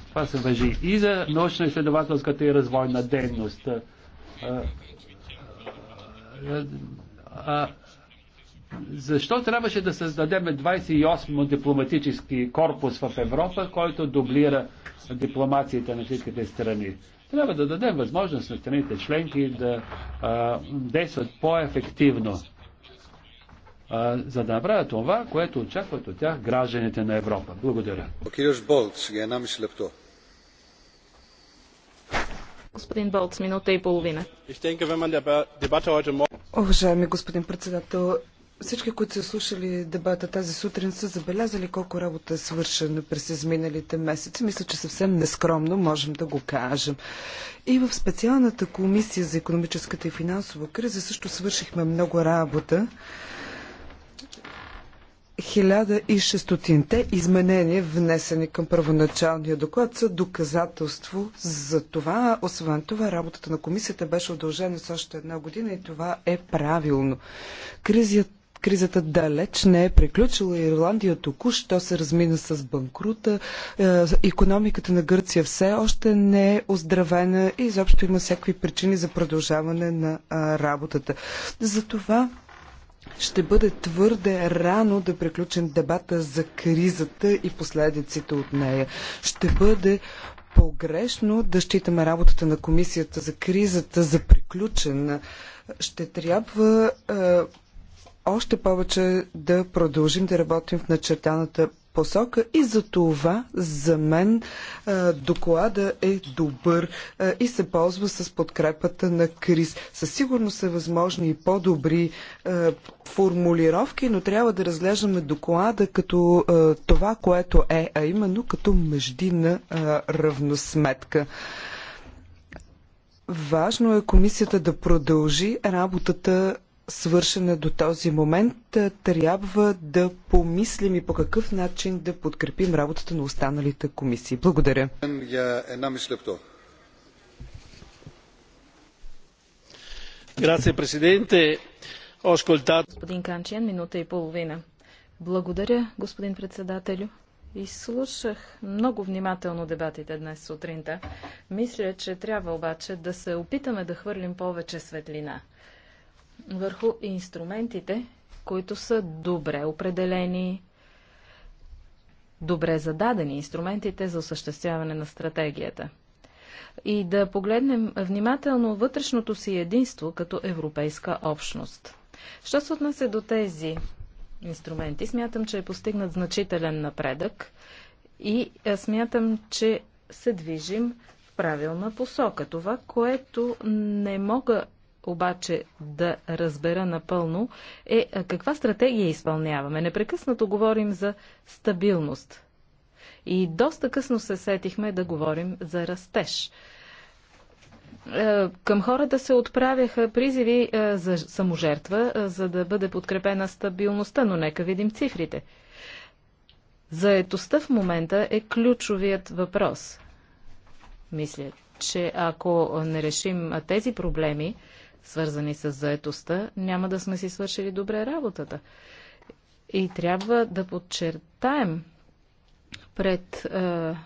Това се въжи и за научно-изследователската и развойна дейност. А, а, защо трябваше да създадем 28 дипломатически корпус в Европа, който дублира дипломацията на всичките страни? Трябва да дадем възможност на страните членки да а, действат по-ефективно, за да направят това, което очакват от тях гражданите на Европа.
Благодаря. Кирилш Болц, една мисля
Господин Болц, минута и половина. Уважаеми господин председател, всички, които са слушали дебата тази сутрин, са забелязали колко работа е свършена през изминалите месеци. Мисля, че съвсем нескромно можем да го кажем. И в специалната комисия за економическата и финансова криза също свършихме много работа. 1600-те изменения, внесени към първоначалния доклад, са доказателство за това. Освен това, работата на комисията беше удължена с още една година и това е правилно. Кризият кризата далеч не е приключила. Ирландия току-що се размина с банкрута. Е, економиката на Гърция все още не е оздравена и изобщо има всякакви причини за продължаване на работата. Затова ще бъде твърде рано да приключим дебата за кризата и последиците от нея. Ще бъде погрешно да считаме работата на комисията за кризата за приключена. Ще трябва е, още повече да продължим да работим в начертаната посока и за това за мен е, доклада е добър е, и се ползва с подкрепата на Крис. Със сигурност са възможни и по-добри е, формулировки, но трябва да разглеждаме доклада като това, което е, а именно като междина равносметка. Важно е комисията да продължи работата свършена до този момент, трябва да помислим и по какъв начин да подкрепим работата на останалите комисии. Благодаря.
Господин
Канчен, минута и половина. Благодаря, господин председателю. Изслушах много внимателно дебатите днес сутринта. Мисля, че трябва обаче да се опитаме да хвърлим повече светлина върху инструментите, които са добре определени, добре зададени инструментите за осъществяване на стратегията. И да погледнем внимателно вътрешното си единство като европейска общност. Що се отнася до тези инструменти, смятам, че е постигнат значителен напредък и смятам, че се движим в правилна посока. Това, което не мога обаче да разбера напълно е каква стратегия изпълняваме. Непрекъснато говорим за стабилност. И доста късно се сетихме да говорим за растеж. Е, към хората се отправяха призиви е, за саможертва, е, за да бъде подкрепена стабилността, но нека видим цифрите. Заетостта в момента е ключовият въпрос. Мисля, че ако не решим тези проблеми, свързани с заетостта, няма да сме си свършили добре работата. И трябва да подчертаем пред е,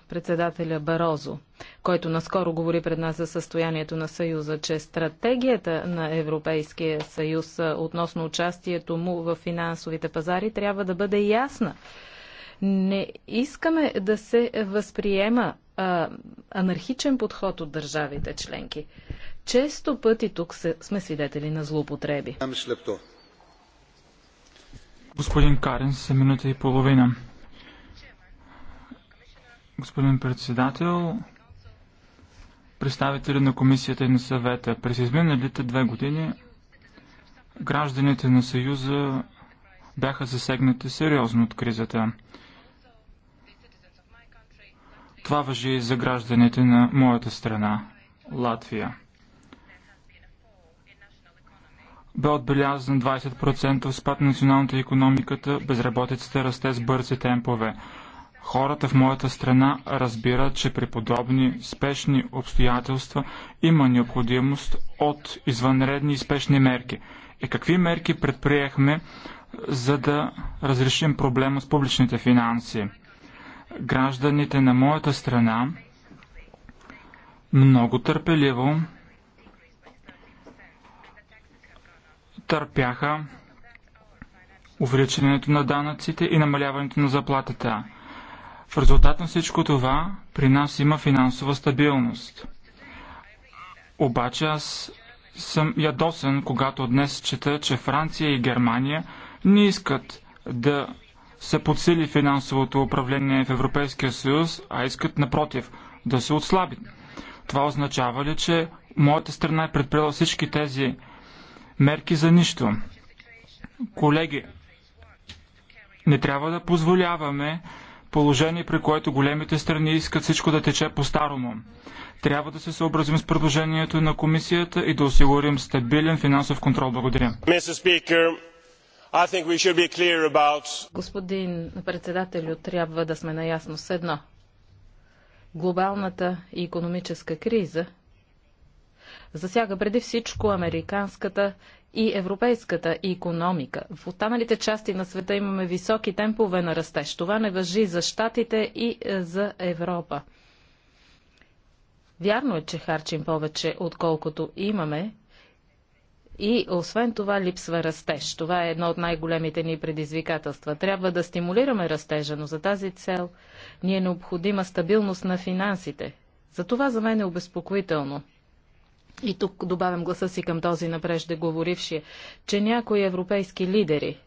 председателя Барозо, който наскоро говори пред нас за състоянието на Съюза, че стратегията на Европейския съюз е, относно участието му в финансовите пазари трябва да бъде ясна. Не искаме да се възприема а, е, анархичен подход от държавите членки. Често пъти тук сме свидетели на злоупотреби.
Господин Карен, са минута и половина. Господин председател, представители на комисията и на съвета, през изминалите две години гражданите на Съюза бяха засегнати сериозно от кризата. Това въжи и за гражданите на моята страна, Латвия. бе отбелязан 20% спад на националната економиката, безработицата расте с бързи темпове. Хората в моята страна разбират, че при подобни спешни обстоятелства има необходимост от извънредни и спешни мерки. И какви мерки предприехме, за да разрешим проблема с публичните финанси? Гражданите на моята страна много търпеливо търпяха увеличението на данъците и намаляването на заплатата. В резултат на всичко това, при нас има финансова стабилност. Обаче аз съм ядосен, когато днес чета, че Франция и Германия не искат да се подсили финансовото управление в Европейския съюз, а искат напротив да се отслаби. Това означава ли, че моята страна е предприела всички тези мерки за нищо. Колеги, не трябва да позволяваме положение, при което големите страни искат всичко да тече по-старому. Трябва да се съобразим с предложението на комисията и да осигурим стабилен финансов контрол. Благодаря.
Господин председателю, трябва да сме наясно с едно. Глобалната и економическа криза засяга преди всичко американската и европейската економика. В останалите части на света имаме високи темпове на растеж. Това не въжи за щатите и е, за Европа. Вярно е, че харчим повече, отколкото имаме. И освен това липсва растеж. Това е едно от най-големите ни предизвикателства. Трябва да стимулираме растежа, но за тази цел ни е необходима стабилност на финансите. За това за мен е обезпокоително – и тук добавям гласа си към този на преждеговорившия, че някои европейски лидери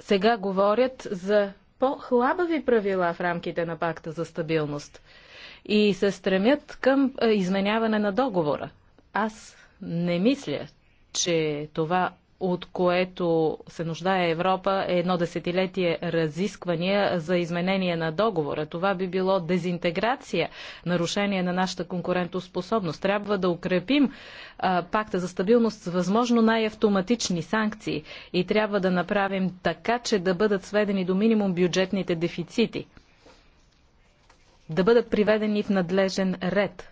сега говорят за по-хлабави правила в рамките на пакта за стабилност и се стремят към изменяване на договора. Аз не мисля, че това от което се нуждае Европа, е едно десетилетие разисквания за изменение на договора. Това би било дезинтеграция, нарушение на нашата конкурентоспособност. Трябва да укрепим а, пакта за стабилност с възможно най-автоматични санкции и трябва да направим така, че да бъдат сведени до минимум бюджетните дефицити. Да бъдат приведени в надлежен ред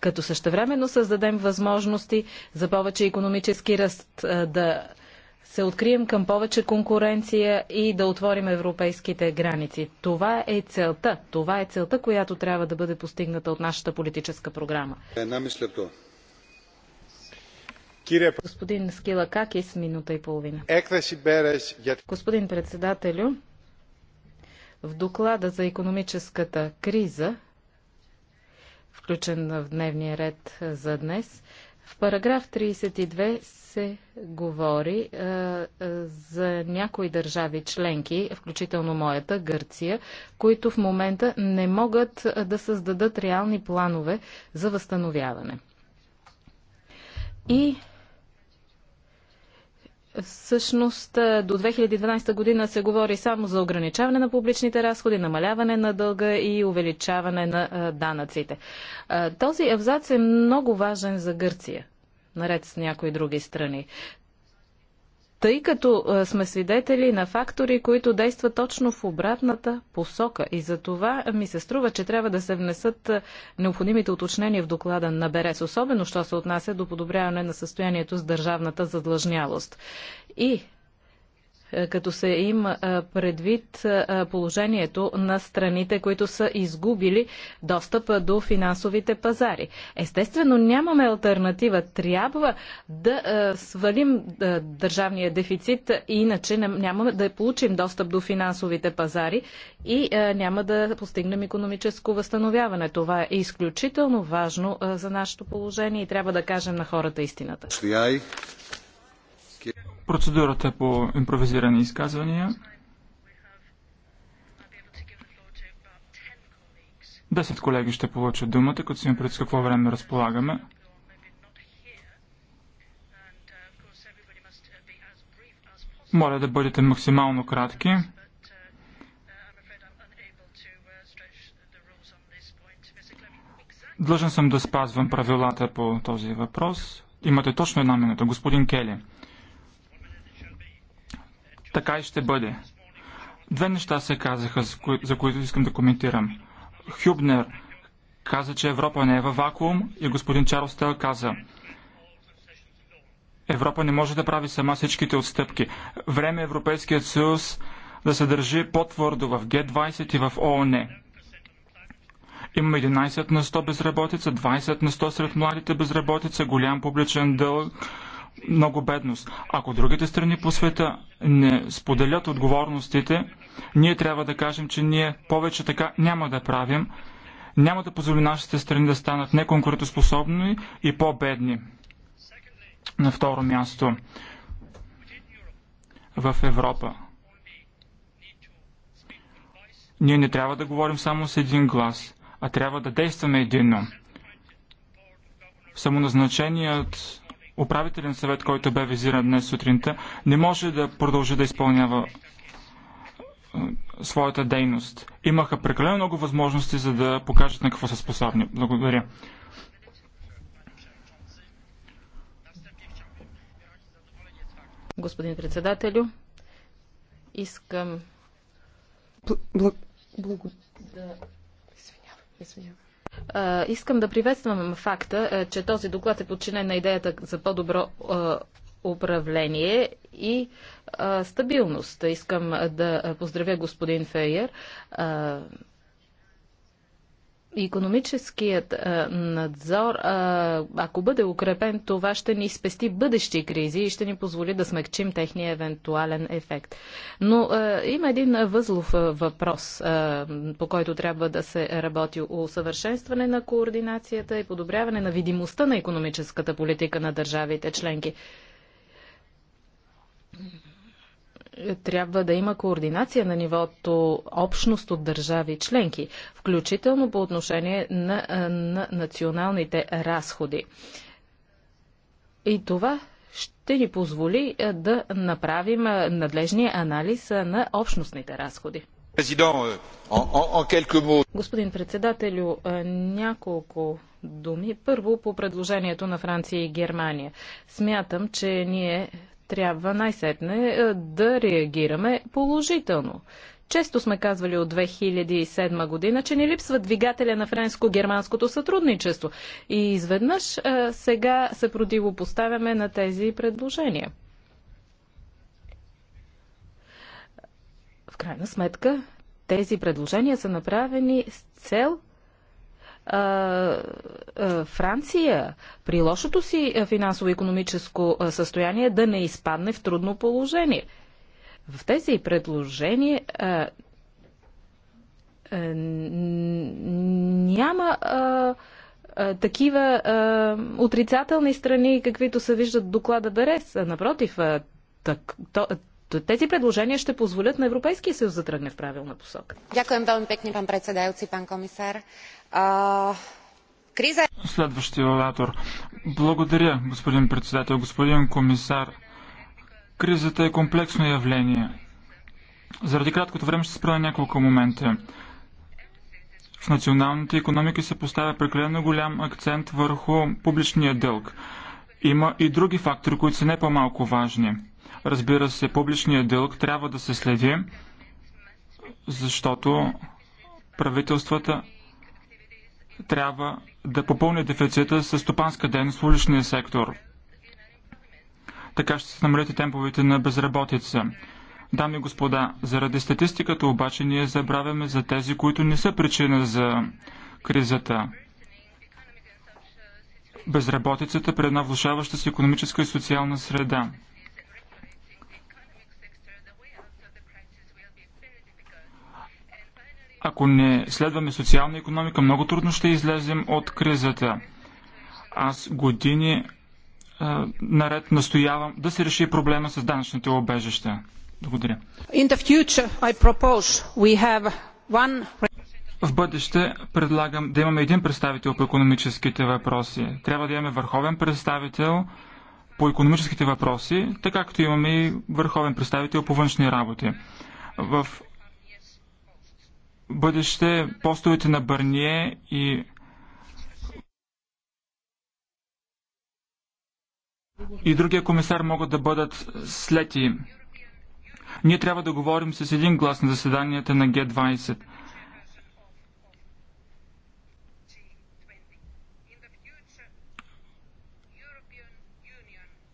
като същевременно създадем възможности за повече економически ръст, да се открием към повече конкуренция и да отворим европейските граници. Това е целта. Това е целта, която трябва да бъде постигната от нашата политическа програма.
Една мисля това.
Господин Скила Какис, минута и половина. Господин председателю, в доклада за економическата криза включен в дневния ред за днес. В параграф 32 се говори а, а, за някои държави членки, включително моята Гърция, които в момента не могат да създадат реални планове за възстановяване. И Всъщност е, до 2012 година се говори само за ограничаване на публичните разходи, намаляване на дълга и увеличаване на е, данъците. Е, този абзац е много важен за Гърция наред с някои други страни тъй като сме свидетели на фактори, които действат точно в обратната посока. И за това ми се струва, че трябва да се внесат необходимите уточнения в доклада на Берес, особено що се отнася до подобряване на състоянието с държавната задлъжнялост. И е, като се им е, предвид е, положението на страните, които са изгубили достъп до финансовите пазари. Естествено, нямаме альтернатива. Трябва да свалим държавния дефицит, иначе няма да получим достъп до финансовите пазари и няма да постигнем економическо възстановяване. Това е изключително важно за нашето положение и трябва да кажем на хората истината.
Процедурата по импровизирани изказвания. Десет колеги ще получат думата, като си пред с какво време разполагаме. Моля да бъдете максимално кратки. Длъжен съм да спазвам правилата по този въпрос. Имате точно една минута. Господин Кели. Така и ще бъде. Две неща се казаха, за които искам да коментирам. Хюбнер каза, че Европа не е във вакуум и господин Чарлз Тел каза, Европа не може да прави сама всичките отстъпки. Време е Европейският съюз да се държи по-твърдо в Г20 и в ООН. Имаме 11 на 100 безработица, 20 на 100 сред младите безработица, голям публичен дълг, много бедност. Ако другите страни по света не споделят отговорностите, ние трябва да кажем, че ние повече така няма да правим, няма да позволи нашите страни да станат неконкурентоспособни и по-бедни. На второ място, в Европа. Ние не трябва да говорим само с един глас, а трябва да действаме единно. Самоназначеният управителен съвет, който бе визиран днес сутринта, не може да продължи да изпълнява е, своята дейност. Имаха прекалено много възможности, за да покажат на какво са способни. Благодаря.
Господин председателю, искам... Бл- бл- да... Извинявам. Извинявам. Искам да приветствам факта, че този доклад е подчинен на идеята за по-добро управление и стабилност. Искам да поздравя господин Фейер Економическият надзор, ако бъде укрепен, това ще ни спести бъдещи кризи и ще ни позволи да смекчим техния евентуален ефект. Но има един възлов въпрос, по който трябва да се работи усъвършенстване на координацията и подобряване на видимостта на економическата политика на държавите членки трябва да има координация на нивото общност от държави членки, включително по отношение на, на националните разходи. И това ще ни позволи да направим надлежния анализ на общностните разходи. Е, Господин председателю, няколко думи. Първо по предложението на Франция и Германия. Смятам, че ние трябва най-сетне е, да реагираме положително. Често сме казвали от 2007 година, че ни липсва двигателя на френско-германското сътрудничество. И изведнъж а, е, сега се противопоставяме на тези предложения. В крайна сметка, тези предложения са направени с цел Франция при лошото си финансово-економическо състояние да не изпадне в трудно положение. В тези предложения а, а, няма а, а, такива а, отрицателни страни, каквито се виждат в доклада Берес. Напротив, а, так, то, тези предложения ще позволят на Европейския съюз да тръгне в правилна посока.
Дякуем veľmi пекни, пан председател, пан комисар. Криза...
Е- Следващия оратор. Благодаря, господин председател, господин комисар. Кризата е комплексно явление. Заради краткото време ще спра на няколко момента. В националните економики се поставя прекалено голям акцент върху публичния дълг. Има и други фактори, които са не по-малко важни. Разбира се, публичният дълг трябва да се следи, защото правителствата трябва да попълни дефицита с стопанска дейност в уличния сектор. Така ще се намалите темповете на безработица. Дами и господа, заради статистиката обаче ние забравяме за тези, които не са причина за кризата. Безработицата при една влушаваща се економическа и социална среда. Ако не следваме социална економика, много трудно ще излезем от кризата. Аз години а, е, наред настоявам да се реши проблема с данъчните обежища. Благодаря. One... В бъдеще предлагам да имаме един представител по економическите въпроси. Трябва да имаме върховен представител по економическите въпроси, така както имаме и върховен представител по външни работи. В бъдеще постовете на Бърние и и другия комисар могат да бъдат слети. Ние трябва да говорим с един глас на заседанията на Г-20.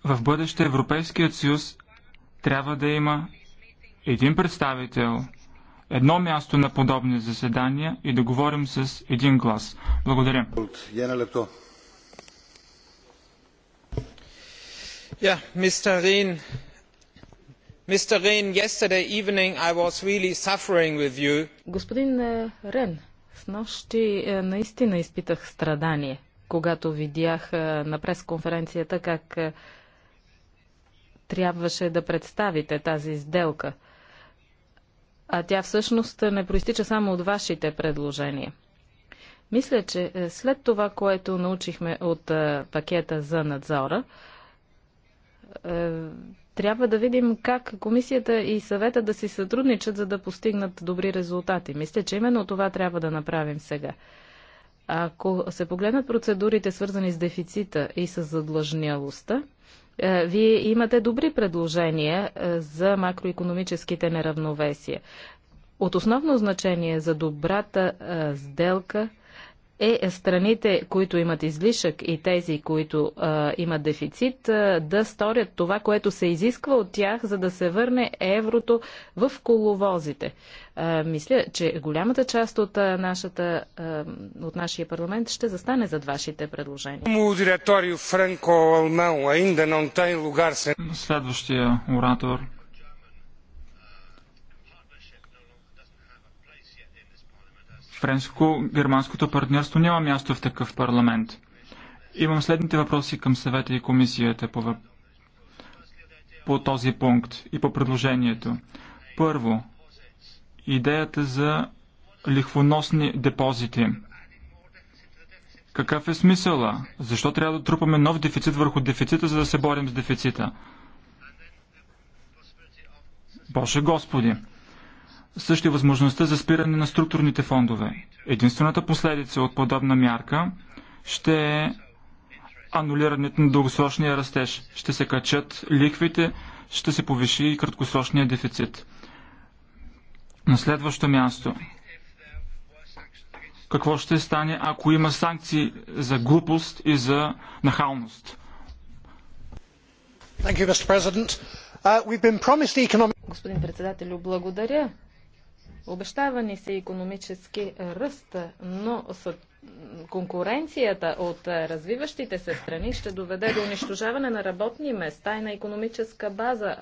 В бъдеще Европейският съюз трябва да има един представител – едно място на подобни заседания и да говорим с един глас. Благодаря.
Yeah, Mr. Rehn, Mr. Rehn, yesterday evening I was really suffering with you.
Господин е, Рен, с нощи е, наистина изпитах страдание, когато видях е, на пресконференцията как трябваше да представите тази сделка – а тя всъщност не проистича само от вашите предложения. Мисля, че е, след това, което научихме от е, пакета за надзора, е, трябва да видим как комисията и съвета да си сътрудничат, за да постигнат добри резултати. Мисля, че именно това трябва да направим сега. Ако се погледнат процедурите, свързани с дефицита и с задлъжнялостта, е, вие имате добри предложения е, за макроекономическите неравновесия. От основно значение за добрата е, сделка – е страните, които имат излишък и тези, които а, имат дефицит, а, да сторят това, което се изисква от тях, за да се върне еврото в коловозите. А, мисля, че голямата част от, а, нашата, а, от нашия парламент ще застане зад вашите предложения.
Следващия
оратор. Френско-германското партньорство няма място в такъв парламент. Имам следните въпроси към съвета и комисията по, въп... по този пункт и по предложението. Първо, идеята за лихвоносни депозити. Какъв е смисъла? Защо трябва да трупаме нов дефицит върху дефицита, за да се борим с дефицита? Боже Господи! Също и възможността за спиране на структурните фондове. Единствената последица от подобна мярка ще е анулирането на дългосрочния растеж. Ще се качат ликвите, ще се повиши и краткосрочния дефицит. На следващо място. Какво ще стане, ако има санкции за глупост и за нахалност?
Uh, Господин председател, благодаря. Обещава ни се економически е, ръст, но конкуренцията от е, развиващите се страни ще доведе до унищожаване на работни места и на економическа база,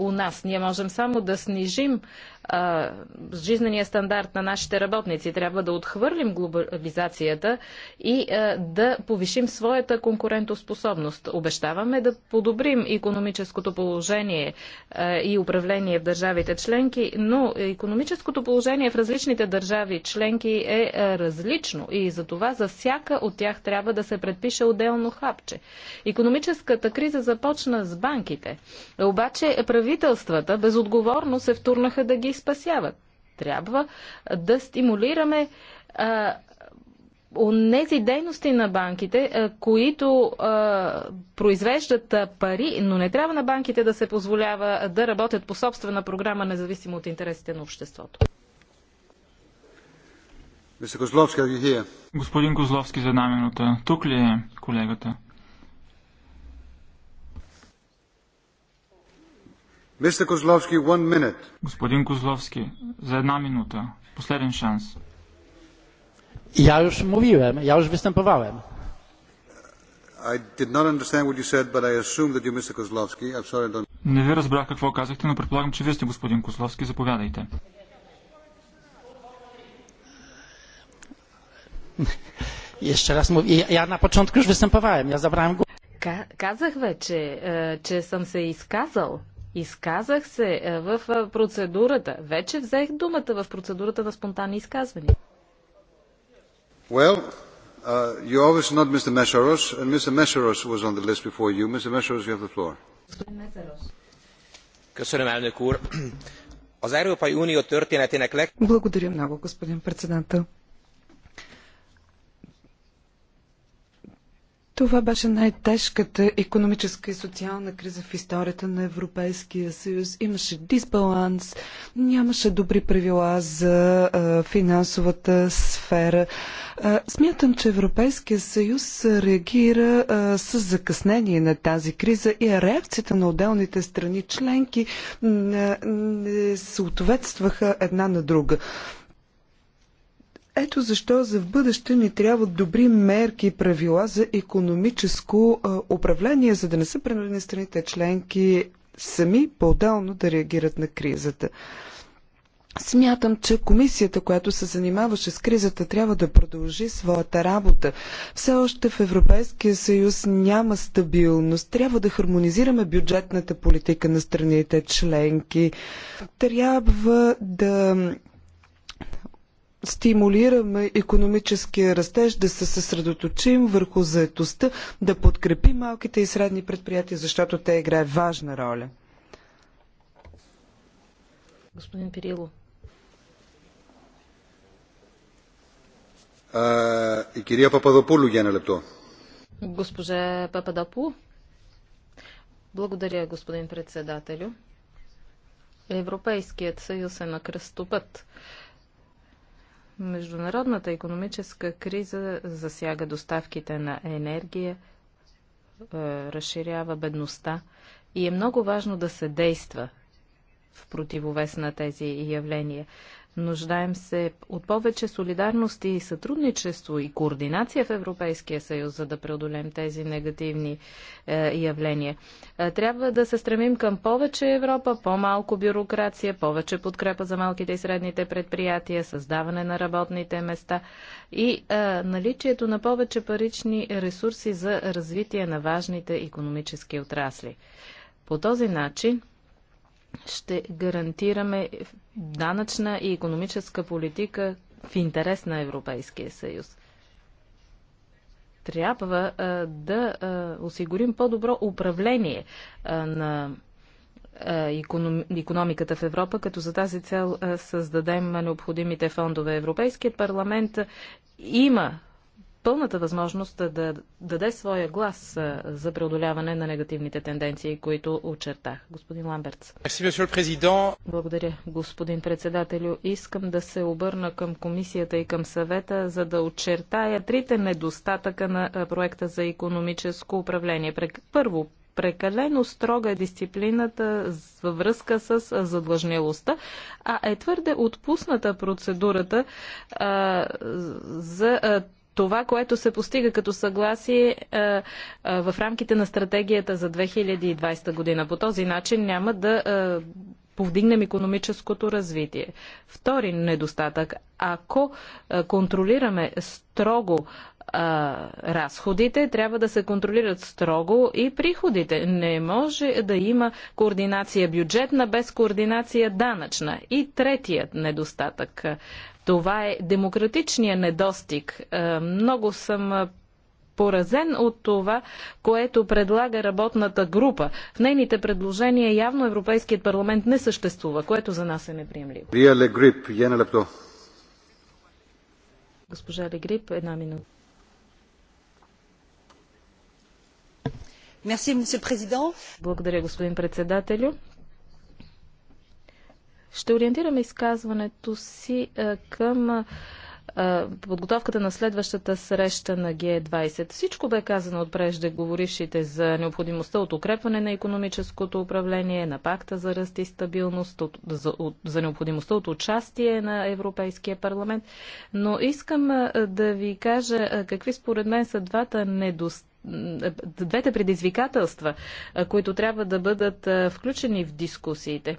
у нас. Ние можем само да снижим а, жизнения стандарт на нашите работници. Трябва да отхвърлим глобализацията и а, да повишим своята конкурентоспособност. Обещаваме да подобрим економическото положение а, и управление в държавите членки, но економическото положение в различните държави членки е а, различно и за това за всяка от тях трябва да се предпише отделно хапче. Економическата криза започна с банките. Обаче правителството правителствата безотговорно се втурнаха да ги спасяват. Трябва да стимулираме а, онези дейности на банките, които а, произвеждат пари, но не трябва на банките да се позволява да работят по собствена програма, независимо от интересите на обществото.
Господин Козловски, за една минута. Тук ли е колегата? Господин Козловски, за една минута. Последен шанс. Я я уж уж I
I did not understand what you said, but assume that Ja już mówiłem, ja już występowałem.
Не ви разбрах какво казахте, но предполагам, че вие сте господин Кословски. Заповядайте.
[LAUGHS] Jeszcze raz mówię, ja na
początku już występowałem, ja zabrałem głos.
Казах вече, е, че съм се изказал. Изказах се в процедурата. Вече взех думата в процедурата на спонтанни изказвания.
Well, uh, you obviously not Mr. Mesharos, and Mr. Mesharos was on the list before you. Mr. Mesharos, you have the floor.
Köszönöm, elnök úr. Az Európai Unió történetének leg...
Благодаря много, господин председател. Това беше най-тежката економическа и социална криза в историята на Европейския съюз. Имаше дисбаланс, нямаше добри правила за а, финансовата сфера. А, смятам, че Европейския съюз реагира а, с закъснение на тази криза и реакцията на отделните страни членки не, не съответстваха една на друга. Ето защо за в бъдеще ни трябват добри мерки и правила за економическо управление, за да не са принудени страните членки сами по-отделно да реагират на кризата. Смятам, че комисията, която се занимаваше с кризата, трябва да продължи своята работа. Все още в Европейския съюз няма стабилност. Трябва да хармонизираме бюджетната политика на страните членки. Трябва да стимулираме економическия растеж, да се съсредоточим върху заетостта, да подкрепим малките и средни предприятия, защото те играят важна роля.
Господин Пирило.
А, и кирия Пападопулу, е лепто.
Госпожа Пападопулу. Благодаря, господин председателю. Европейският съюз е на кръстопът. Международната економическа криза засяга доставките на енергия, е, разширява бедността и е много важно да се действа в противовес на тези явления. Нуждаем се от повече солидарност и сътрудничество и координация в Европейския съюз, за да преодолем тези негативни е, явления. Е, трябва да се стремим към повече Европа, по-малко бюрокрация, повече подкрепа за малките и средните предприятия, създаване на работните места и е, наличието на повече парични ресурси за развитие на важните економически отрасли. По този начин ще гарантираме данъчна и економическа политика в интерес на Европейския съюз. Трябва а, да а, осигурим по-добро управление а, на економиката в Европа, като за тази цел създадем необходимите фондове. Европейският парламент има пълната възможност да даде своя глас за преодоляване на негативните тенденции, които очертах. Господин Ламбертс. Благодаря, господин председателю. Искам да се обърна към комисията и към съвета, за да очертая трите недостатъка на проекта за економическо управление. Първо, прекалено строга е дисциплината във връзка с задлъжнялостта, а е твърде отпусната процедурата а, за а, това, което се постига като съгласие е, е, в рамките на стратегията за 2020 година. По този начин няма да е, повдигнем економическото развитие. Втори недостатък. Ако контролираме строго разходите, трябва да се контролират строго и приходите. Не може да има координация бюджетна без координация данъчна. И третият недостатък. Това е демократичния недостиг. Е, много съм е, поразен от това, което предлага работната група. В нейните предложения явно Европейският парламент не съществува, което за нас е неприемливо. Госпожа Легрип, една минута. Благодаря, господин председателю. Ще ориентирам изказването си а, е, към а, е, подготовката на следващата среща на Г20. Всичко бе казано от преждеговорившите за необходимостта от укрепване на економическото управление, на пакта за ръст и стабилност, от, за, от, за необходимостта от участие на Европейския парламент. Но искам е, да ви кажа какви според мен са двата недостатъци двете предизвикателства, които трябва да бъдат включени в дискусиите.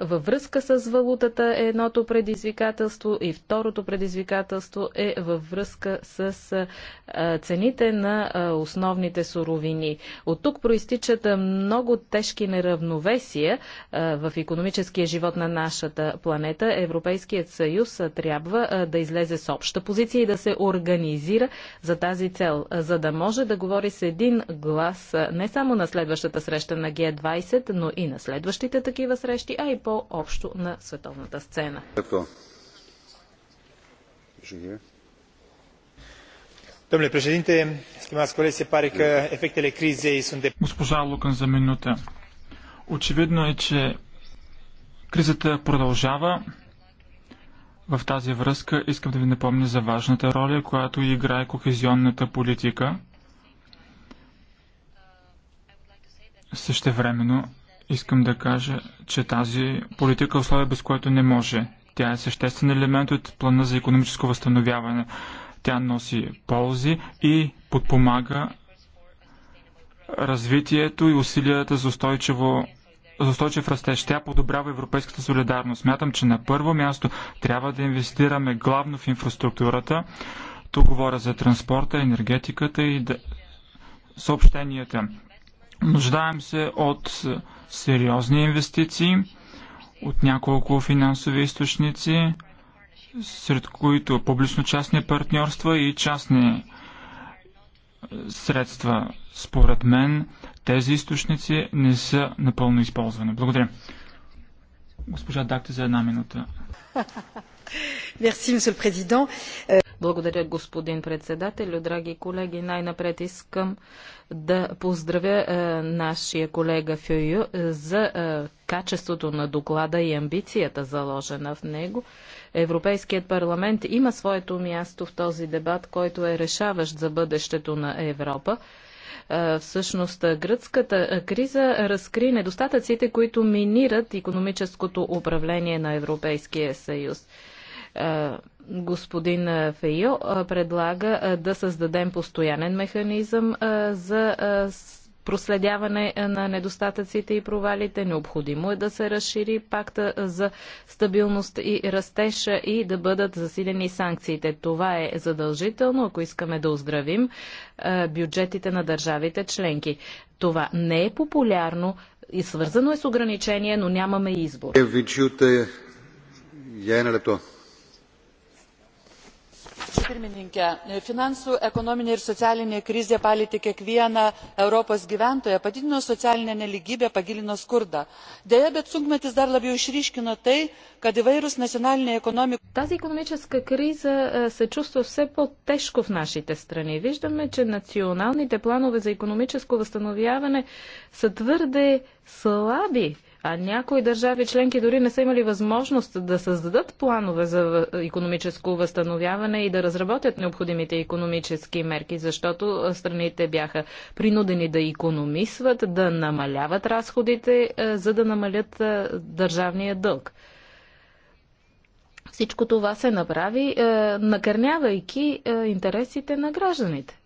във връзка с валутата е едното предизвикателство и второто предизвикателство е във връзка с цените на основните суровини. От тук проистичат много тежки неравновесия в економическия живот на нашата планета. Европейският съюз трябва да излезе с обща позиция и да се организира за тази цел, за да може да говори с един глас не само на следващата среща на Г20, но и на следващите такива срещи, а и по-общо на световната сцена.
Domnule președinte, stimați colegi, se pare că efectele crizei sunt de... Госпожа Лукан за минута. Очевидно е, че кризата продължава. В тази връзка искам да ви напомня за важната роля, която играе кохезионната политика. Същевременно Искам да кажа, че тази политика е условия без което не може. Тя е съществен елемент от плана за економическо възстановяване. Тя носи ползи и подпомага развитието и усилията за устойчиво за устойчив растеж. Тя подобрява европейската солидарност. Смятам, че на първо място трябва да инвестираме главно в инфраструктурата. Тук говоря за транспорта, енергетиката и да... съобщенията. Нуждаем се от сериозни инвестиции, от няколко финансови източници, сред които публично-частни партньорства и частни е, средства. Според мен тези източници не са напълно използвани. Благодаря. Госпожа Дакте, за една минута.
[LAUGHS] Благодаря, господин председател, Драги колеги, най-напред искам да поздравя е, нашия колега Фюю е, за е, качеството на доклада и амбицията заложена в него. Европейският парламент има своето място в този дебат, който е решаващ за бъдещето на Европа. Всъщност, гръцката криза разкри недостатъците, които минират економическото управление на Европейския съюз господин Фейо предлага да създадем постоянен механизъм за проследяване е, на недостатъците и провалите. Необходимо е да се разшири пакта за стабилност и растеж и да бъдат засилени санкциите. Това е задължително, ако искаме да оздравим е, бюджетите на държавите членки. Това не е популярно и свързано е с ограничение, но нямаме избор.
Е,
finansų ekonominė ir socialinė krizė palietė kiekvieną europos gyventoją padidino socialinę nelygybę pagilino skurdą. deja bet sunkmetis dar labiau išryškino tai kad įvairūs nacionaliniai
ekonomikos. Тази економическа криза се чувства все по-тежко в нашите страни. Виждаме, че националните планове за економическо възстановяване са твърде слаби а някои държави членки дори не са имали възможност да създадат планове за економическо възстановяване и да разработят необходимите економически мерки, защото страните бяха принудени да економисват, да намаляват разходите, за да намалят държавния дълг. Всичко това се направи, накърнявайки интересите на гражданите.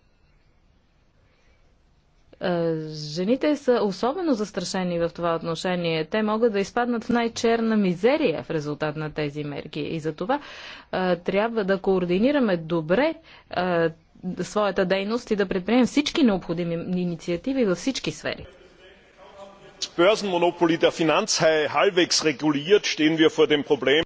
Е, жените са особено застрашени в това отношение. Те могат да изпаднат в най-черна мизерия в резултат на тези мерки. И за това е, трябва да координираме добре е, своята дейност и да предприемем всички необходими инициативи във всички сфери.
Börsenmonopoli der Finanzhaie halbwegs reguliert, stehen wir vor dem Problem.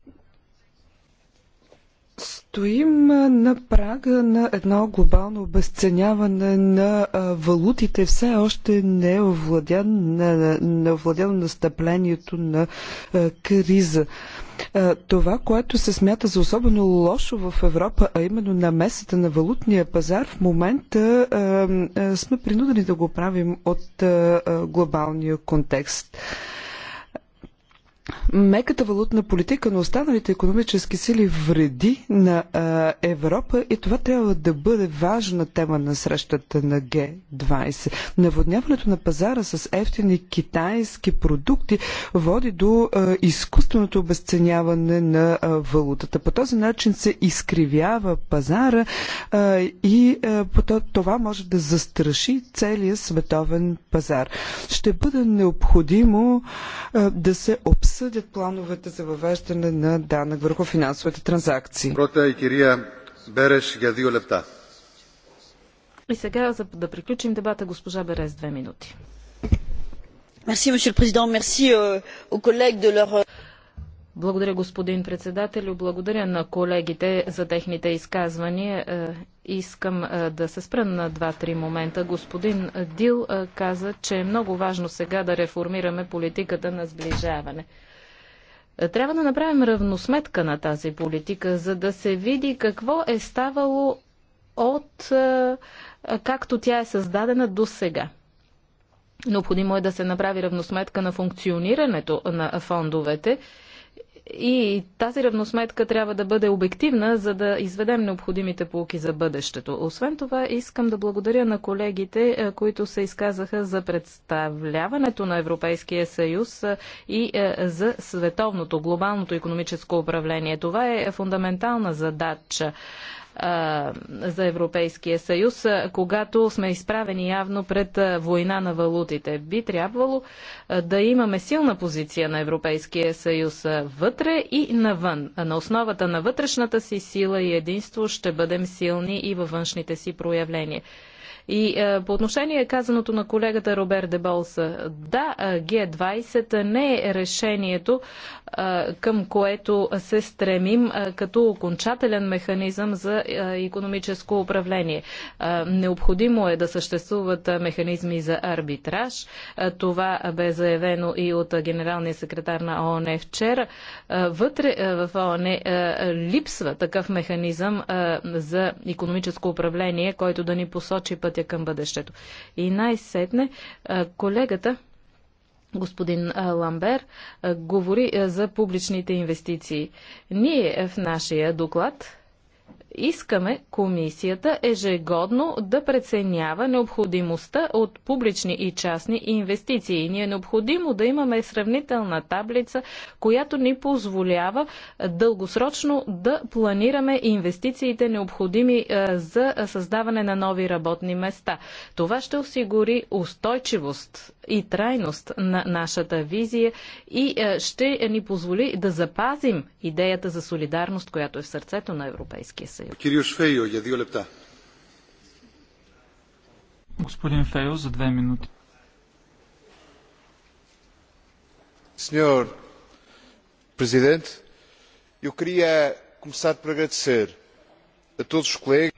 Стоим на прага на едно глобално обесценяване на валутите. Все още не е, е овладяно, настъплението на криза. Това, което се смята за особено лошо в Европа, а именно на месата на валутния пазар, в момента сме принудени да го правим от глобалния контекст меката валутна политика на останалите економически сили вреди на а, Европа и това трябва да бъде важна тема на срещата на Г20. Наводняването на пазара с ефтини китайски продукти води до а, изкуственото обесценяване на а, валутата. По този начин се изкривява пазара а, и а, това може да застраши целия световен пазар. Ще бъде необходимо а, да се обсъдят в плановете за въвеждане на данък върху финансовите транзакции.
Прота и кирия Береш за лепта.
И сега, за да приключим дебата, госпожа Берез, две минути. Мерси, президент. Мерси колег де Благодаря, господин председател, Благодаря на колегите за техните изказвания. Е, искам е, да се спра на два-три момента. Господин Дил е, каза, че е много важно сега да реформираме политиката на сближаване. Трябва да направим равносметка на тази политика, за да се види какво е ставало от е, както тя е създадена до сега. Необходимо е да се направи равносметка на функционирането на фондовете и тази равносметка трябва да бъде обективна, за да изведем необходимите полки за бъдещето. Освен това, искам да благодаря на колегите, е, които се изказаха за представляването на Европейския съюз е, и е, за световното, глобалното економическо управление. Това е фундаментална задача за Европейския съюз, когато сме изправени явно пред война на валутите. Би трябвало да имаме силна позиция на Европейския съюз вътре и навън. На основата на вътрешната си сила и единство ще бъдем силни и във външните си проявления. И е, по отношение казаното на колегата Робер Деболса, да, е, Г20 не е решението, е, към което се стремим като окончателен механизъм за економическо управление. необходимо е да съществуват механизми за арбитраж. това бе заявено и от генералния секретар на ООН вчера. вътре в ООН липсва такъв механизъм за економическо управление, който да ни посочи път пътя към бъдещето. И най-сетне колегата господин Ламбер говори за публичните инвестиции. Ние е, в нашия доклад Искаме комисията ежегодно да преценява необходимостта от публични и частни инвестиции. Ни е необходимо да имаме сравнителна таблица, която ни позволява дългосрочно да планираме инвестициите необходими е, за създаване на нови работни места. Това ще осигури устойчивост и трайност на нашата визия и е, ще ни позволи да запазим идеята за солидарност, която е в сърцето на Европейския съюз.
Господин Фейо, за две минути.
Senhor Presidente, eu queria começar por agradecer a todos os colegas.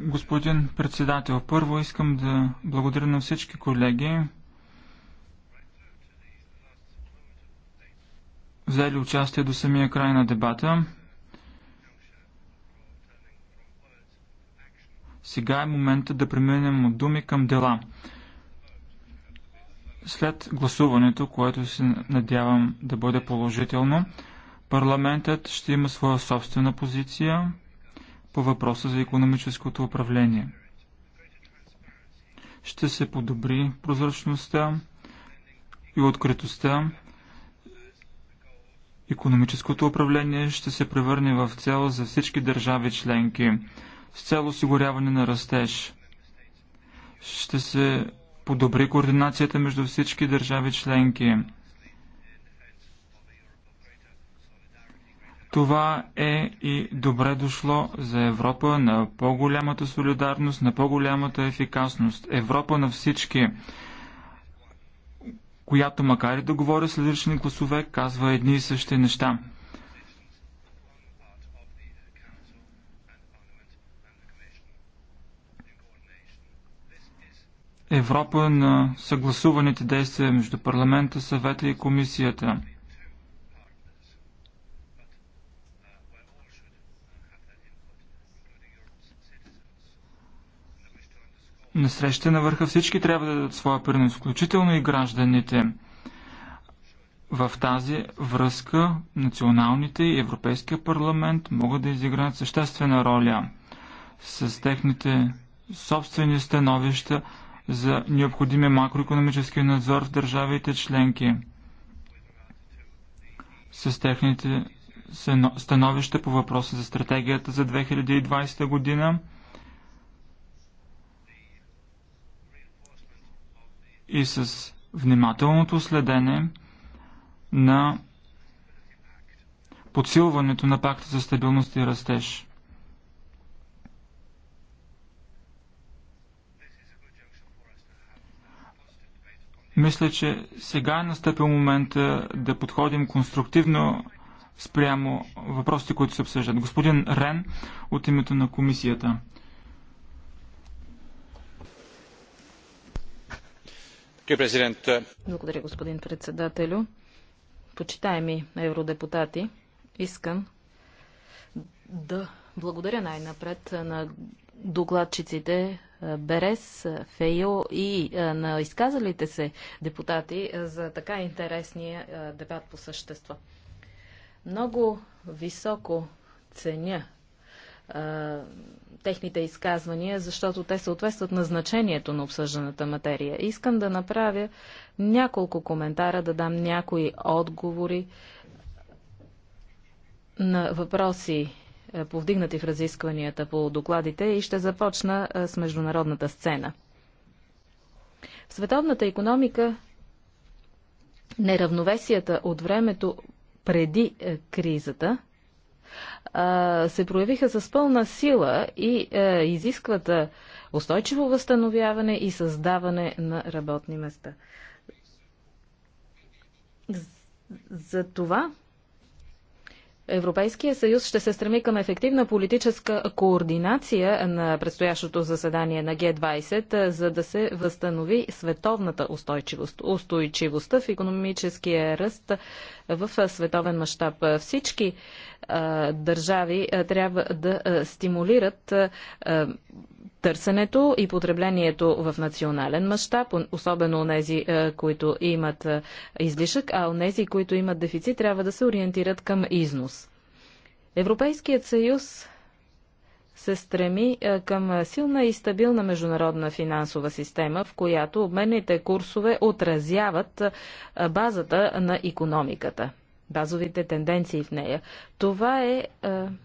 Господин председател, първо искам да благодаря на всички колеги, взели участие до самия край на дебата. Сега е момента да преминем от думи към дела. След гласуването, което се надявам да бъде положително, парламентът ще има своя собствена позиция по въпроса за економическото управление. Ще се подобри прозрачността и откритостта. Економическото управление ще се превърне в цел за всички държави членки с цел осигуряване на растеж. Ще се подобри координацията между всички държави членки. Това е и добре дошло за Европа на по-голямата солидарност, на по-голямата ефикасност. Европа на всички, която макар и да говори с различни гласове, казва едни и същи неща. Европа на съгласуваните действия между парламента, съвета и комисията. На среща на върха всички трябва да дадат своя принос, включително и гражданите. В тази връзка националните и Европейския парламент могат да изиграят съществена роля с техните собствени становища, за необходимия макроекономически надзор в държавите членки с техните становища по въпроса за стратегията за 2020 година и с внимателното следене на подсилването на пакта за стабилност и растеж. Мисля, че сега е настъпил момента е, да подходим конструктивно спрямо въпросите, които се обсъждат. Господин Рен от името на комисията.
Благодаря, господин председателю. Почитаеми евродепутати, искам да благодаря най-напред на докладчиците Берес, Фейо и на изказалите се депутати за така интересния дебат по същество. Много високо ценя техните изказвания, защото те съответстват на значението на обсъжданата материя. Искам да направя няколко коментара, да дам някои отговори на въпроси, е, повдигнати в разискванията по докладите и ще започна е, с международната сцена. В световната економика неравновесията от времето преди е, кризата се проявиха с пълна сила и изискват устойчиво възстановяване и създаване на работни места. За това Европейския съюз ще се стреми към ефективна политическа координация на предстоящото заседание на Г-20, за да се възстанови световната устойчивост. Устойчивостта в економическия ръст в световен мащаб. Всички а, държави а, трябва да а, стимулират търсенето и потреблението в национален мащаб, особено у нези, е, които имат е, излишък, а нези, които имат дефицит, трябва да се ориентират към износ. Европейският съюз се стреми е, към силна и стабилна международна финансова система, в която обменните курсове отразяват базата на економиката базовите тенденции в нея. Това е, е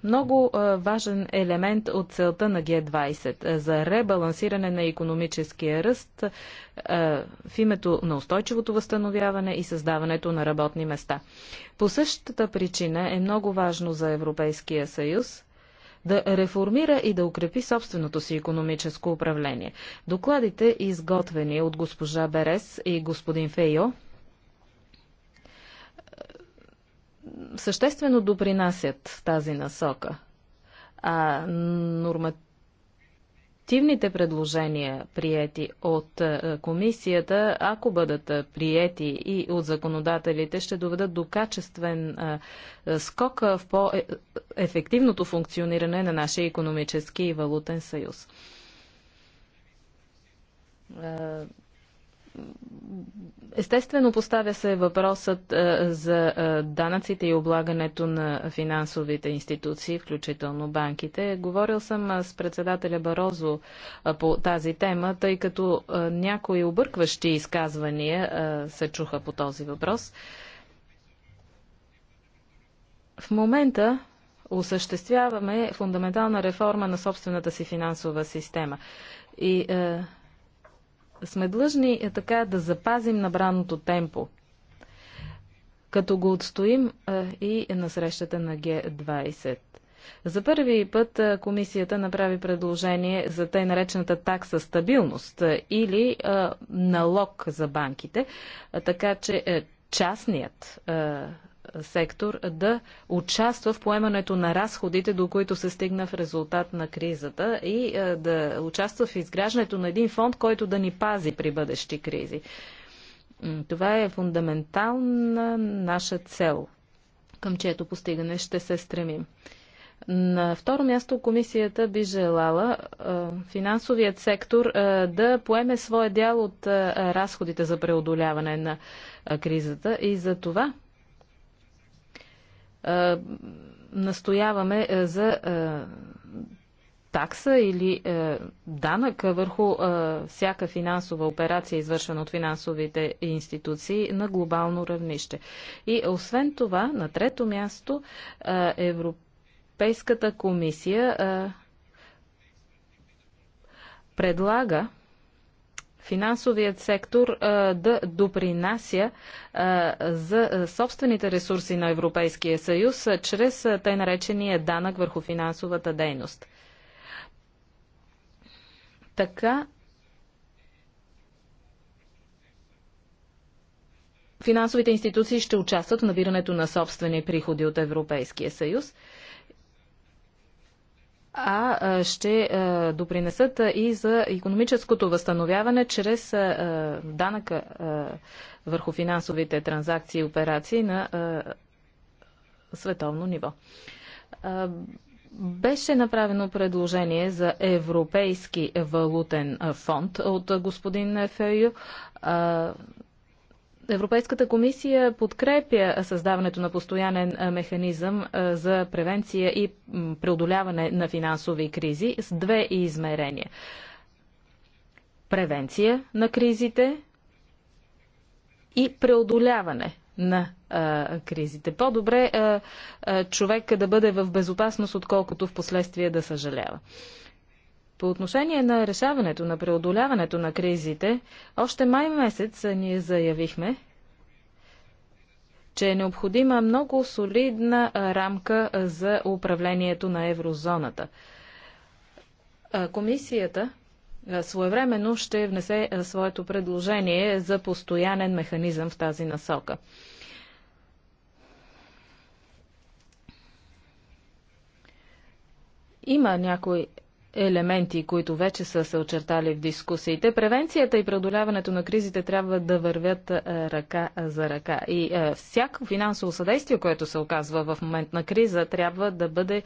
много е, важен елемент от целта на Г20 е, за ребалансиране на економическия ръст в името на устойчивото възстановяване и създаването на работни места. По същата причина е много важно за Европейския съюз да реформира и да укрепи собственото си економическо управление. Докладите, изготвени от госпожа Берес и господин Фейо, съществено допринасят в тази насока. А нормативните предложения, приети от комисията, ако бъдат приети и от законодателите, ще доведат до качествен скок в по-ефективното функциониране на нашия економически и валутен съюз Естествено поставя се въпросът е, за е, данъците и облагането на финансовите институции, включително банките. Говорил съм е, с председателя Барозо по тази тема, тъй като някои объркващи изказвания се чуха по този въпрос. В момента осъществяваме фундаментална реформа на собствената си финансова система. И сме длъжни е така да запазим набраното темпо, като го отстоим и на срещата на Г-20. За първи път комисията направи предложение за тъй наречената такса стабилност или налог за банките, така че е, частният сектор да участва в поемането на разходите, до които се стигна в резултат на кризата и е, да участва в изграждането на един фонд, който да ни пази при бъдещи кризи. Това е фундаментална наша цел, към чието постигане ще се стремим. На второ място комисията би желала е, финансовият сектор е, да поеме своя дял от разходите за преодоляване на кризата и за това настояваме за такса или е, данък върху всяка финансова операция, извършвана от финансовите институции на глобално равнище. И освен това, на трето място, Европейската комисия е, предлага финансовият сектор да допринася за собствените ресурси на Европейския съюз чрез тъй наречения данък върху финансовата дейност. Така финансовите институции ще участват в набирането на собствени приходи от Европейския съюз – а ще допринесат и за економическото възстановяване чрез данъка върху финансовите транзакции и операции на световно ниво. Беше направено предложение за Европейски валутен фонд от господин Фею. Европейската комисия подкрепя създаването на постоянен механизъм за превенция и преодоляване на финансови кризи с две измерения. Превенция на кризите и преодоляване на а, кризите. По-добре човек да бъде в безопасност, отколкото в последствие да съжалява. По отношение на решаването, на преодоляването на кризите, още май месец ние заявихме, че е необходима много солидна рамка за управлението на еврозоната. Комисията своевременно ще внесе своето предложение за постоянен механизъм в тази насока. Има някои елементи, които вече са се очертали в дискусиите. Превенцията и преодоляването на кризите трябва да вървят ръка за ръка. И всяко финансово съдействие, което се оказва в момент на криза, трябва да бъде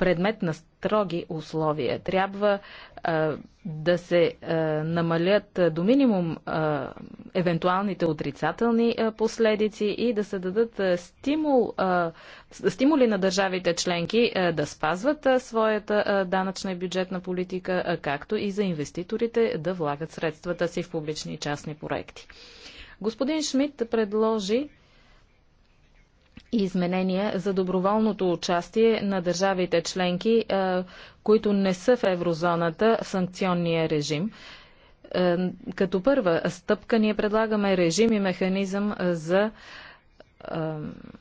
предмет на строги условия. Трябва а, да се а, намалят до минимум а, евентуалните отрицателни а, последици и да се дадат а, стимул, а, стимули на държавите членки а, да спазват а, своята а, данъчна и бюджетна политика, а, както и за инвеститорите да влагат средствата си в публични и частни проекти. Господин Шмидт предложи изменения за доброволното участие на държавите членки, които не са в еврозоната, в санкционния режим. Като първа стъпка ние предлагаме режим и механизъм за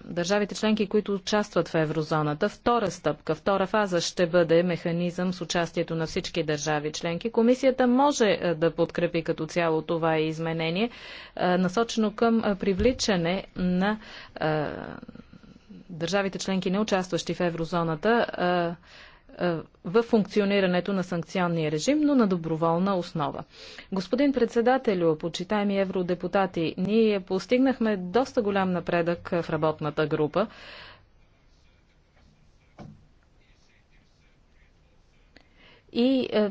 държавите членки, които участват в еврозоната. Втора стъпка, втора фаза ще бъде механизъм с участието на всички държави членки. Комисията може е, да подкрепи като цяло това изменение, е, насочено към е, привличане на държавите членки, не участващи в еврозоната, е, в функционирането на санкционния режим, но на доброволна основа. Господин председателю, почитаеми евродепутати, ние постигнахме доста голям напредък в работната група. И е,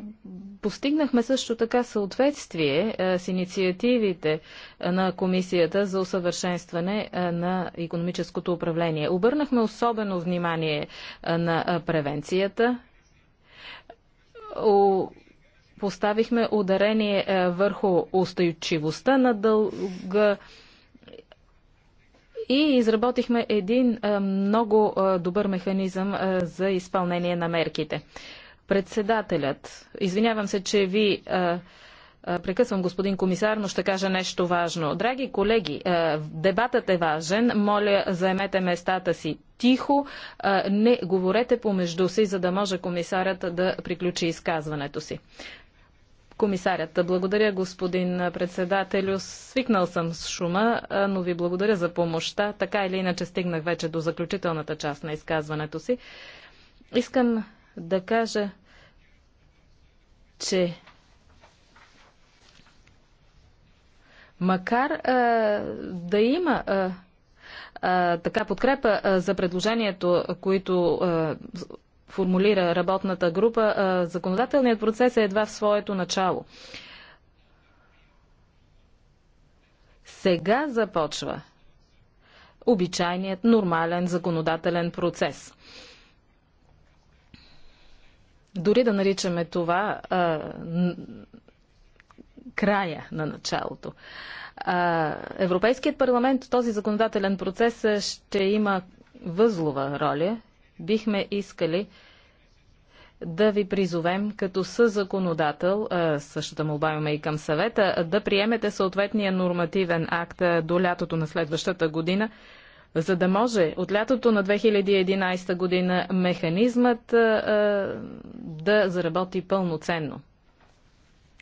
постигнахме също така съответствие е, с инициативите е, на Комисията за усъвършенстване е, на економическото управление. Обърнахме особено внимание е, на е, превенцията. О, поставихме ударение е, върху устойчивостта на дълга и изработихме един е, много е, добър механизъм е, за изпълнение на мерките. Председателят, извинявам се, че ви а, а, прекъсвам, господин комисар, но ще кажа нещо важно. Драги колеги, а, дебатът е важен. Моля, заемете местата си тихо. не говорете помежду си, за да може комисарят да приключи изказването си комисарят. Благодаря, господин председателю. Свикнал съм с шума, но ви благодаря за помощта. Така или иначе стигнах вече до заключителната част на изказването си. Искам да кажа, че макар а, да има а, а, така подкрепа а, за предложението, които а, формулира работната група, а, законодателният процес е едва в своето начало. Сега започва обичайният нормален законодателен процес дори да наричаме това а, края на началото. А, Европейският парламент в този законодателен процес ще има възлова роля. Бихме искали да ви призовем като съзаконодател, същата му обавяме и към съвета, да приемете съответния нормативен акт до лятото на следващата година, за да може от лятото на 2011 година механизмът да заработи пълноценно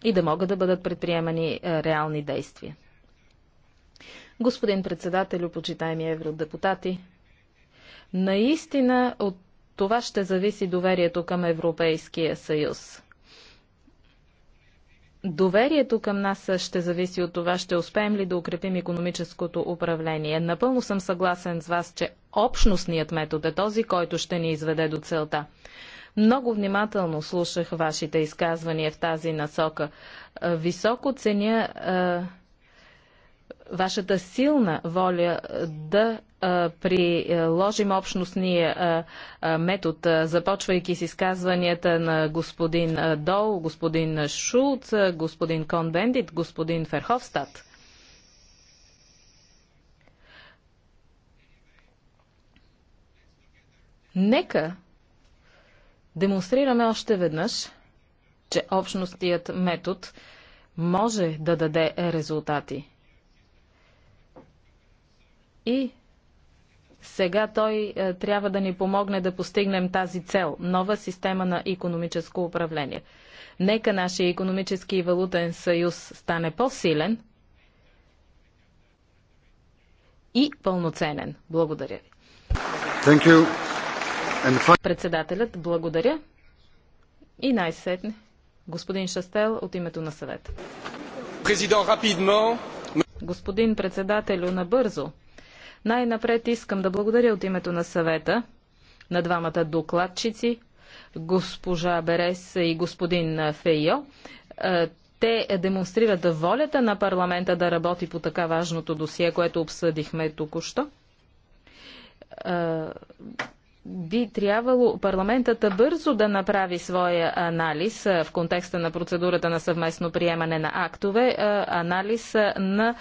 и да могат да бъдат предприемани реални действия. Господин председател, почитаеми евродепутати, наистина от това ще зависи доверието към Европейския съюз. Доверието към нас ще зависи от това, ще успеем ли да укрепим економическото управление. Напълно съм съгласен с вас, че общностният метод е този, който ще ни изведе до целта. Много внимателно слушах вашите изказвания в тази насока. Високо ценя е, вашата силна воля да приложим общностния метод, започвайки с изказванията на господин Дол, господин Шулц, господин Конбендит, господин Ферховстад. Нека демонстрираме още веднъж, че общностият метод може да даде резултати. И сега той е, трябва да ни помогне да постигнем тази цел – нова система на економическо управление. Нека нашия економически и валутен съюз стане по-силен и пълноценен. Благодаря ви. And... Председателят, благодаря. И най-сетне, господин Шастел от името на съвет. Господин председателю, набързо. Най-напред искам да благодаря от името на съвета на двамата докладчици, госпожа Берес и господин Фейо. Е, те демонстрират волята на парламента да работи по така важното досие, което обсъдихме току-що е, би трябвало парламентът бързо да направи своя анализ в контекста на процедурата на съвместно приемане на актове, анализ на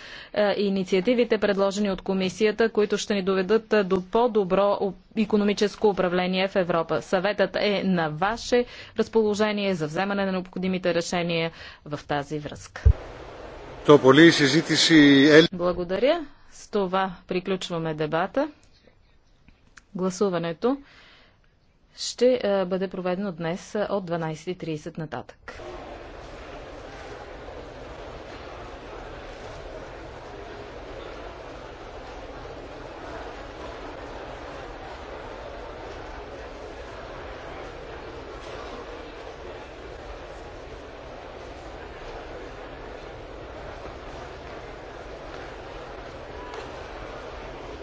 инициативите, предложени от комисията, които ще ни доведат до по-добро економическо управление в Европа. Съветът е на ваше разположение за вземане на необходимите решения в тази връзка. Благодаря. С това приключваме дебата. Гласуването ще бъде проведено днес от 12.30 нататък.